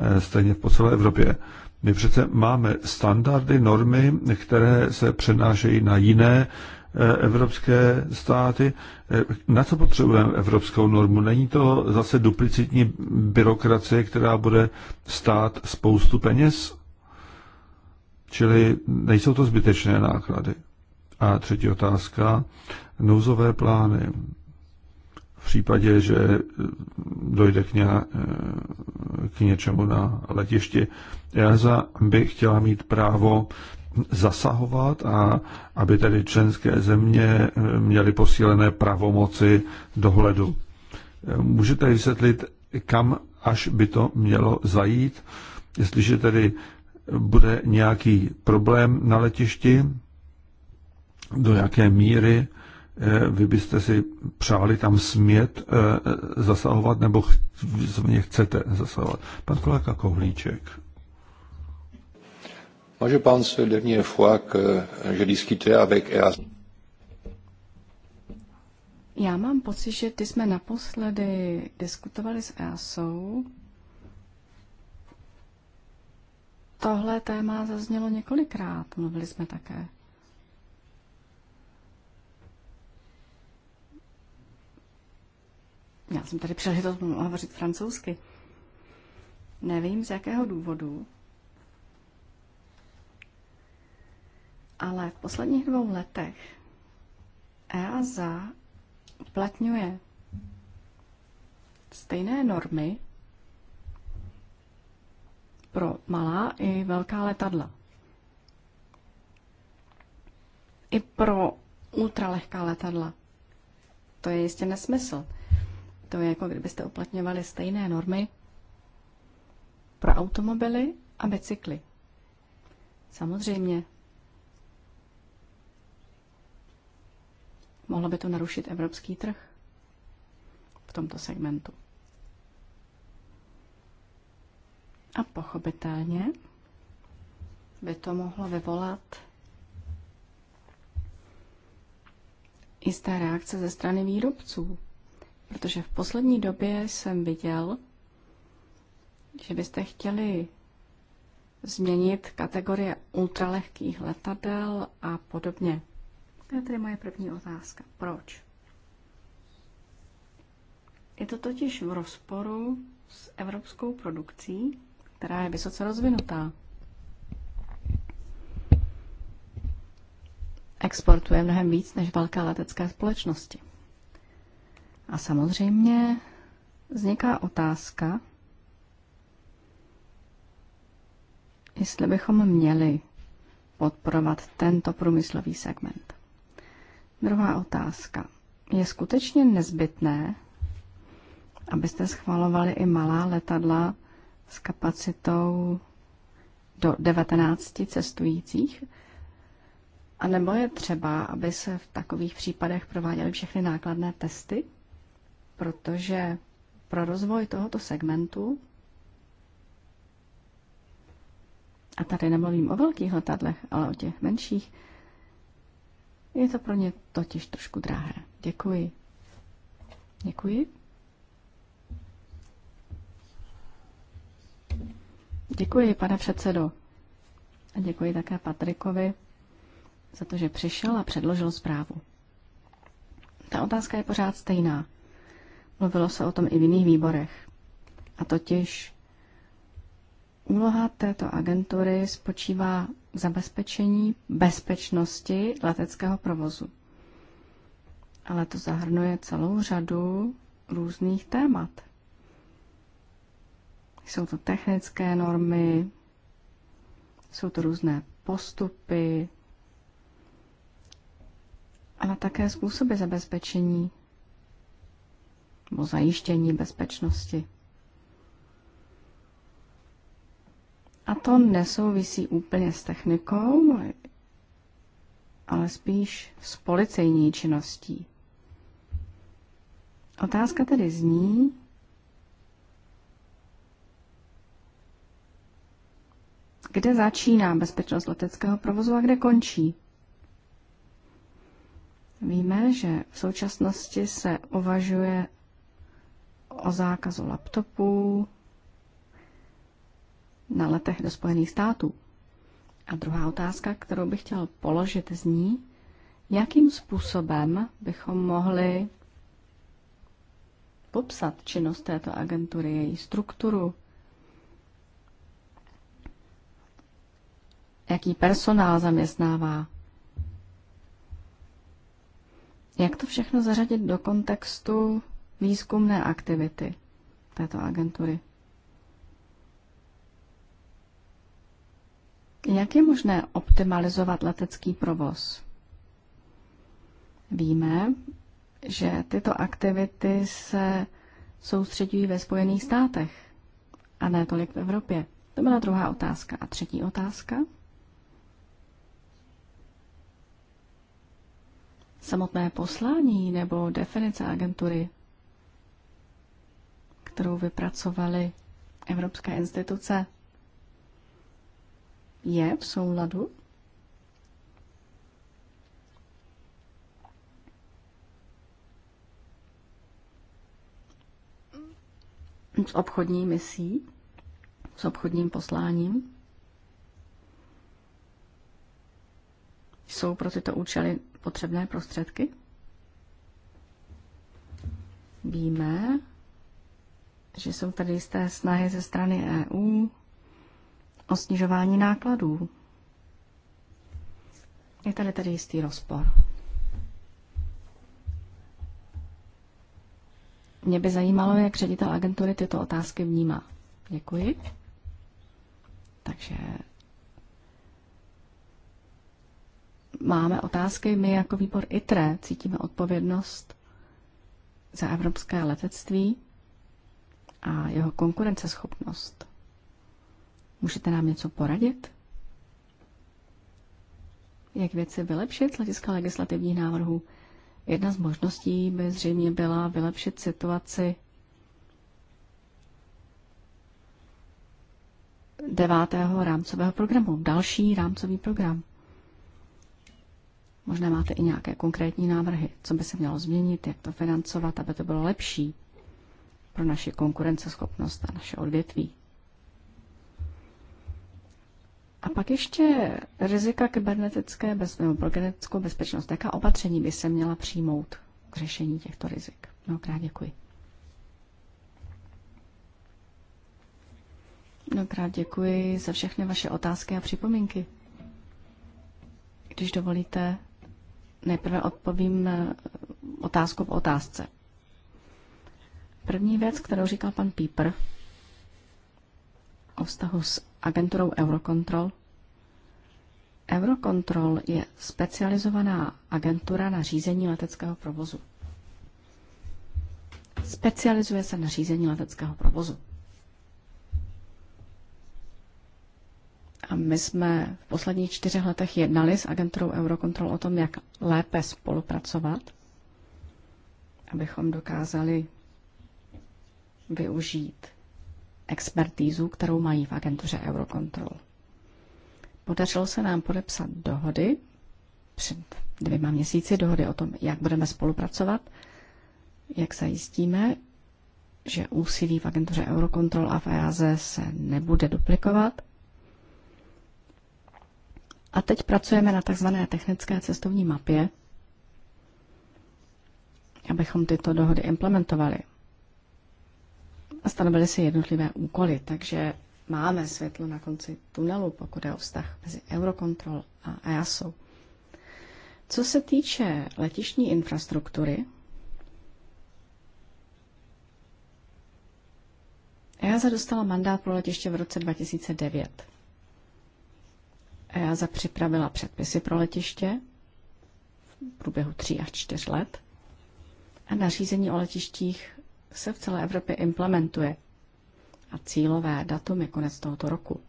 Eh, stejně po celé Evropě. My přece máme standardy, normy, které se přenášejí na jiné eh, evropské státy. Eh, na co potřebujeme evropskou normu? Není to zase duplicitní byrokracie, která bude stát spoustu peněz? Čili nejsou to zbytečné náklady. A třetí otázka, nouzové plány v případě, že dojde k, ně, k něčemu na letišti. EASA by chtěla mít právo zasahovat a aby tedy členské země měly posílené pravomoci dohledu. Můžete vysvětlit, kam až by to mělo zajít, jestliže tedy bude nějaký problém na letišti, do jaké míry Eh, vy byste si přáli tam smět eh, zasahovat, nebo mě chcete zasahovat. Pan kolega Kohlíček. Moi, pan se dernière fois že diskutuje discuté avec Erasmus. Já mám pocit, že ty jsme naposledy diskutovali s EASou. Tohle téma zaznělo několikrát. Mluvili jsme také Já jsem tady příležitost hovořit francouzsky. Nevím, z jakého důvodu, ale v posledních dvou letech EASA uplatňuje stejné normy pro malá i velká letadla. I pro ultralehká letadla. To je jistě nesmysl. To je jako kdybyste uplatňovali stejné normy pro automobily a bicykly. Samozřejmě. Mohlo by to narušit evropský trh v tomto segmentu. A pochopitelně by to mohlo vyvolat jisté reakce ze strany výrobců, Protože v poslední době jsem viděl, že byste chtěli změnit kategorie ultralehkých letadel a podobně. To je tedy moje první otázka. Proč? Je to totiž v rozporu s evropskou produkcí, která je vysoce rozvinutá. Exportuje mnohem víc než velké letecké společnosti. A samozřejmě vzniká otázka, jestli bychom měli podporovat tento průmyslový segment. Druhá otázka. Je skutečně nezbytné, abyste schvalovali i malá letadla s kapacitou do 19 cestujících? A nebo je třeba, aby se v takových případech prováděly všechny nákladné testy? protože pro rozvoj tohoto segmentu a tady nemluvím o velkých letadlech, ale o těch menších, je to pro ně totiž trošku drahé. Děkuji. Děkuji. Děkuji, pane předsedo. A děkuji také Patrikovi za to, že přišel a předložil zprávu. Ta otázka je pořád stejná. Mluvilo se o tom i v jiných výborech. A totiž úloha této agentury spočívá v zabezpečení bezpečnosti leteckého provozu. Ale to zahrnuje celou řadu různých témat. Jsou to technické normy, jsou to různé postupy, ale také způsoby zabezpečení nebo zajištění bezpečnosti. A to nesouvisí úplně s technikou, ale spíš s policejní činností. Otázka tedy zní, kde začíná bezpečnost leteckého provozu a kde končí. Víme, že v současnosti se uvažuje o zákazu laptopů na letech do Spojených států. A druhá otázka, kterou bych chtěl položit, zní, jakým způsobem bychom mohli popsat činnost této agentury, její strukturu, jaký personál zaměstnává, jak to všechno zařadit do kontextu výzkumné aktivity této agentury. Jak je možné optimalizovat letecký provoz? Víme, že tyto aktivity se soustředují ve Spojených státech a ne tolik v Evropě. To byla druhá otázka. A třetí otázka? Samotné poslání nebo definice agentury kterou vypracovaly evropské instituce, je v souladu? S obchodní misí, s obchodním posláním? Jsou pro tyto účely potřebné prostředky? Víme, že jsou tady jisté snahy ze strany EU o snižování nákladů. Je tady tady jistý rozpor. Mě by zajímalo, jak ředitel agentury tyto otázky vnímá. Děkuji. Takže máme otázky. My jako výbor ITRE cítíme odpovědnost za evropské letectví a jeho konkurenceschopnost. Můžete nám něco poradit? Jak věci vylepšit z hlediska legislativních návrhů? Jedna z možností by zřejmě byla vylepšit situaci Devátého rámcového programu, další rámcový program. Možná máte i nějaké konkrétní návrhy, co by se mělo změnit, jak to financovat, aby to bylo lepší, pro naši konkurenceschopnost a naše odvětví. A pak ještě rizika kybernetické bez, nebo pro genetickou bezpečnost. Jaká opatření by se měla přijmout k řešení těchto rizik? Mnohokrát děkuji. Mnohokrát děkuji za všechny vaše otázky a připomínky. Když dovolíte, nejprve odpovím otázku po otázce. První věc, kterou říkal pan Píper o vztahu s agenturou Eurocontrol. Eurocontrol je specializovaná agentura na řízení leteckého provozu. Specializuje se na řízení leteckého provozu. A my jsme v posledních čtyřech letech jednali s agenturou Eurocontrol o tom, jak lépe spolupracovat, abychom dokázali využít expertízu, kterou mají v agentuře Eurocontrol. Podařilo se nám podepsat dohody před dvěma měsíci, dohody o tom, jak budeme spolupracovat, jak zajistíme, že úsilí v agentuře Eurocontrol a v EAZ se nebude duplikovat. A teď pracujeme na tzv. technické cestovní mapě, abychom tyto dohody implementovali a stanovili si jednotlivé úkoly. Takže máme světlo na konci tunelu, pokud je o vztah mezi Eurocontrol a EASO. Co se týče letišní infrastruktury, EASA dostala mandát pro letiště v roce 2009. EASA připravila předpisy pro letiště v průběhu 3 až 4 let a nařízení o letištích se v celé Evropě implementuje a cílové datum je konec tohoto roku.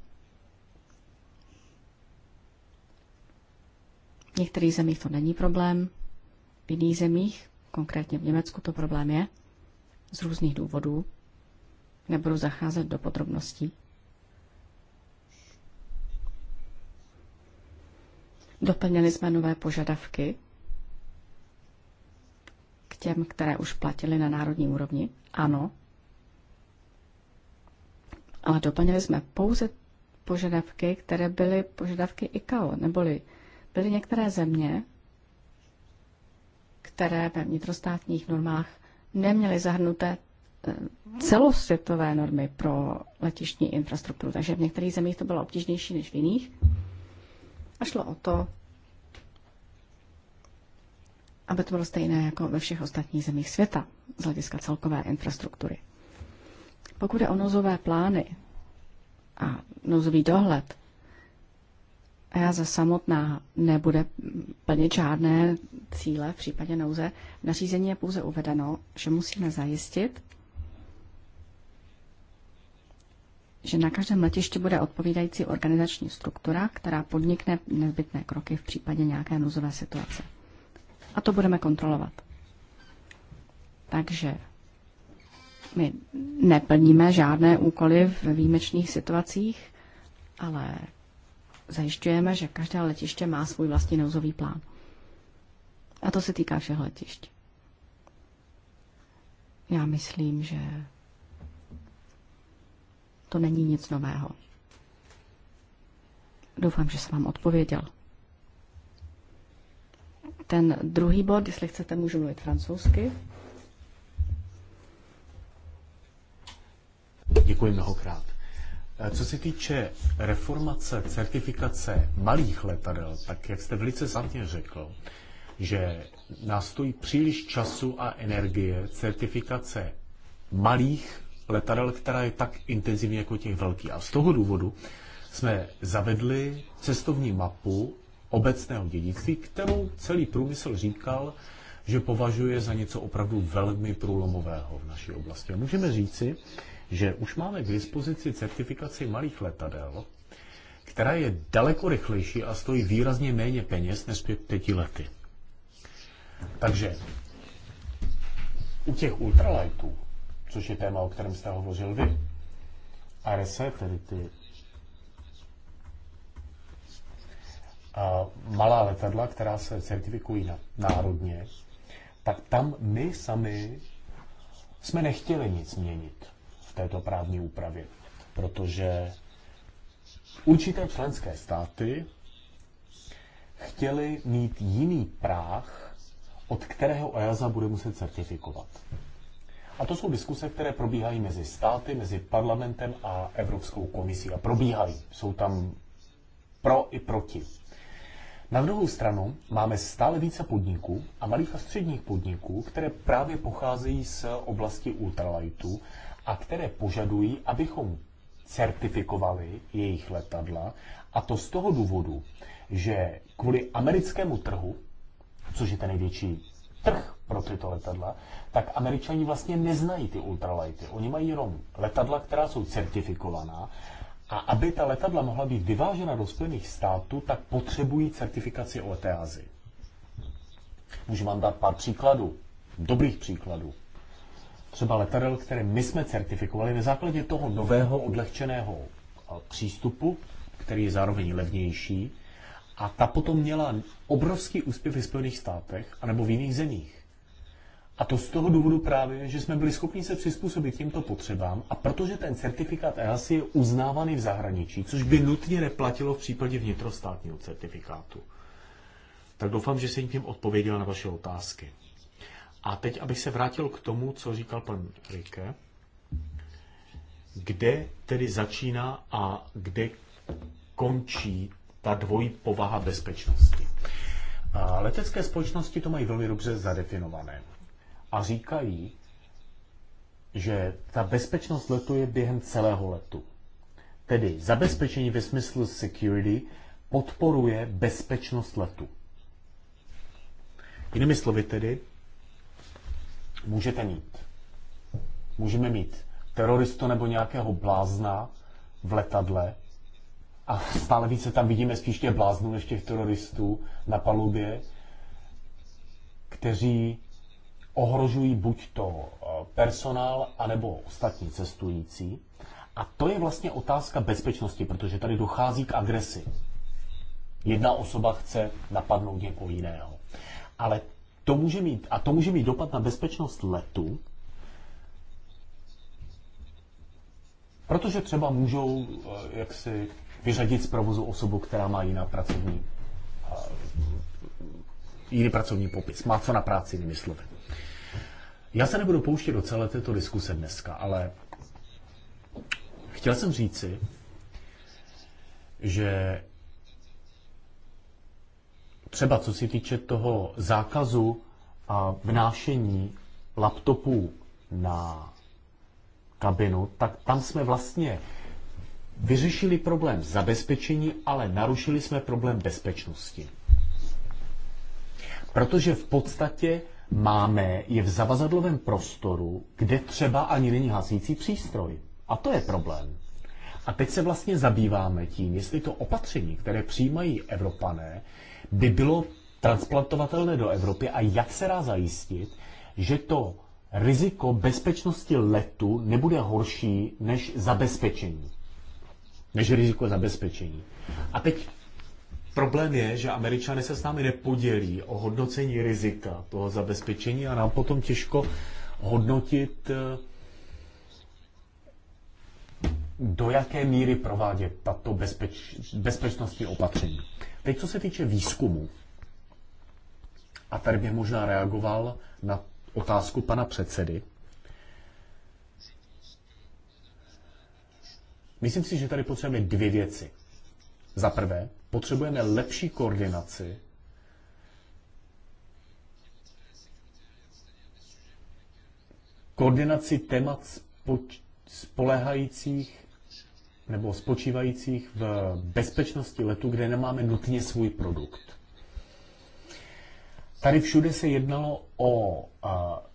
V některých zemích to není problém, v jiných zemích, konkrétně v Německu, to problém je z různých důvodů. Nebudu zacházet do podrobností. Doplnili jsme nové požadavky těm, které už platili na národní úrovni? Ano. Ale doplnili jsme pouze požadavky, které byly požadavky ICAO, neboli byly některé země, které ve vnitrostátních normách neměly zahrnuté eh, celosvětové normy pro letištní infrastrukturu, takže v některých zemích to bylo obtížnější než v jiných. A šlo o to, aby to bylo stejné jako ve všech ostatních zemích světa z hlediska celkové infrastruktury. Pokud je o nouzové plány a nouzový dohled, za samotná nebude plnit žádné cíle v případě nouze. V nařízení je pouze uvedeno, že musíme zajistit, že na každém letišti bude odpovídající organizační struktura, která podnikne nezbytné kroky v případě nějaké nouzové situace. A to budeme kontrolovat. Takže my neplníme žádné úkoly v výjimečných situacích, ale zajišťujeme, že každé letiště má svůj vlastní nouzový plán. A to se týká všech letišť. Já myslím, že to není nic nového. Doufám, že jsem vám odpověděl. Ten druhý bod, jestli chcete, můžu mluvit francouzsky. Děkuji mnohokrát. Eh, co se týče reformace certifikace malých letadel, tak jak jste velice zadně řekl, že nás stojí příliš času a energie certifikace malých letadel, která je tak intenzivní jako těch velkých. A z toho důvodu jsme zavedli cestovní mapu obecného dědictví, kterou celý průmysl říkal, že považuje za něco opravdu velmi průlomového v naší oblasti. A můžeme říci, že už máme k dispozici certifikaci malých letadel, která je daleko rychlejší a stojí výrazně méně peněz než před pěti lety. Takže u těch ultralightů, což je téma, o kterém jste hovořil vy, RSE, tedy ty malá letadla, která se certifikují na, národně, tak tam my sami jsme nechtěli nic měnit v této právní úpravě, protože určité členské státy chtěli mít jiný práh, od kterého EASA bude muset certifikovat. A to jsou diskuse, které probíhají mezi státy, mezi parlamentem a Evropskou komisí. A probíhají. Jsou tam pro i proti. Na druhou stranu máme stále více podniků a malých a středních podniků, které právě pocházejí z oblasti ultralightu a které požadují, abychom certifikovali jejich letadla a to z toho důvodu, že kvůli americkému trhu, což je ten největší trh pro tyto letadla, tak američani vlastně neznají ty ultralighty. Oni mají jenom letadla, která jsou certifikovaná a aby ta letadla mohla být vyvážena do Spojených států, tak potřebují certifikaci OTAZ. Můžu vám dát pár příkladů, dobrých příkladů. Třeba letadel, které my jsme certifikovali na základě toho nového odlehčeného přístupu, který je zároveň levnější, a ta potom měla obrovský úspěch ve Spojených státech anebo v jiných zemích. A to z toho důvodu právě, že jsme byli schopni se přizpůsobit těmto potřebám a protože ten certifikát EASI je uznávaný v zahraničí, což by nutně neplatilo v případě vnitrostátního certifikátu. Tak doufám, že jsem tím odpověděl na vaše otázky. A teď, abych se vrátil k tomu, co říkal pan Rike, kde tedy začíná a kde končí ta dvojí povaha bezpečnosti. A letecké společnosti to mají velmi dobře zadefinované a říkají, že ta bezpečnost letu je během celého letu. Tedy zabezpečení ve smyslu security podporuje bezpečnost letu. Jinými slovy tedy, můžete mít. Můžeme mít teroristu nebo nějakého blázna v letadle a stále více tam vidíme spíš těch bláznů než těch teroristů na palubě, kteří ohrožují buď to eh, personál, anebo ostatní cestující. A to je vlastně otázka bezpečnosti, protože tady dochází k agresi. Jedna osoba chce napadnout někoho jiného. Ale to může mít, a to může mít dopad na bezpečnost letu, protože třeba můžou eh, jaksi vyřadit z provozu osobu, která má jiná pracovní, eh, jiný pracovní popis. Má co na práci, jinými slovy. Já se nebudu pouštět do celé této diskuse dneska, ale chtěl jsem říci, že třeba co se týče toho zákazu a vnášení laptopů na kabinu, tak tam jsme vlastně vyřešili problém zabezpečení, ale narušili jsme problém bezpečnosti. Protože v podstatě máme, je v zavazadlovém prostoru, kde třeba ani není hasící přístroj. A to je problém. A teď se vlastně zabýváme tím, jestli to opatření, které přijímají Evropané, by bylo transplantovatelné do Evropy a jak se dá zajistit, že to riziko bezpečnosti letu nebude horší než zabezpečení. Než riziko zabezpečení. A teď Problém je, že američané se s námi nepodělí o hodnocení rizika toho zabezpečení a nám potom těžko hodnotit, eh, do jaké míry provádět tato bezpeč, bezpečnostní opatření. Teď, co se týče výzkumu, a tady bych možná reagoval na otázku pana předsedy. Myslím si, že tady potřebujeme dvě věci. Za prvé, potřebujeme lepší koordinaci koordinaci témat spolehajících nebo spočívajících v bezpečnosti letu, kde nemáme nutně svůj produkt. Tady všude se jednalo o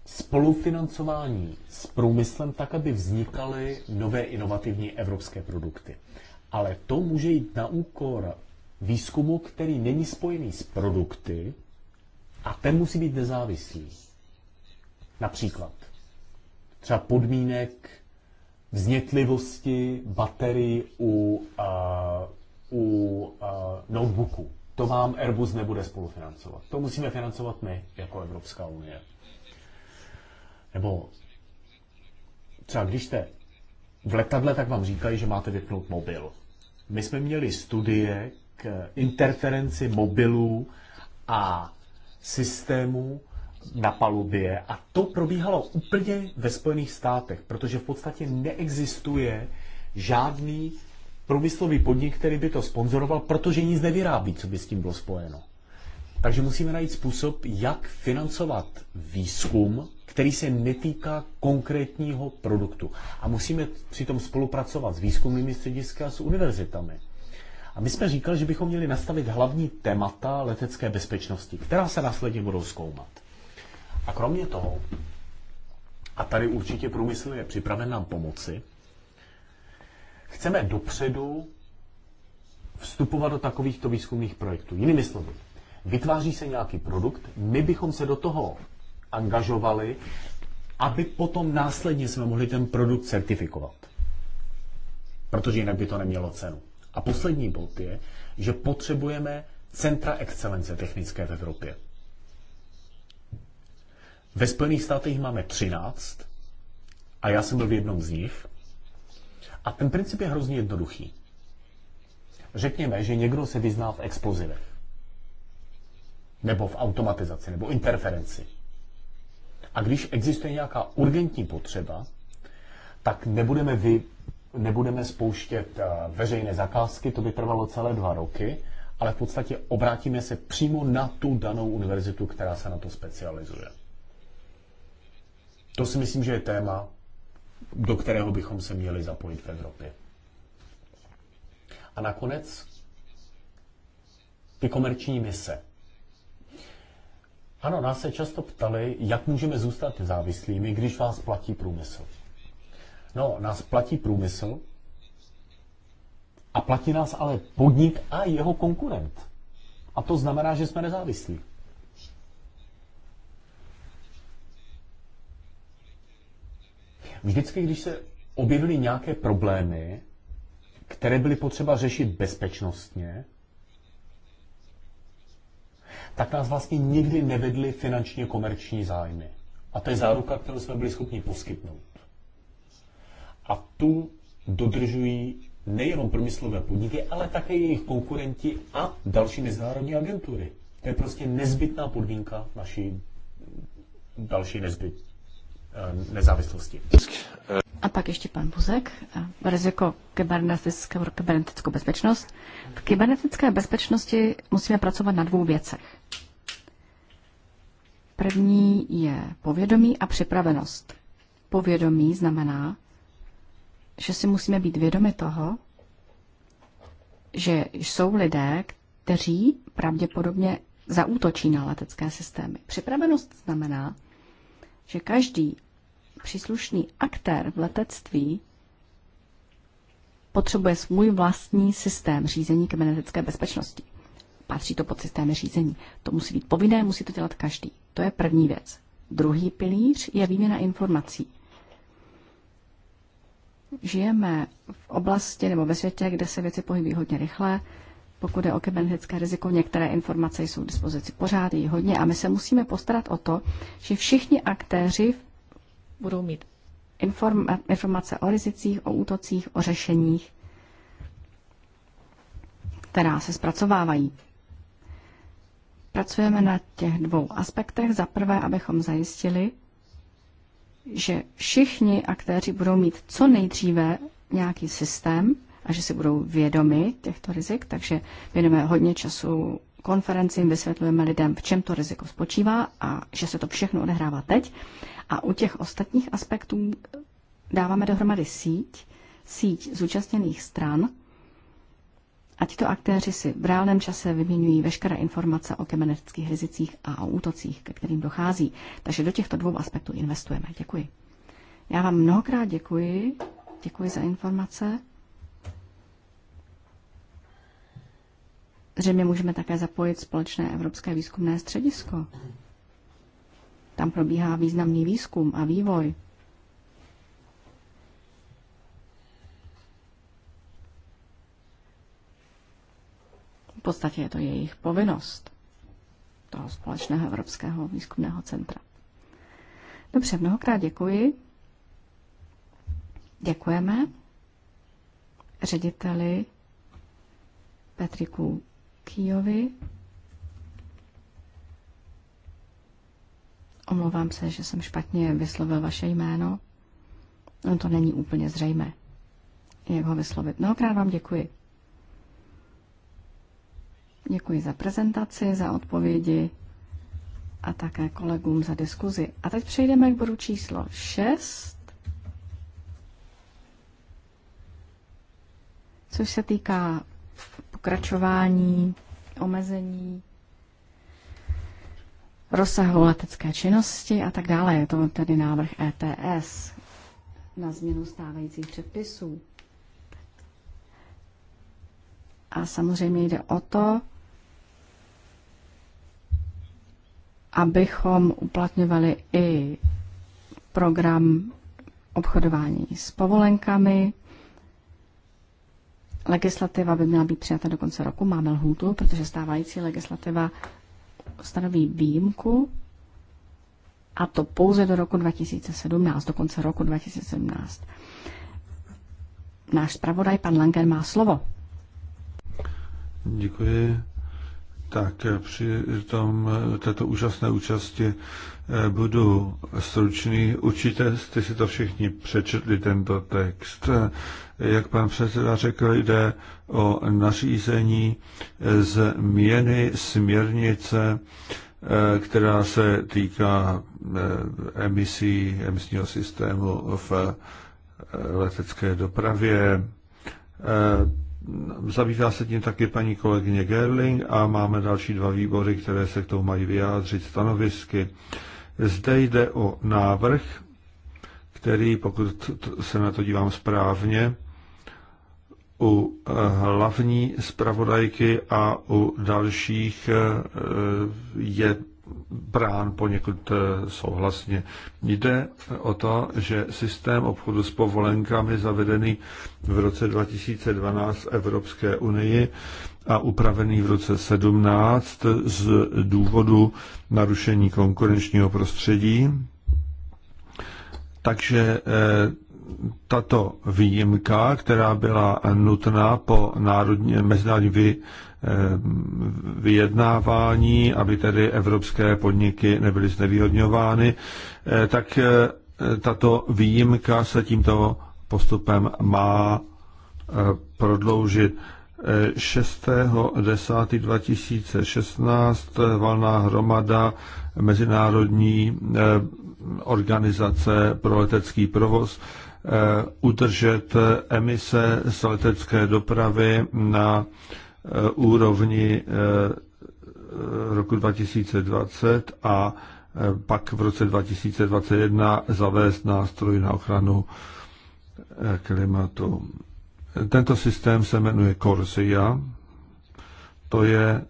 spolufinancování s průmyslem tak, aby vznikaly nové inovativní evropské produkty ale to může jít na úkor výzkumu, který není spojený s produkty a ten musí být nezávislý. Například třeba podmínek vznětlivosti baterii u, uh, u uh, notebooku. To vám Airbus nebude spolufinancovat. To musíme financovat my, jako Evropská unie. Nebo třeba když jste v letadle, tak vám říkají, že máte vypnout mobil. My jsme měli studie k interferenci mobilů a systémů na palubě a to probíhalo úplně ve Spojených státech, protože v podstatě neexistuje žádný průmyslový podnik, který by to sponzoroval, protože nic nevyrábí, co by s tím bylo spojeno. Takže musíme najít způsob, jak financovat výzkum, který se netýká konkrétního produktu. A musíme přitom spolupracovat s výzkumnými střediska a s univerzitami. A my jsme říkali, že bychom měli nastavit hlavní témata letecké bezpečnosti, která se následně budou zkoumat. A kromě toho, a tady určitě průmysl je připraven nám pomoci, chceme dopředu vstupovat do takovýchto výzkumných projektů. Jinými slovy, Vytváří se nějaký produkt, my bychom se do toho angažovali, aby potom následně jsme mohli ten produkt certifikovat. Protože jinak by to nemělo cenu. A poslední bod je, že potřebujeme centra excelence technické v Evropě. Ve Spojených státech máme 13 a já jsem byl v jednom z nich. A ten princip je hrozně jednoduchý. Řekněme, že někdo se vyzná v explozivech nebo v automatizaci, nebo interferenci. A když existuje nějaká urgentní potřeba, tak nebudeme, vy, nebudeme spouštět eh, veřejné zakázky, to by trvalo celé dva roky, ale v podstatě obrátíme se přímo na tu danou univerzitu, která se na to specializuje. To si myslím, že je téma, do kterého bychom se měli zapojit v Evropě. A nakonec ty komerční mise. Ano, nás se často ptali, jak můžeme zůstat závislými, když vás platí průmysl. No, nás platí průmysl a platí nás ale podnik a jeho konkurent. A to znamená, že jsme nezávislí. Vždycky, když se objevily nějaké problémy, které byly potřeba řešit bezpečnostně, tak nás vlastně nikdy nevedly finančně komerční zájmy. A to je záruka, kterou jsme byli schopni poskytnout. A tu dodržují nejenom průmyslové podniky, ale také jejich konkurenti a další mezinárodní agentury. To je prostě nezbytná podmínka naší další nezbyt, eh, nezávislosti. Eh, a pak ještě pan Buzek, riziko kybernetickou, kybernetickou bezpečnost. V kybernetické bezpečnosti musíme pracovat na dvou věcech. První je povědomí a připravenost. Povědomí znamená, že si musíme být vědomi toho, že jsou lidé, kteří pravděpodobně zaútočí na letecké systémy. Připravenost znamená, že každý příslušný aktér v letectví potřebuje svůj vlastní systém řízení kybernetické bezpečnosti. Patří to pod systémy řízení. To musí být povinné, musí to dělat každý. To je první věc. Druhý pilíř je výměna informací. Žijeme v oblasti nebo ve světě, kde se věci pohybují hodně rychle. Pokud je o kybernetické riziko, některé informace jsou k dispozici pořád, je hodně a my se musíme postarat o to, že všichni aktéři v budou mít informace o rizicích, o útocích, o řešeních, která se zpracovávají. Pracujeme na těch dvou aspektech. Za prvé, abychom zajistili, že všichni aktéři budou mít co nejdříve nějaký systém a že si budou vědomi těchto rizik, takže věnujeme hodně času konferencím vysvětlujeme lidem, v čem to riziko spočívá a že se to všechno odehrává teď. A u těch ostatních aspektů dáváme dohromady síť, síť zúčastněných stran, a tito aktéři si v reálném čase vyměňují veškeré informace o kybernetických rizicích a o útocích, ke kterým dochází. Takže do těchto dvou aspektů investujeme. Děkuji. Já vám mnohokrát děkuji. Děkuji za informace. Zřejmě můžeme také zapojit společné evropské výzkumné středisko. Tam probíhá významný výzkum a vývoj. V podstatě je to jejich povinnost toho společného evropského výzkumného centra. Dobře, mnohokrát děkuji. Děkujeme řediteli Petriku Kijovi. Omlouvám se, že jsem špatně vyslovil vaše jméno. No to není úplně zřejmé, jak ho vyslovit. Mnohokrát vám děkuji. Děkuji za prezentaci, za odpovědi a také kolegům za diskuzi. A teď přejdeme k bodu číslo 6, což se týká pokračování, omezení rozsahu letecké činnosti a tak dále. Je to tedy návrh ETS na změnu stávajících předpisů. A samozřejmě jde o to, abychom uplatňovali i program obchodování s povolenkami, Legislativa by měla být přijata do konce roku, máme lhůtu, protože stávající legislativa stanoví výjimku a to pouze do roku 2017, do konce roku 2017. Náš zpravodaj, pan Langer, má slovo. Děkuji. Tak při tom, této úžasné účasti eh, budu stručný. Určitě jste si to všichni přečetli, tento text. Eh, jak pan předseda řekl, jde o nařízení eh, změny směrnice, která se týká emisí, emisního systému v letecké dopravě Zabývá se tím taky paní kolegyně Gerling a máme další dva výbory, které se k tomu mají vyjádřit stanovisky. Zde jde o návrh, který, pokud se na to dívám správně, u eh, hlavní zpravodajky a u dalších eh, je brán poněkud eh, souhlasně. Jde o to, že systém obchodu s povolenkami zavedený v roce 2012 v Evropské unii a upravený v roce 17 z důvodu narušení konkurenčního prostředí. Takže eh, tato výjimka, která byla nutná po národní, mezinárodní Eh, vyjednávání, aby tedy evropské podniky nebyly znevýhodňovány, eh, tak eh, tato výjimka se tímto postupem má prodloužit. 6.10.2016 valná hromada Mezinárodní organizace pro letecký provoz udržet emise z letecké dopravy na Eh, úrovni eh, roku 2020 a eh, pak v roce 2021 zavést nástroj na ochranu klimatu. Tento systém se jmenuje CORSIA, to je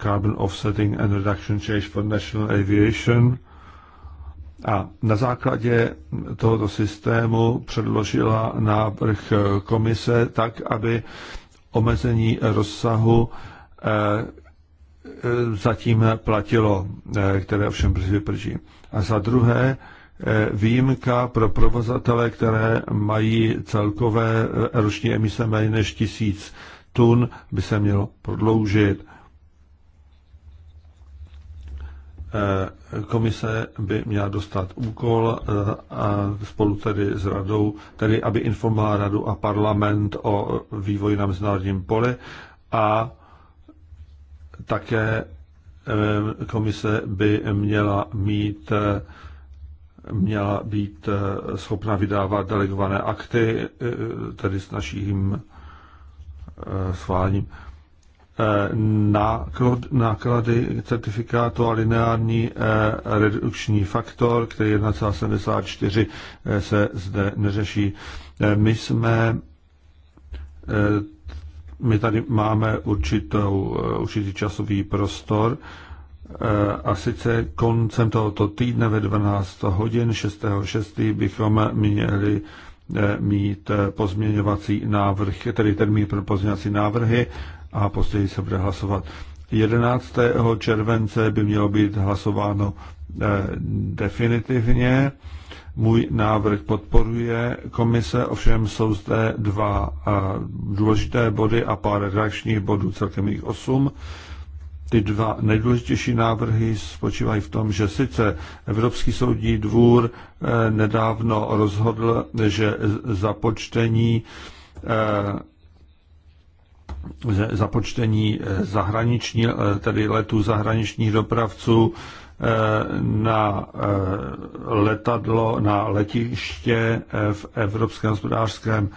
Carbon Offsetting and Reduction Change for National Aviation. A na základě tohoto systému předložila návrh komise tak, aby omezení rozsahu eh, eh, zatím platilo, eh, které ovšem brzy vyprží. A za druhé, výjimka pro provozatele, které mají celkové roční emise méně než tisíc tun, by se mělo prodloužit. Eh, komise by měla dostat úkol eh, a spolu tedy s radou, tedy aby informovala radu a parlament o vývoji na mezinárodním poli a také eh, komise by měla mít měla být schopna vydávat delegované akty, tedy s naším schválením. Eh, náklady certifikátu a lineární eh, redukční faktor, který 1,74 eh, se zde neřeší. My jsme my tady máme určitou, určitý časový prostor a sice koncem tohoto týdne ve 12 hodin 6.6. bychom měli mít pozměňovací návrh, tedy termín pro pozměňovací návrhy a později se bude hlasovat. 11. července by mělo být hlasováno eh, definitivně. Můj návrh podporuje komise, ovšem jsou zde dva eh, důležité body a pár reakčních bodů, celkem jich osm. Ty dva nejdůležitější návrhy spočívají v tom, že sice Evropský soudní dvůr eh, nedávno rozhodl, že započtení započtení eh, zahraniční, eh, tedy letů zahraničních dopravců eh, na letadlo, na letiště v evropském hospodářském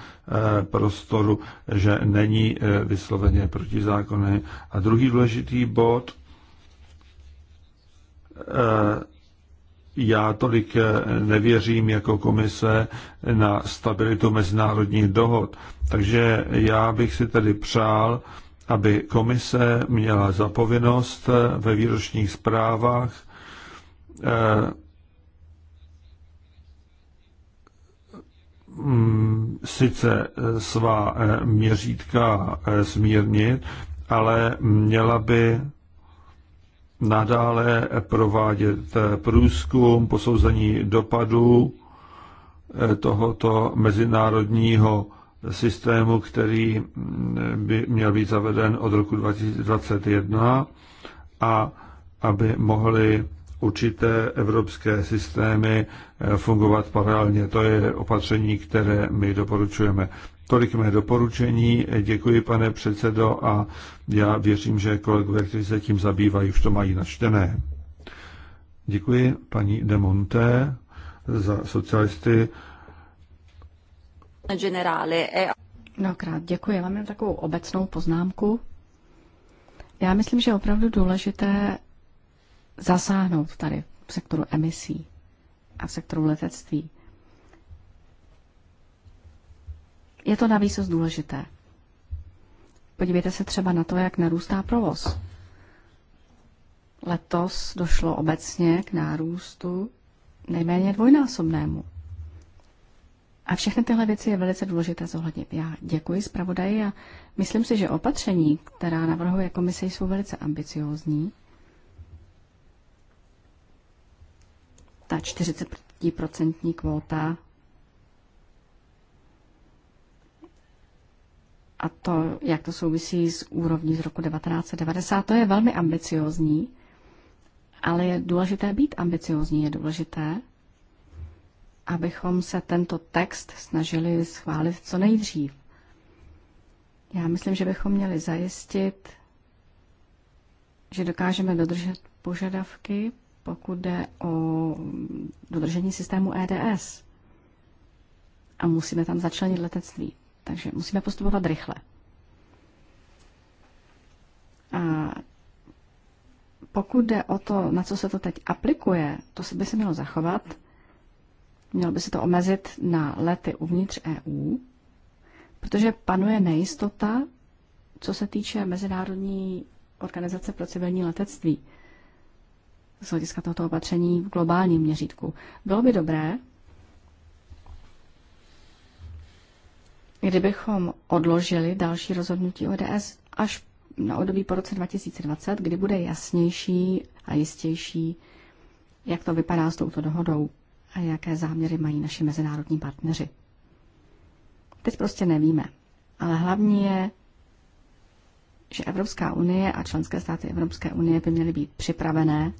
prostoru, že není vysloveně protizákonné. A druhý důležitý bod, já tolik eh, nevěřím jako komise na stabilitu mezinárodních dohod. Takže já bych si tedy přál, aby komise měla zapovinnost eh, ve výročních zprávách eh, mm, sice svá měřítka zmírnit, ale měla by nadále provádět eh, průzkum, posouzení dopadu eh, tohoto mezinárodního systému, který mm, by měl být zaveden od roku 2021 a aby mohly určité evropské systémy eh, fungovat paralelně. To je opatření, které my doporučujeme. Tolik mé doporučení. Děkuji, pane předsedo, a já věřím, že kolegové, kteří se tím zabývají, už to mají načtené. Děkuji paní De za socialisty. no Mnohokrát děkuji. Já mám takovou obecnou poznámku. Já myslím, že je opravdu důležité zasáhnout tady v sektoru emisí a v sektoru letectví. Je to navíc důležité. Podívejte se třeba na to, jak narůstá provoz. Letos došlo obecně k nárůstu nejméně dvojnásobnému. A všechny tyhle věci je velice důležité zohlednit. Já děkuji zpravodaji a myslím si, že opatření, která navrhuje komise, jsou velice ambiciózní. Ta 40% kvóta a to, jak to souvisí s úrovní z roku 1990, to je velmi ambiciozní, ale je důležité být ambiciozní, je důležité, abychom se tento text snažili schválit co nejdřív. Já myslím, že bychom měli zajistit, že dokážeme dodržet požadavky, pokud jde o dodržení systému EDS. A musíme tam začlenit letectví. Takže musíme postupovat rychle. A pokud jde o to, na co se to teď aplikuje, to by se mělo zachovat. Mělo by se to omezit na lety uvnitř EU, protože panuje nejistota, co se týče Mezinárodní organizace pro civilní letectví z hlediska tohoto opatření v globálním měřítku. Bylo by dobré, kdybychom odložili další rozhodnutí ODS až na období po roce 2020, kdy bude jasnější a jistější, jak to vypadá s touto dohodou a jaké záměry mají naši mezinárodní partneři. Teď prostě nevíme, ale hlavní je, že Evropská unie a členské státy Evropské unie by měly být připravené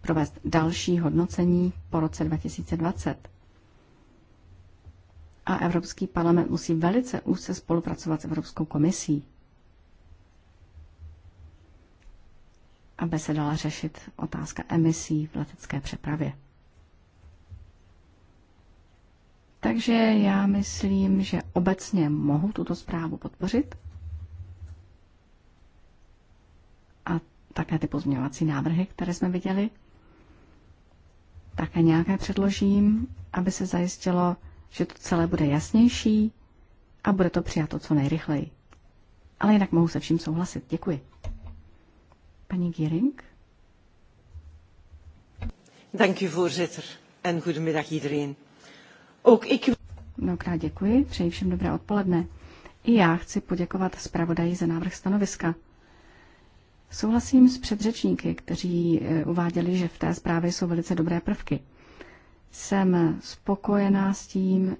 provést další hodnocení po roce 2020 a Evropský parlament musí velice úzce spolupracovat s Evropskou komisí, aby se dala řešit otázka emisí v letecké přepravě. Takže já myslím, že obecně mohu tuto zprávu podpořit a také ty pozměňovací návrhy, které jsme viděli. Také nějaké předložím, aby se zajistilo, že to celé bude jasnější a bude to přijato co nejrychleji. Ale jinak mohu se vším souhlasit. Děkuji. Paní Giering? Dank u, voorzitter. En goedemiddag iedereen. Ook ik... Mnohokrát děkuji, přeji všem dobré odpoledne. I já chci poděkovat zpravodaji za návrh stanoviska. Souhlasím s předřečníky, kteří eh, uváděli, že v té zprávě jsou velice dobré prvky. Jsem spokojená s tím,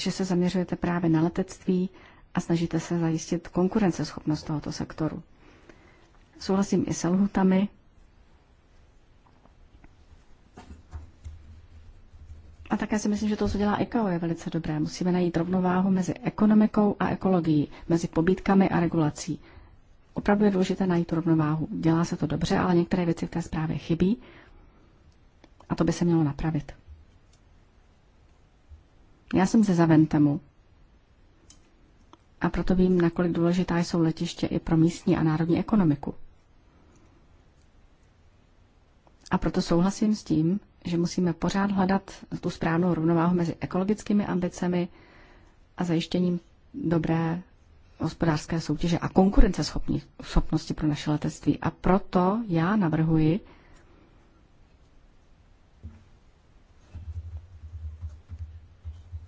že se zaměřujete právě na letectví a snažíte se zajistit konkurenceschopnost tohoto sektoru. Souhlasím i se lhutami. A také si myslím, že to, co dělá ICAO, je velice dobré. Musíme najít rovnováhu mezi ekonomikou a ekologií, mezi pobítkami a regulací. Opravdu je důležité najít tu rovnováhu. Dělá se to dobře, ale některé věci v té zprávě chybí a to by se mělo napravit. Já jsem ze Zaventemu. A proto vím, nakolik důležitá jsou letiště i pro místní a národní ekonomiku. A proto souhlasím s tím, že musíme pořád hledat tu správnou rovnováhu mezi ekologickými ambicemi a zajištěním dobré hospodářské soutěže a konkurenceschopnosti pro naše letectví. A proto já navrhuji,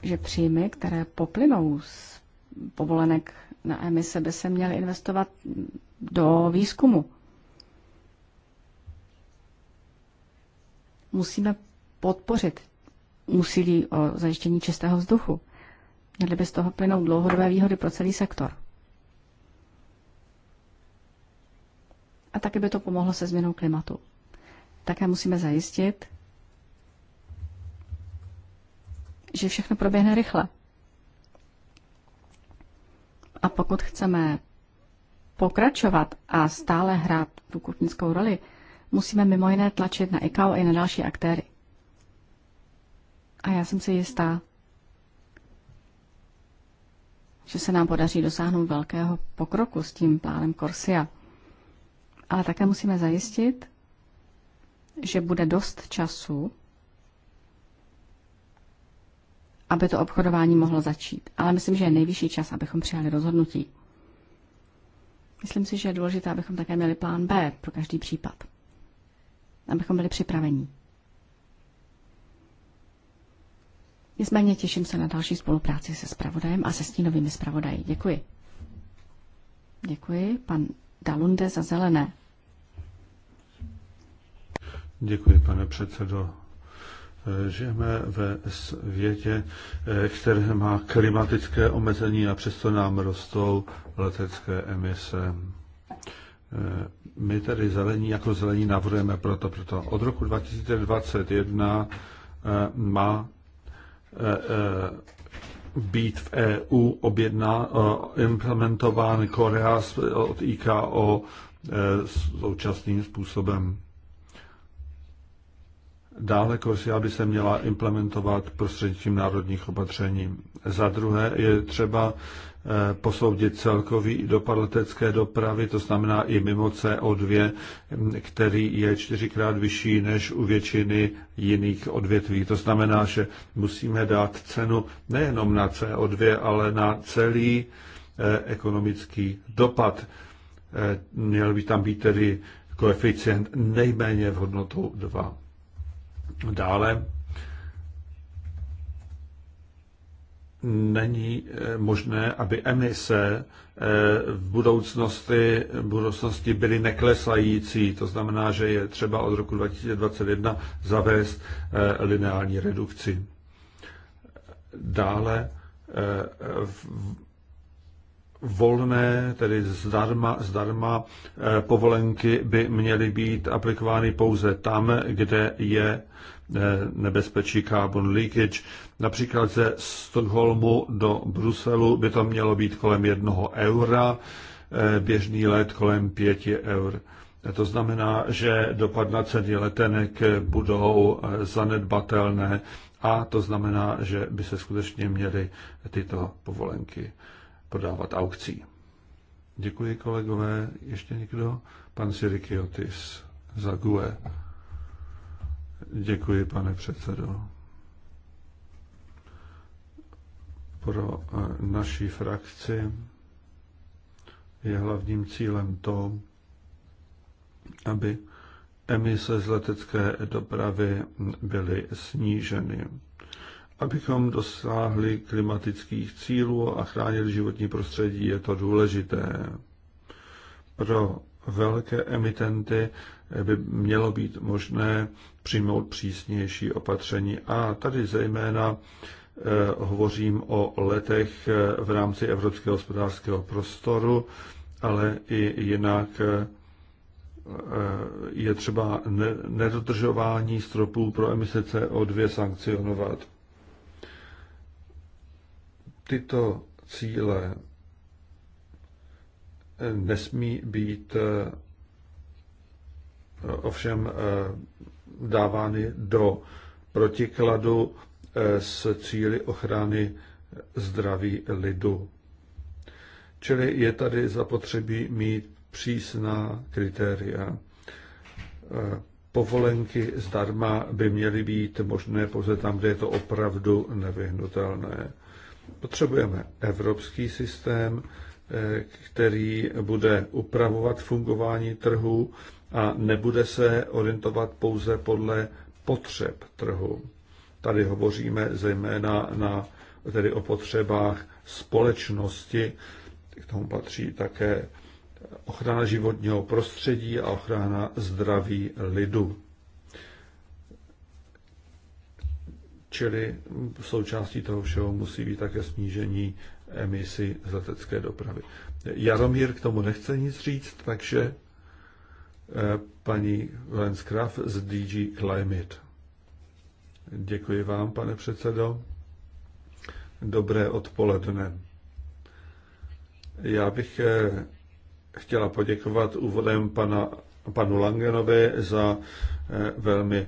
že příjmy, které poplynou z povolenek na emise, by se měly investovat do výzkumu. Musíme podpořit úsilí o zajištění čistého vzduchu. Měly by z toho plynout dlouhodobé výhody pro celý sektor. A také by to pomohlo se změnou klimatu. Také musíme zajistit, že všechno proběhne rychle. A pokud chceme pokračovat a stále hrát průkupnickou roli, musíme mimo jiné tlačit na ICAO i na další aktéry. A já jsem si jistá, že se nám podaří dosáhnout velkého pokroku s tím plánem Corsia. Ale také musíme zajistit, že bude dost času aby to obchodování mohlo začít. Ale myslím, že je nejvyšší čas, abychom přijali rozhodnutí. Myslím si, že je důležité, abychom také měli plán B pro každý případ. Abychom byli připraveni. Nicméně těším se na další spolupráci se spravodajem a se stínovými spravodají. Děkuji. Děkuji. Pan Dalunde za zelené. Děkuji, pane předsedo. Žijeme ve světě, eh, které má klimatické omezení a přesto nám rostou letecké emise. Eh, my tedy zelení jako zelení navrhujeme proto, proto od roku 2021 eh, má být v EU objedná, implementován Korea od IKO současným způsobem. Dále Korsia by se měla implementovat prostřednictvím národních opatření. Za druhé je třeba eh, posoudit celkový dopad letecké dopravy, to znamená i mimo CO2, který je čtyřikrát vyšší než u většiny jiných odvětví. To znamená, že musíme dát cenu nejenom na CO2, ale na celý eh, ekonomický dopad. Eh, měl by tam být tedy koeficient nejméně v hodnotu 2. Dále není eh, možné, aby emise eh, v budoucnosti, v budoucnosti byly neklesající. To znamená, že je třeba od roku 2021 zavést eh, lineární redukci. Dále volné, tedy zdarma, zdarma eh, povolenky by měly být aplikovány pouze tam, kde je eh, nebezpečí carbon leakage. Například ze Stockholmu do Bruselu by to mělo být kolem jednoho eura, eh, běžný let kolem pěti eur. To znamená, že dopad na ceny letenek budou zanedbatelné a to znamená, že by se skutečně měly tyto povolenky prodávat aukcí. Děkuji, kolegové. Ještě někdo? Pan Sirikiotis za GUE. Děkuji, pane předsedo. Pro eh, naší frakci je hlavním cílem to, aby emise z letecké dopravy byly sníženy. Abychom dosáhli klimatických cílů a chránili životní prostředí, je to důležité. Pro velké emitenty by mělo být možné přijmout přísnější opatření. A tady zejména eh, hovořím o letech eh, v rámci Evropského hospodářského prostoru, ale i jinak eh, je třeba nedodržování stropů pro emise CO2 sankcionovat tyto cíle nesmí být eh, ovšem eh, dávány do protikladu eh, s cíly ochrany zdraví lidu. Čili je tady zapotřebí mít přísná kritéria. Povolenky zdarma by měly být možné pouze tam, kde je to opravdu nevyhnutelné. Potřebujeme evropský systém, eh, který bude upravovat fungování trhu a nebude se orientovat pouze podle potřeb trhu. Tady hovoříme zejména na, tedy o potřebách společnosti, k tomu patří také ochrana životního prostředí a ochrana zdraví lidu. Čili v součástí toho všeho musí být také snížení emisí z letecké dopravy. Jaromír k tomu nechce nic říct, takže eh, paní Lenskraf z DG Climate. Děkuji vám, pane předsedo. Dobré odpoledne. Já bych eh, chtěla poděkovat úvodem pana panu Langenovi za eh, velmi eh,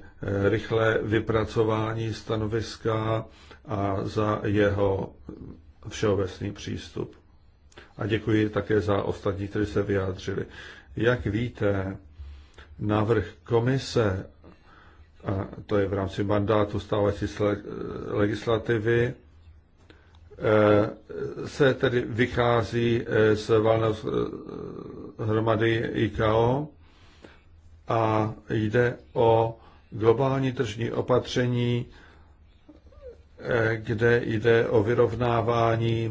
rychlé vypracování stanoviska a za jeho všeobecný přístup. A děkuji také za ostatní, kteří se vyjádřili. Jak víte, návrh komise, a to je v rámci mandátu stávající eh, legislativy, se tedy vychází z valného hromady IKO a jde o globální tržní opatření, eh, kde jde o vyrovnávání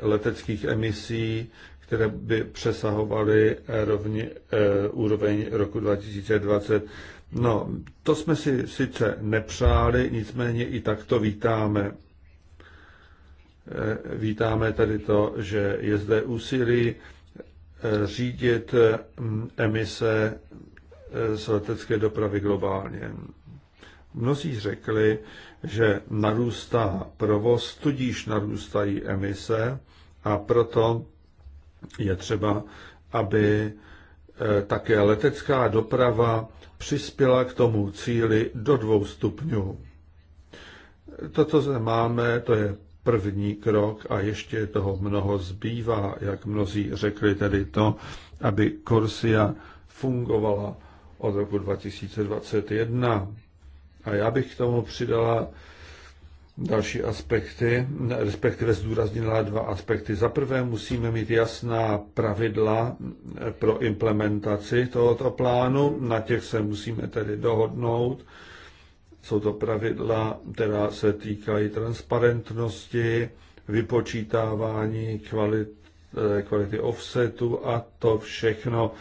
leteckých emisí, které by přesahovaly rovni, e, úroveň roku 2020. No, to jsme si sice nepřáli, nicméně i tak to vítáme. E, vítáme tady to, že je zde úsilí řídit mm, emise Eh, z letecké dopravy globálně. Mnozí řekli, že narůstá provoz, tudíž narůstají emise a proto je třeba, aby eh, také letecká doprava přispěla k tomu cíli do dvou stupňů. To, co zde máme, to je první krok a ještě toho mnoho zbývá, jak mnozí řekli tedy to, aby Korsia fungovala od roku 2021. A já bych k tomu přidala další aspekty, respektive zdůraznila dva aspekty. Za prvé musíme mít jasná pravidla pro implementaci tohoto plánu, na těch se musíme tedy dohodnout. Jsou to pravidla, která se týkají transparentnosti, vypočítávání kvalit, eh, kvality offsetu a to všechno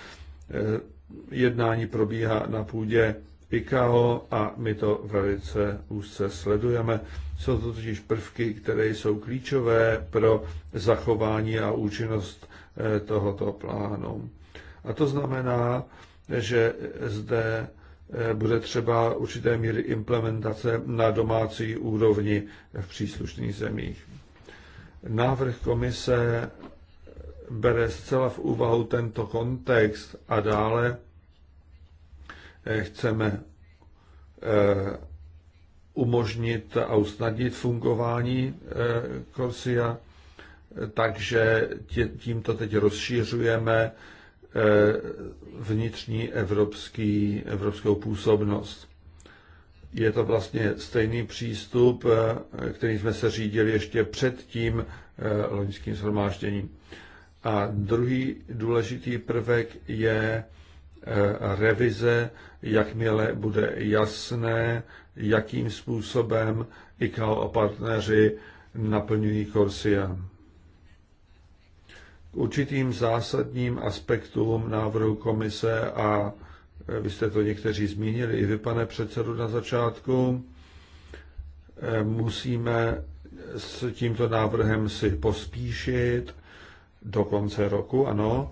eh, jednání probíhá na půdě ICAO a my to velice úzce sledujeme. Jsou to totiž prvky, které jsou klíčové pro zachování a účinnost eh, tohoto plánu. A to znamená, že zde eh, bude třeba určité míry implementace na domácí úrovni v příslušných zemích. Návrh komise bere zcela v úvahu tento kontext a dále eh, chceme eh, umožnit a usnadnit fungování Korsia, eh, takže tímto teď rozšířujeme vnitřní evropský, evropskou působnost. Je to vlastně stejný přístup, který jsme se řídili ještě před tím loňským shromážděním. A druhý důležitý prvek je eh, revize, jakmile bude jasné, jakým způsobem ICAO a partneři naplňují Corsia. K určitým zásadním aspektům návrhu komise a eh, vy jste to někteří zmínili i vy, pane předsedu, na začátku, eh, musíme s tímto návrhem si pospíšit, do konce roku, ano.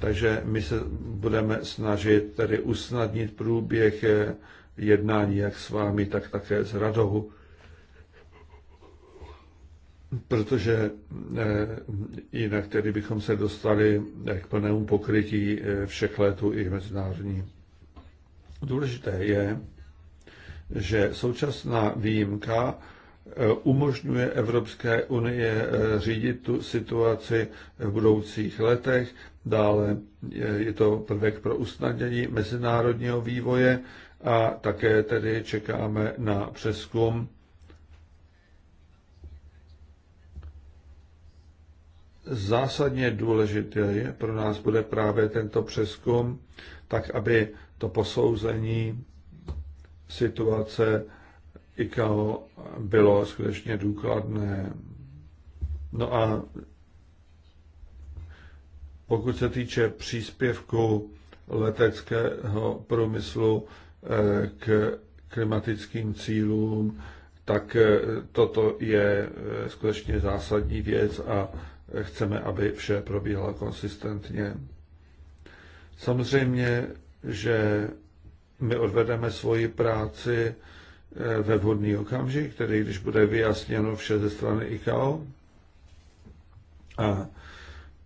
Takže my se budeme snažit tedy usnadnit průběh eh, jednání jak s vámi, tak také s radou. Protože eh, jinak tedy bychom se dostali eh, k plnému pokrytí všech letů i mezinárodní. Důležité je, že současná výjimka umožňuje Evropské unie eh, řídit tu situaci v budoucích letech. Dále je to prvek pro usnadnění mezinárodního vývoje a také tedy čekáme na přeskum zásadně důležité je, pro nás bude právě tento přeskum, tak aby to posouzení situace ICAO bylo skutečně důkladné. No a pokud se týče příspěvku leteckého průmyslu eh, k klimatickým cílům, tak eh, toto je eh, skutečně zásadní věc a chceme, aby vše probíhalo konsistentně. Samozřejmě, že my odvedeme svoji práci, Eh, ve vhodný okamžik, tedy když bude vyjasněno vše ze strany ICAO. A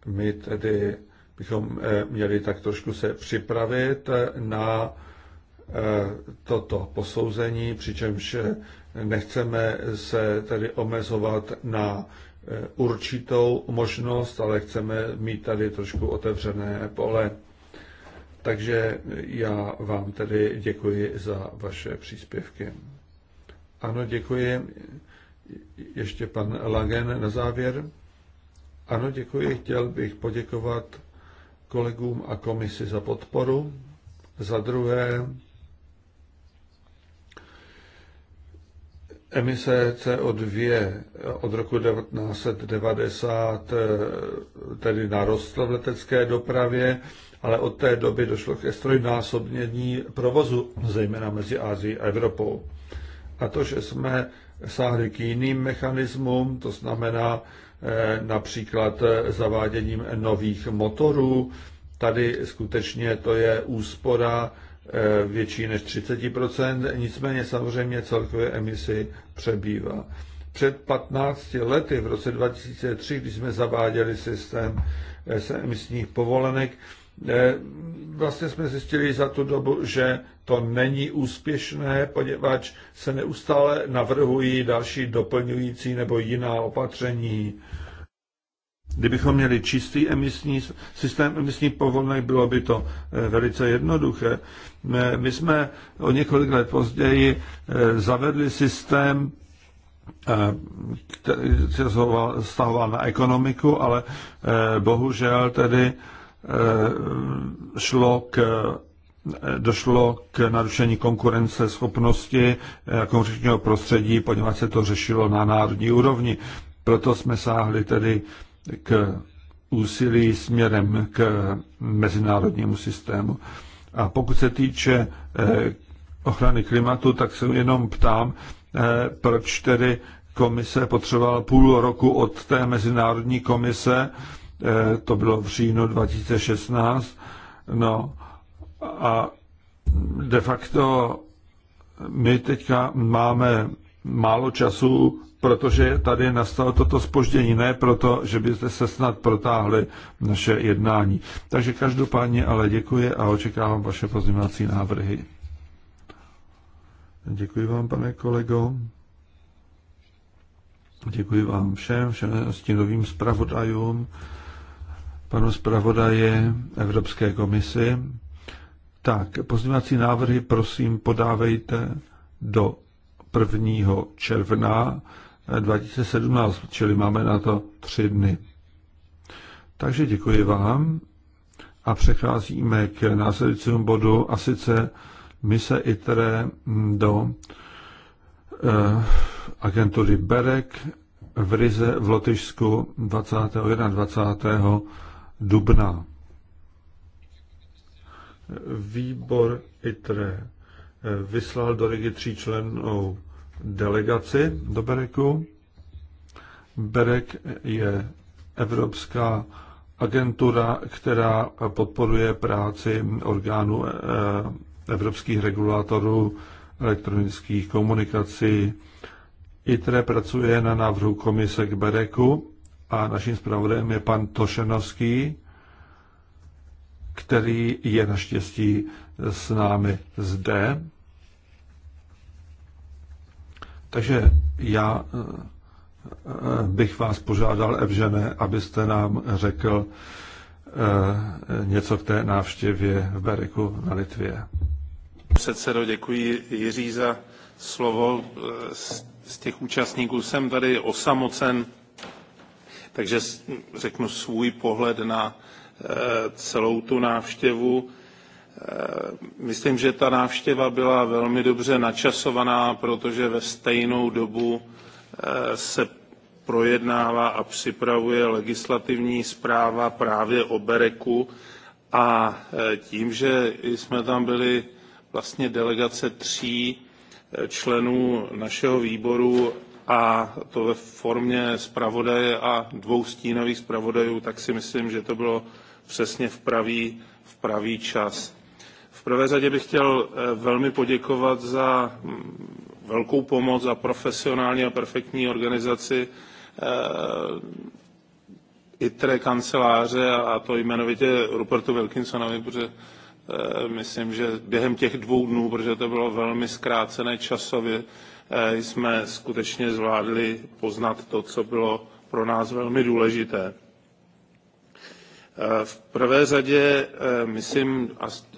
my tedy bychom eh, měli tak trošku se připravit na eh, toto posouzení, přičemž nechceme se tedy omezovat na určitou možnost, ale chceme mít tady trošku otevřené pole. Takže já vám tedy děkuji za vaše příspěvky. Ano, děkuji. Ještě pan Lagen na závěr. Ano, děkuji. Chtěl bych poděkovat kolegům a komisi za podporu. Za druhé, Emise CO2 od roku 1990 tedy narostla v letecké dopravě, ale od té doby došlo ke strojnásobnění provozu, zejména mezi Ázií a Evropou. A to, že jsme sáhli k jiným mechanismům, to znamená eh, například eh, zaváděním nových motorů, tady skutečně to je úspora eh, větší než 30%, nicméně samozřejmě celkové emisi přebývá. Před 15 lety, v roce 2003, když jsme zaváděli systém emisních povolenek, Vlastně jsme zjistili za tu dobu, že to není úspěšné, poněvadž se neustále navrhují další doplňující nebo jiná opatření. Kdybychom měli čistý emisní systém emisní povolenek, bylo by to eh, velice jednoduché. My jsme o několik let později eh, zavedli systém, eh, který se stahoval na ekonomiku, ale bohužel tedy Eh, šlo k došlo k narušení konkurence schopnosti eh, konkurenčního prostředí, poněvadž se to řešilo na národní úrovni. Proto jsme sáhli tedy k úsilí směrem k mezinárodnímu systému. A pokud se týče eh, ochrany klimatu, tak se jenom ptám, proč tedy komise potřebovala půl roku od té mezinárodní komise, Eh, to bylo v říjnu 2016, no a de facto my teďka máme málo času, protože tady nastalo toto spoždění, ne proto, že byste se snad protáhli naše jednání. Takže každopádně ale děkuji a očekávám vaše pozměňovací návrhy. Děkuji vám, pane kolego. Děkuji vám všem, všem stínovým zpravodajům panu zpravodaje Evropské komisi. Tak, pozměňovací návrhy prosím podávejte do 1. června 2017, čili máme na to tři dny. Takže děkuji vám a přecházíme k následujícímu bodu a sice mise ITRE do eh, agentury BEREK v Rize v Lotyšsku 20. 21. 20 dubna. Výbor ITRE eh, vyslal do Rigi tří členů delegaci do Bereku. Berek je Evropská agentura, která podporuje práci orgánů eh, evropských regulátorů elektronických komunikací. ITRE pracuje na návrhu komise k Bereku a naším zpravodajem je pan Tošenovský, který je naštěstí s námi zde. Takže já eh, bych vás požádal, Evžene, abyste nám řekl eh, něco k té návštěvě v Beriku na Litvě. Předsedo, děkuji Jiří za slovo. Eh, z těch účastníků jsem tady osamocen takže řeknu svůj pohled na eh, celou tu návštěvu. Eh, myslím, že ta návštěva byla velmi dobře načasovaná, protože ve stejnou dobu eh, se projednává a připravuje legislativní zpráva právě o Bereku a tím, že jsme tam byli vlastně delegace tří členů našeho výboru a to ve formě zpravodaje a dvou stínových zpravodajů, tak si myslím, že to bylo přesně v pravý, v pravý čas. V prvé řadě bych chtěl eh, velmi poděkovat za mm, velkou pomoc, za profesionální a perfektní organizaci eh, ITRE kanceláře a to jmenovitě Rupertu Wilkinsonovi, protože eh, myslím, že během těch dvou dnů, protože to bylo velmi zkrácené časově, Eh, jsme skutečně zvládli poznat to, co bylo pro nás velmi důležité. Eh, v prvé řadě, eh, myslím,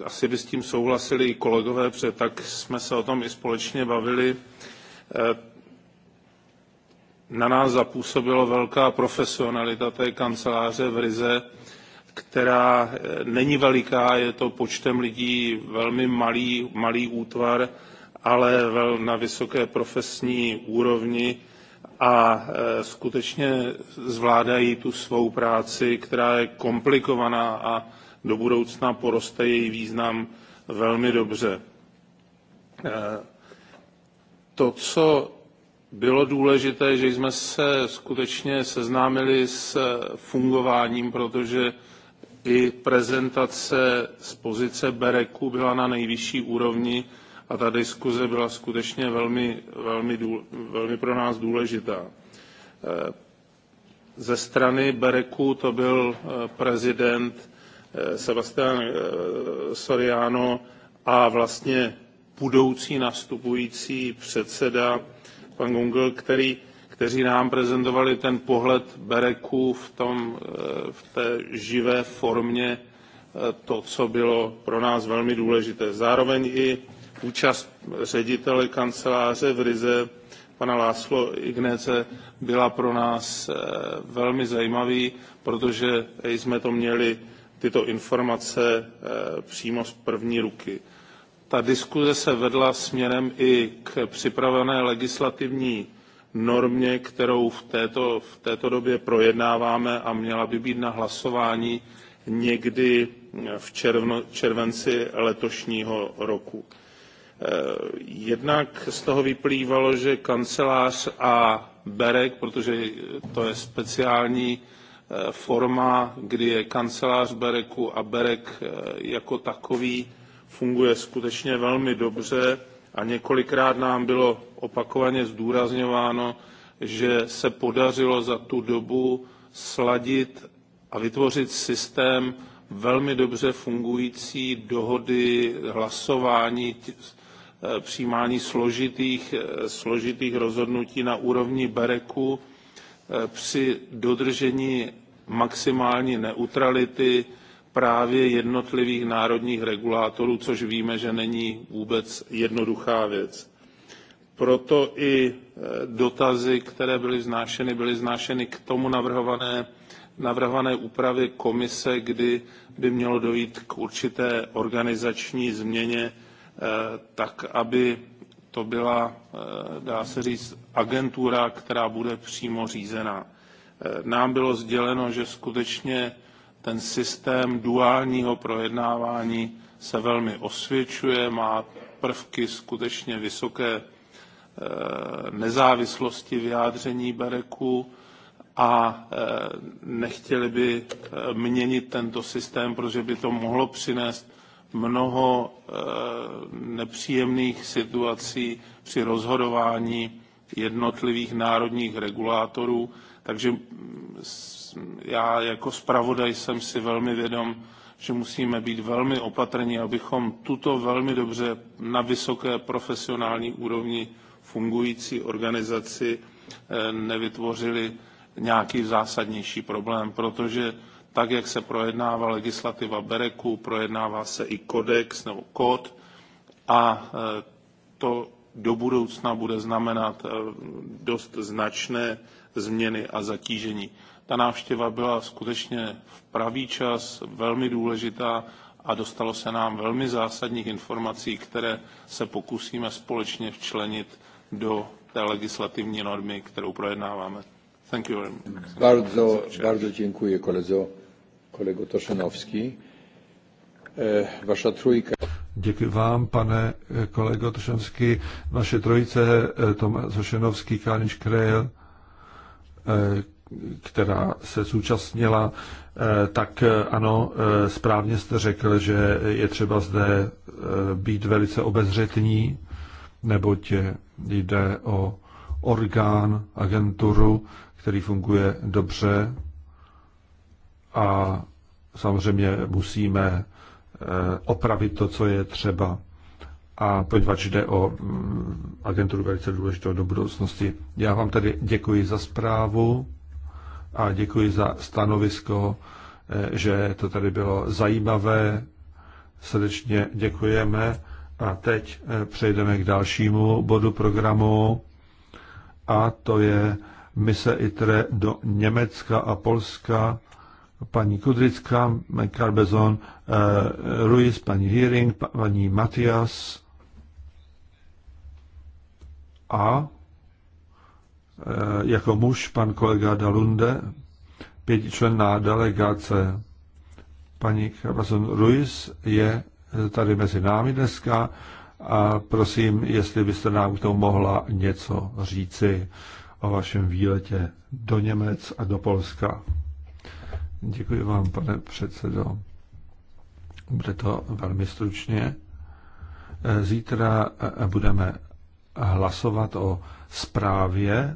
asi by s tím souhlasili i kolegové, protože tak jsme se o tom i společně bavili, na nás zapůsobila velká profesionalita té kanceláře v Rize, která není veliká, je to počtem lidí velmi malý, malý útvar, ale na vysoké profesní úrovni a e, skutečně zvládají tu svou práci, která je komplikovaná a do budoucna poroste její význam velmi dobře. E, to, co bylo důležité, že jsme se skutečně seznámili s e, fungováním, protože i prezentace z pozice Bereku byla na nejvyšší úrovni a ta diskuze byla skutečně velmi, velmi, důle, velmi pro nás důležitá. E, ze strany Bereku to byl e, prezident e, Sebastian Soriano a vlastně budoucí nastupující předseda pan Gungl, který, kteří nám prezentovali ten pohled Bereku v, tom, v té živé formě, to, co bylo pro nás velmi důležité. Zároveň i účast ředitele kanceláře v Rize, pana Láslo Ignéce, byla pro nás eh, velmi zajímavý, protože jsme to měli tyto informace eh, přímo z první ruky. Ta diskuze se vedla směrem i k připravené legislativní normě, kterou v této, v této době projednáváme a měla by být na hlasování někdy v červno, červenci letošního roku. Eh, jednak z toho vyplývalo, že kancelář a berek, protože to je speciální eh, forma, kdy je kancelář bereku a berek eh, jako takový funguje skutečně velmi dobře a několikrát nám bylo opakovaně zdůrazňováno, že se podařilo za tu dobu sladit a vytvořit systém velmi dobře fungující dohody hlasování Eh, přijímání složitých, eh, složitých rozhodnutí na úrovni bereku eh, při dodržení maximální neutrality právě jednotlivých národních regulátorů, což víme, že není vůbec jednoduchá věc. Proto i dotazy, které byly vznášeny, byly vznášeny k tomu navrhované, navrhované úpravě komise, kdy by mělo dojít k určité organizační změně Eh, tak aby to byla, eh, dá se říct, agentura, která bude přímo řízená. Eh, nám bylo sděleno, že skutečně ten systém duálního projednávání se velmi osvědčuje, má prvky skutečně vysoké nezávislosti vyjádření Bereku a nechtěli by měnit tento systém, protože by to mohlo přinést mnoho eh, nepříjemných situací při rozhodování jednotlivých národních regulátorů, takže mm, já jako zpravodaj jsem si velmi vědom, že musíme být velmi opatrní, abychom tuto velmi dobře na vysoké profesionální úrovni fungující organizaci eh, nevytvořili nějaký zásadnější problém, protože tak, jak se projednává legislativa Bereku, projednává se i kodex nebo kód a e, to do budoucna bude znamenat e, dost značné změny a zatížení. Ta návštěva byla skutečně v pravý čas, velmi důležitá a dostalo se nám velmi zásadních informací, které se pokusíme společně včlenit do té legislativní normy, kterou projednáváme. Thank you very much. Bardzo, bardzo dziękuję kolego Toszynowski. Vaša e, trojka. Děkuji vám, pane e, kolego Tošenovský. Vaše trojice, e, Tomáš Tošenovský, Kánič Krejl, která se zúčastnila, tak ano, správně jste řekl, že je třeba zde být velice obezřetní, neboť jde o orgán, agenturu, který funguje dobře a samozřejmě musíme eh, opravit to, co je třeba. A poněvadž jde o mm, agenturu velice důležitou do budoucnosti. Já vám tedy děkuji za zprávu a děkuji za stanovisko, eh, že to tady bylo zajímavé. Srdečně děkujeme a teď eh, přejdeme k dalšímu bodu programu a to je mise ITRE do Německa a Polska paní Kudrická, Carbezon, eh, Ruiz, paní Hearing, paní Matias a eh, jako muž pan kolega Dalunde, pětičlenná delegace. Paní Carbezon Ruiz je eh, tady mezi námi dneska a prosím, jestli byste nám k tomu mohla něco říci o vašem výletě do Němec a do Polska. Děkuji vám, pane předsedo. Bude to velmi stručně. Zítra eh, budeme hlasovat o zprávě eh,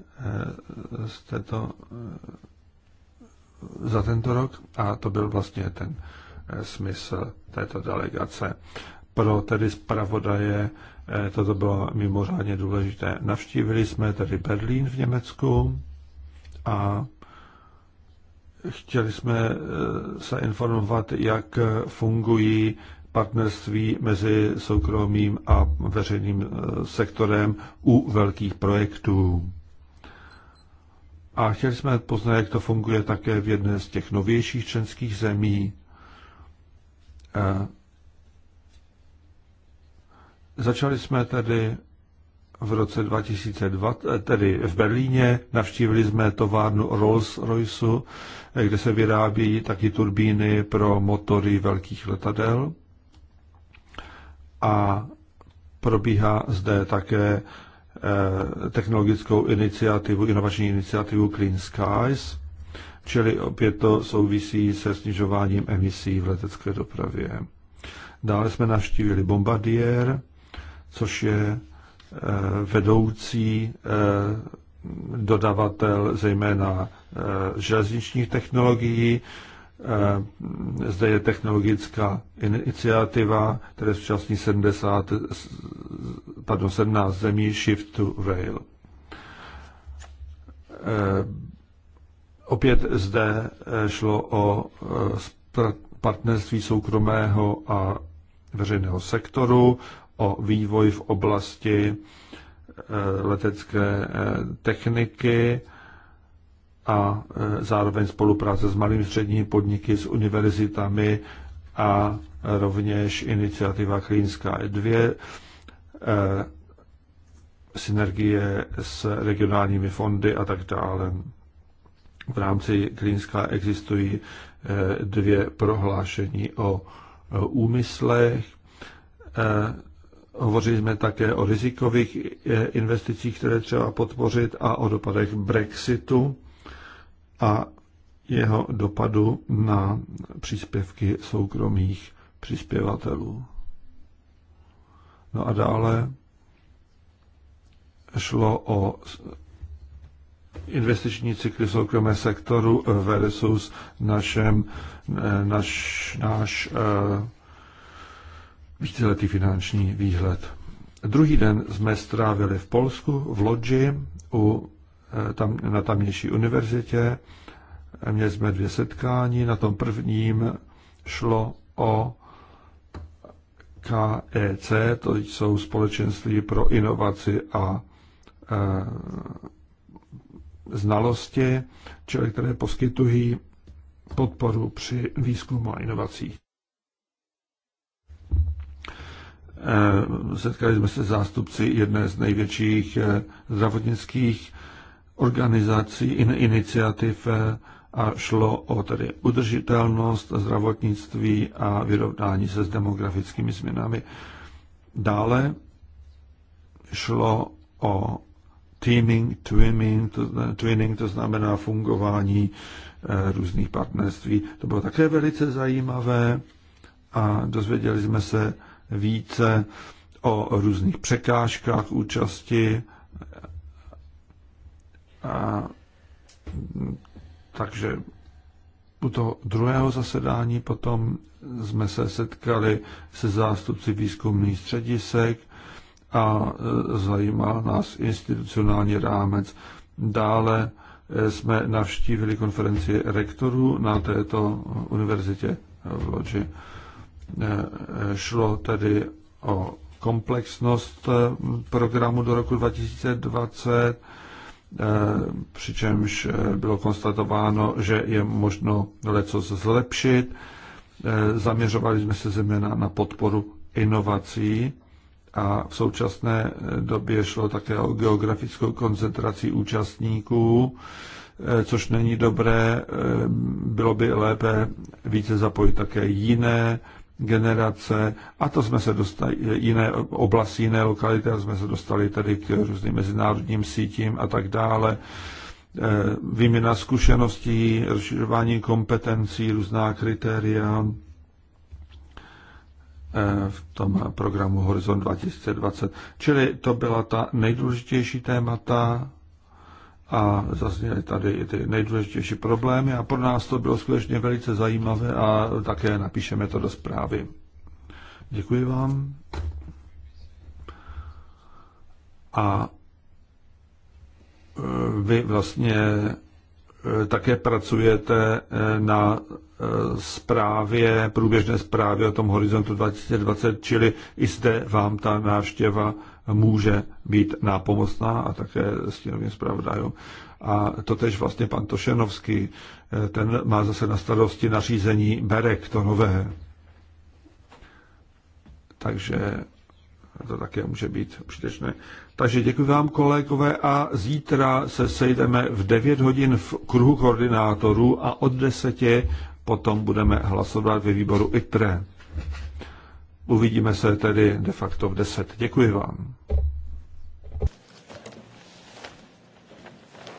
z této, eh, za tento rok a to byl vlastně ten smysl této delegace. Pro tedy zpravodaje toto bylo mimořádně důležité. Navštívili jsme tedy Berlín v Německu a Chtěli jsme eh, se informovat, jak eh, fungují partnerství mezi soukromým a veřejným eh, sektorem u velkých projektů. A chtěli jsme poznat, jak to funguje také v jedné z těch novějších členských zemí. Začali jsme tedy v roce 2002, eh, tedy v Berlíně, navštívili jsme továrnu Rolls-Royce, eh, kde se vyrábí taky turbíny pro motory velkých letadel. A probíhá zde také eh, technologickou iniciativu, inovační iniciativu Clean Skies, čili opět to souvisí se snižováním emisí v letecké dopravě. Dále jsme navštívili Bombardier, což je Eh, vedoucí eh, dodavatel zejména eh, železničních technologií. Zde je technologická iniciativa, které zúčastní 70, pardon, 17 zemí Shift to Rail. Opět zde šlo o partnerství soukromého a veřejného sektoru, o vývoj v oblasti eh, letecké eh, techniky a eh, zároveň spolupráce s malými středními podniky, s univerzitami a rovněž iniciativa Klínská 2, synergie s regionálními fondy a tak dále. V rámci Klínská existují dvě prohlášení o úmyslech, Hovořili jsme také o rizikových eh, investicích, které třeba podpořit a o dopadech Brexitu a jeho dopadu na příspěvky soukromých přispěvatelů. No a dále šlo o investiční cykly soukromé sektoru versus našem, eh, naš, náš eh, víceletý finanční výhled. Druhý den jsme strávili v Polsku, v Lodži, u, eh, tam, na tamnější univerzitě. Měli jsme dvě setkání. Na tom prvním šlo o KEC, to jsou společenství pro inovaci a e, znalosti, čili které poskytují podporu při výzkumu a inovacích. Eh, setkali jsme se zástupci jedné z největších eh, zdravotnických organizací, iniciativ eh, a šlo o tedy udržitelnost zdravotnictví a vyrovnání se s demografickými změnami. Dále šlo o teaming, twinning, to, twinning, to znamená fungování různých partnerství. To bylo také velice zajímavé a dozvěděli jsme se více o různých překážkách účasti. A, takže u toho druhého zasedání potom jsme se setkali se zástupci výzkumných středisek a e, zajímal nás institucionální rámec. Dále e, jsme navštívili konferenci rektorů na této univerzitě v Lodži. Eh, šlo tedy o komplexnost eh, programu do roku 2020, eh, přičemž bylo konstatováno, že je možno leco zlepšit. Zaměřovali jsme se zejména na podporu inovací a v současné době šlo také o geografickou koncentraci účastníků, což není dobré. Bylo by lépe více zapojit také jiné generace a to jsme se dostali, jiné oblasti, jiné lokality a jsme se dostali tady k různým mezinárodním sítím a tak dále. Eh, výměna zkušeností, rozšiřování kompetencí, různá kritéria eh, v tom programu Horizon 2020. Čili to byla ta nejdůležitější témata a zazněly tady ty nejdůležitější problémy a pro nás to bylo skutečně velice zajímavé a také napíšeme to do zprávy. Děkuji vám. A e, vy vlastně e, také pracujete e, na zprávě, průběžné zprávě o tom horizontu 2020, čili i zde vám ta návštěva může být nápomocná a také s stínovým zpravodajům. A to tež vlastně pan Tošenovský, eh, ten má zase na starosti nařízení Berek, to nové. Takže to také může být užitečné. Takže děkuji vám, kolegové, a zítra se sejdeme v 9 hodin v kruhu koordinátorů a od 10 potom budeme hlasovat ve výboru ITRE. Uvidíme se tedy de facto v 10. Děkuji vám.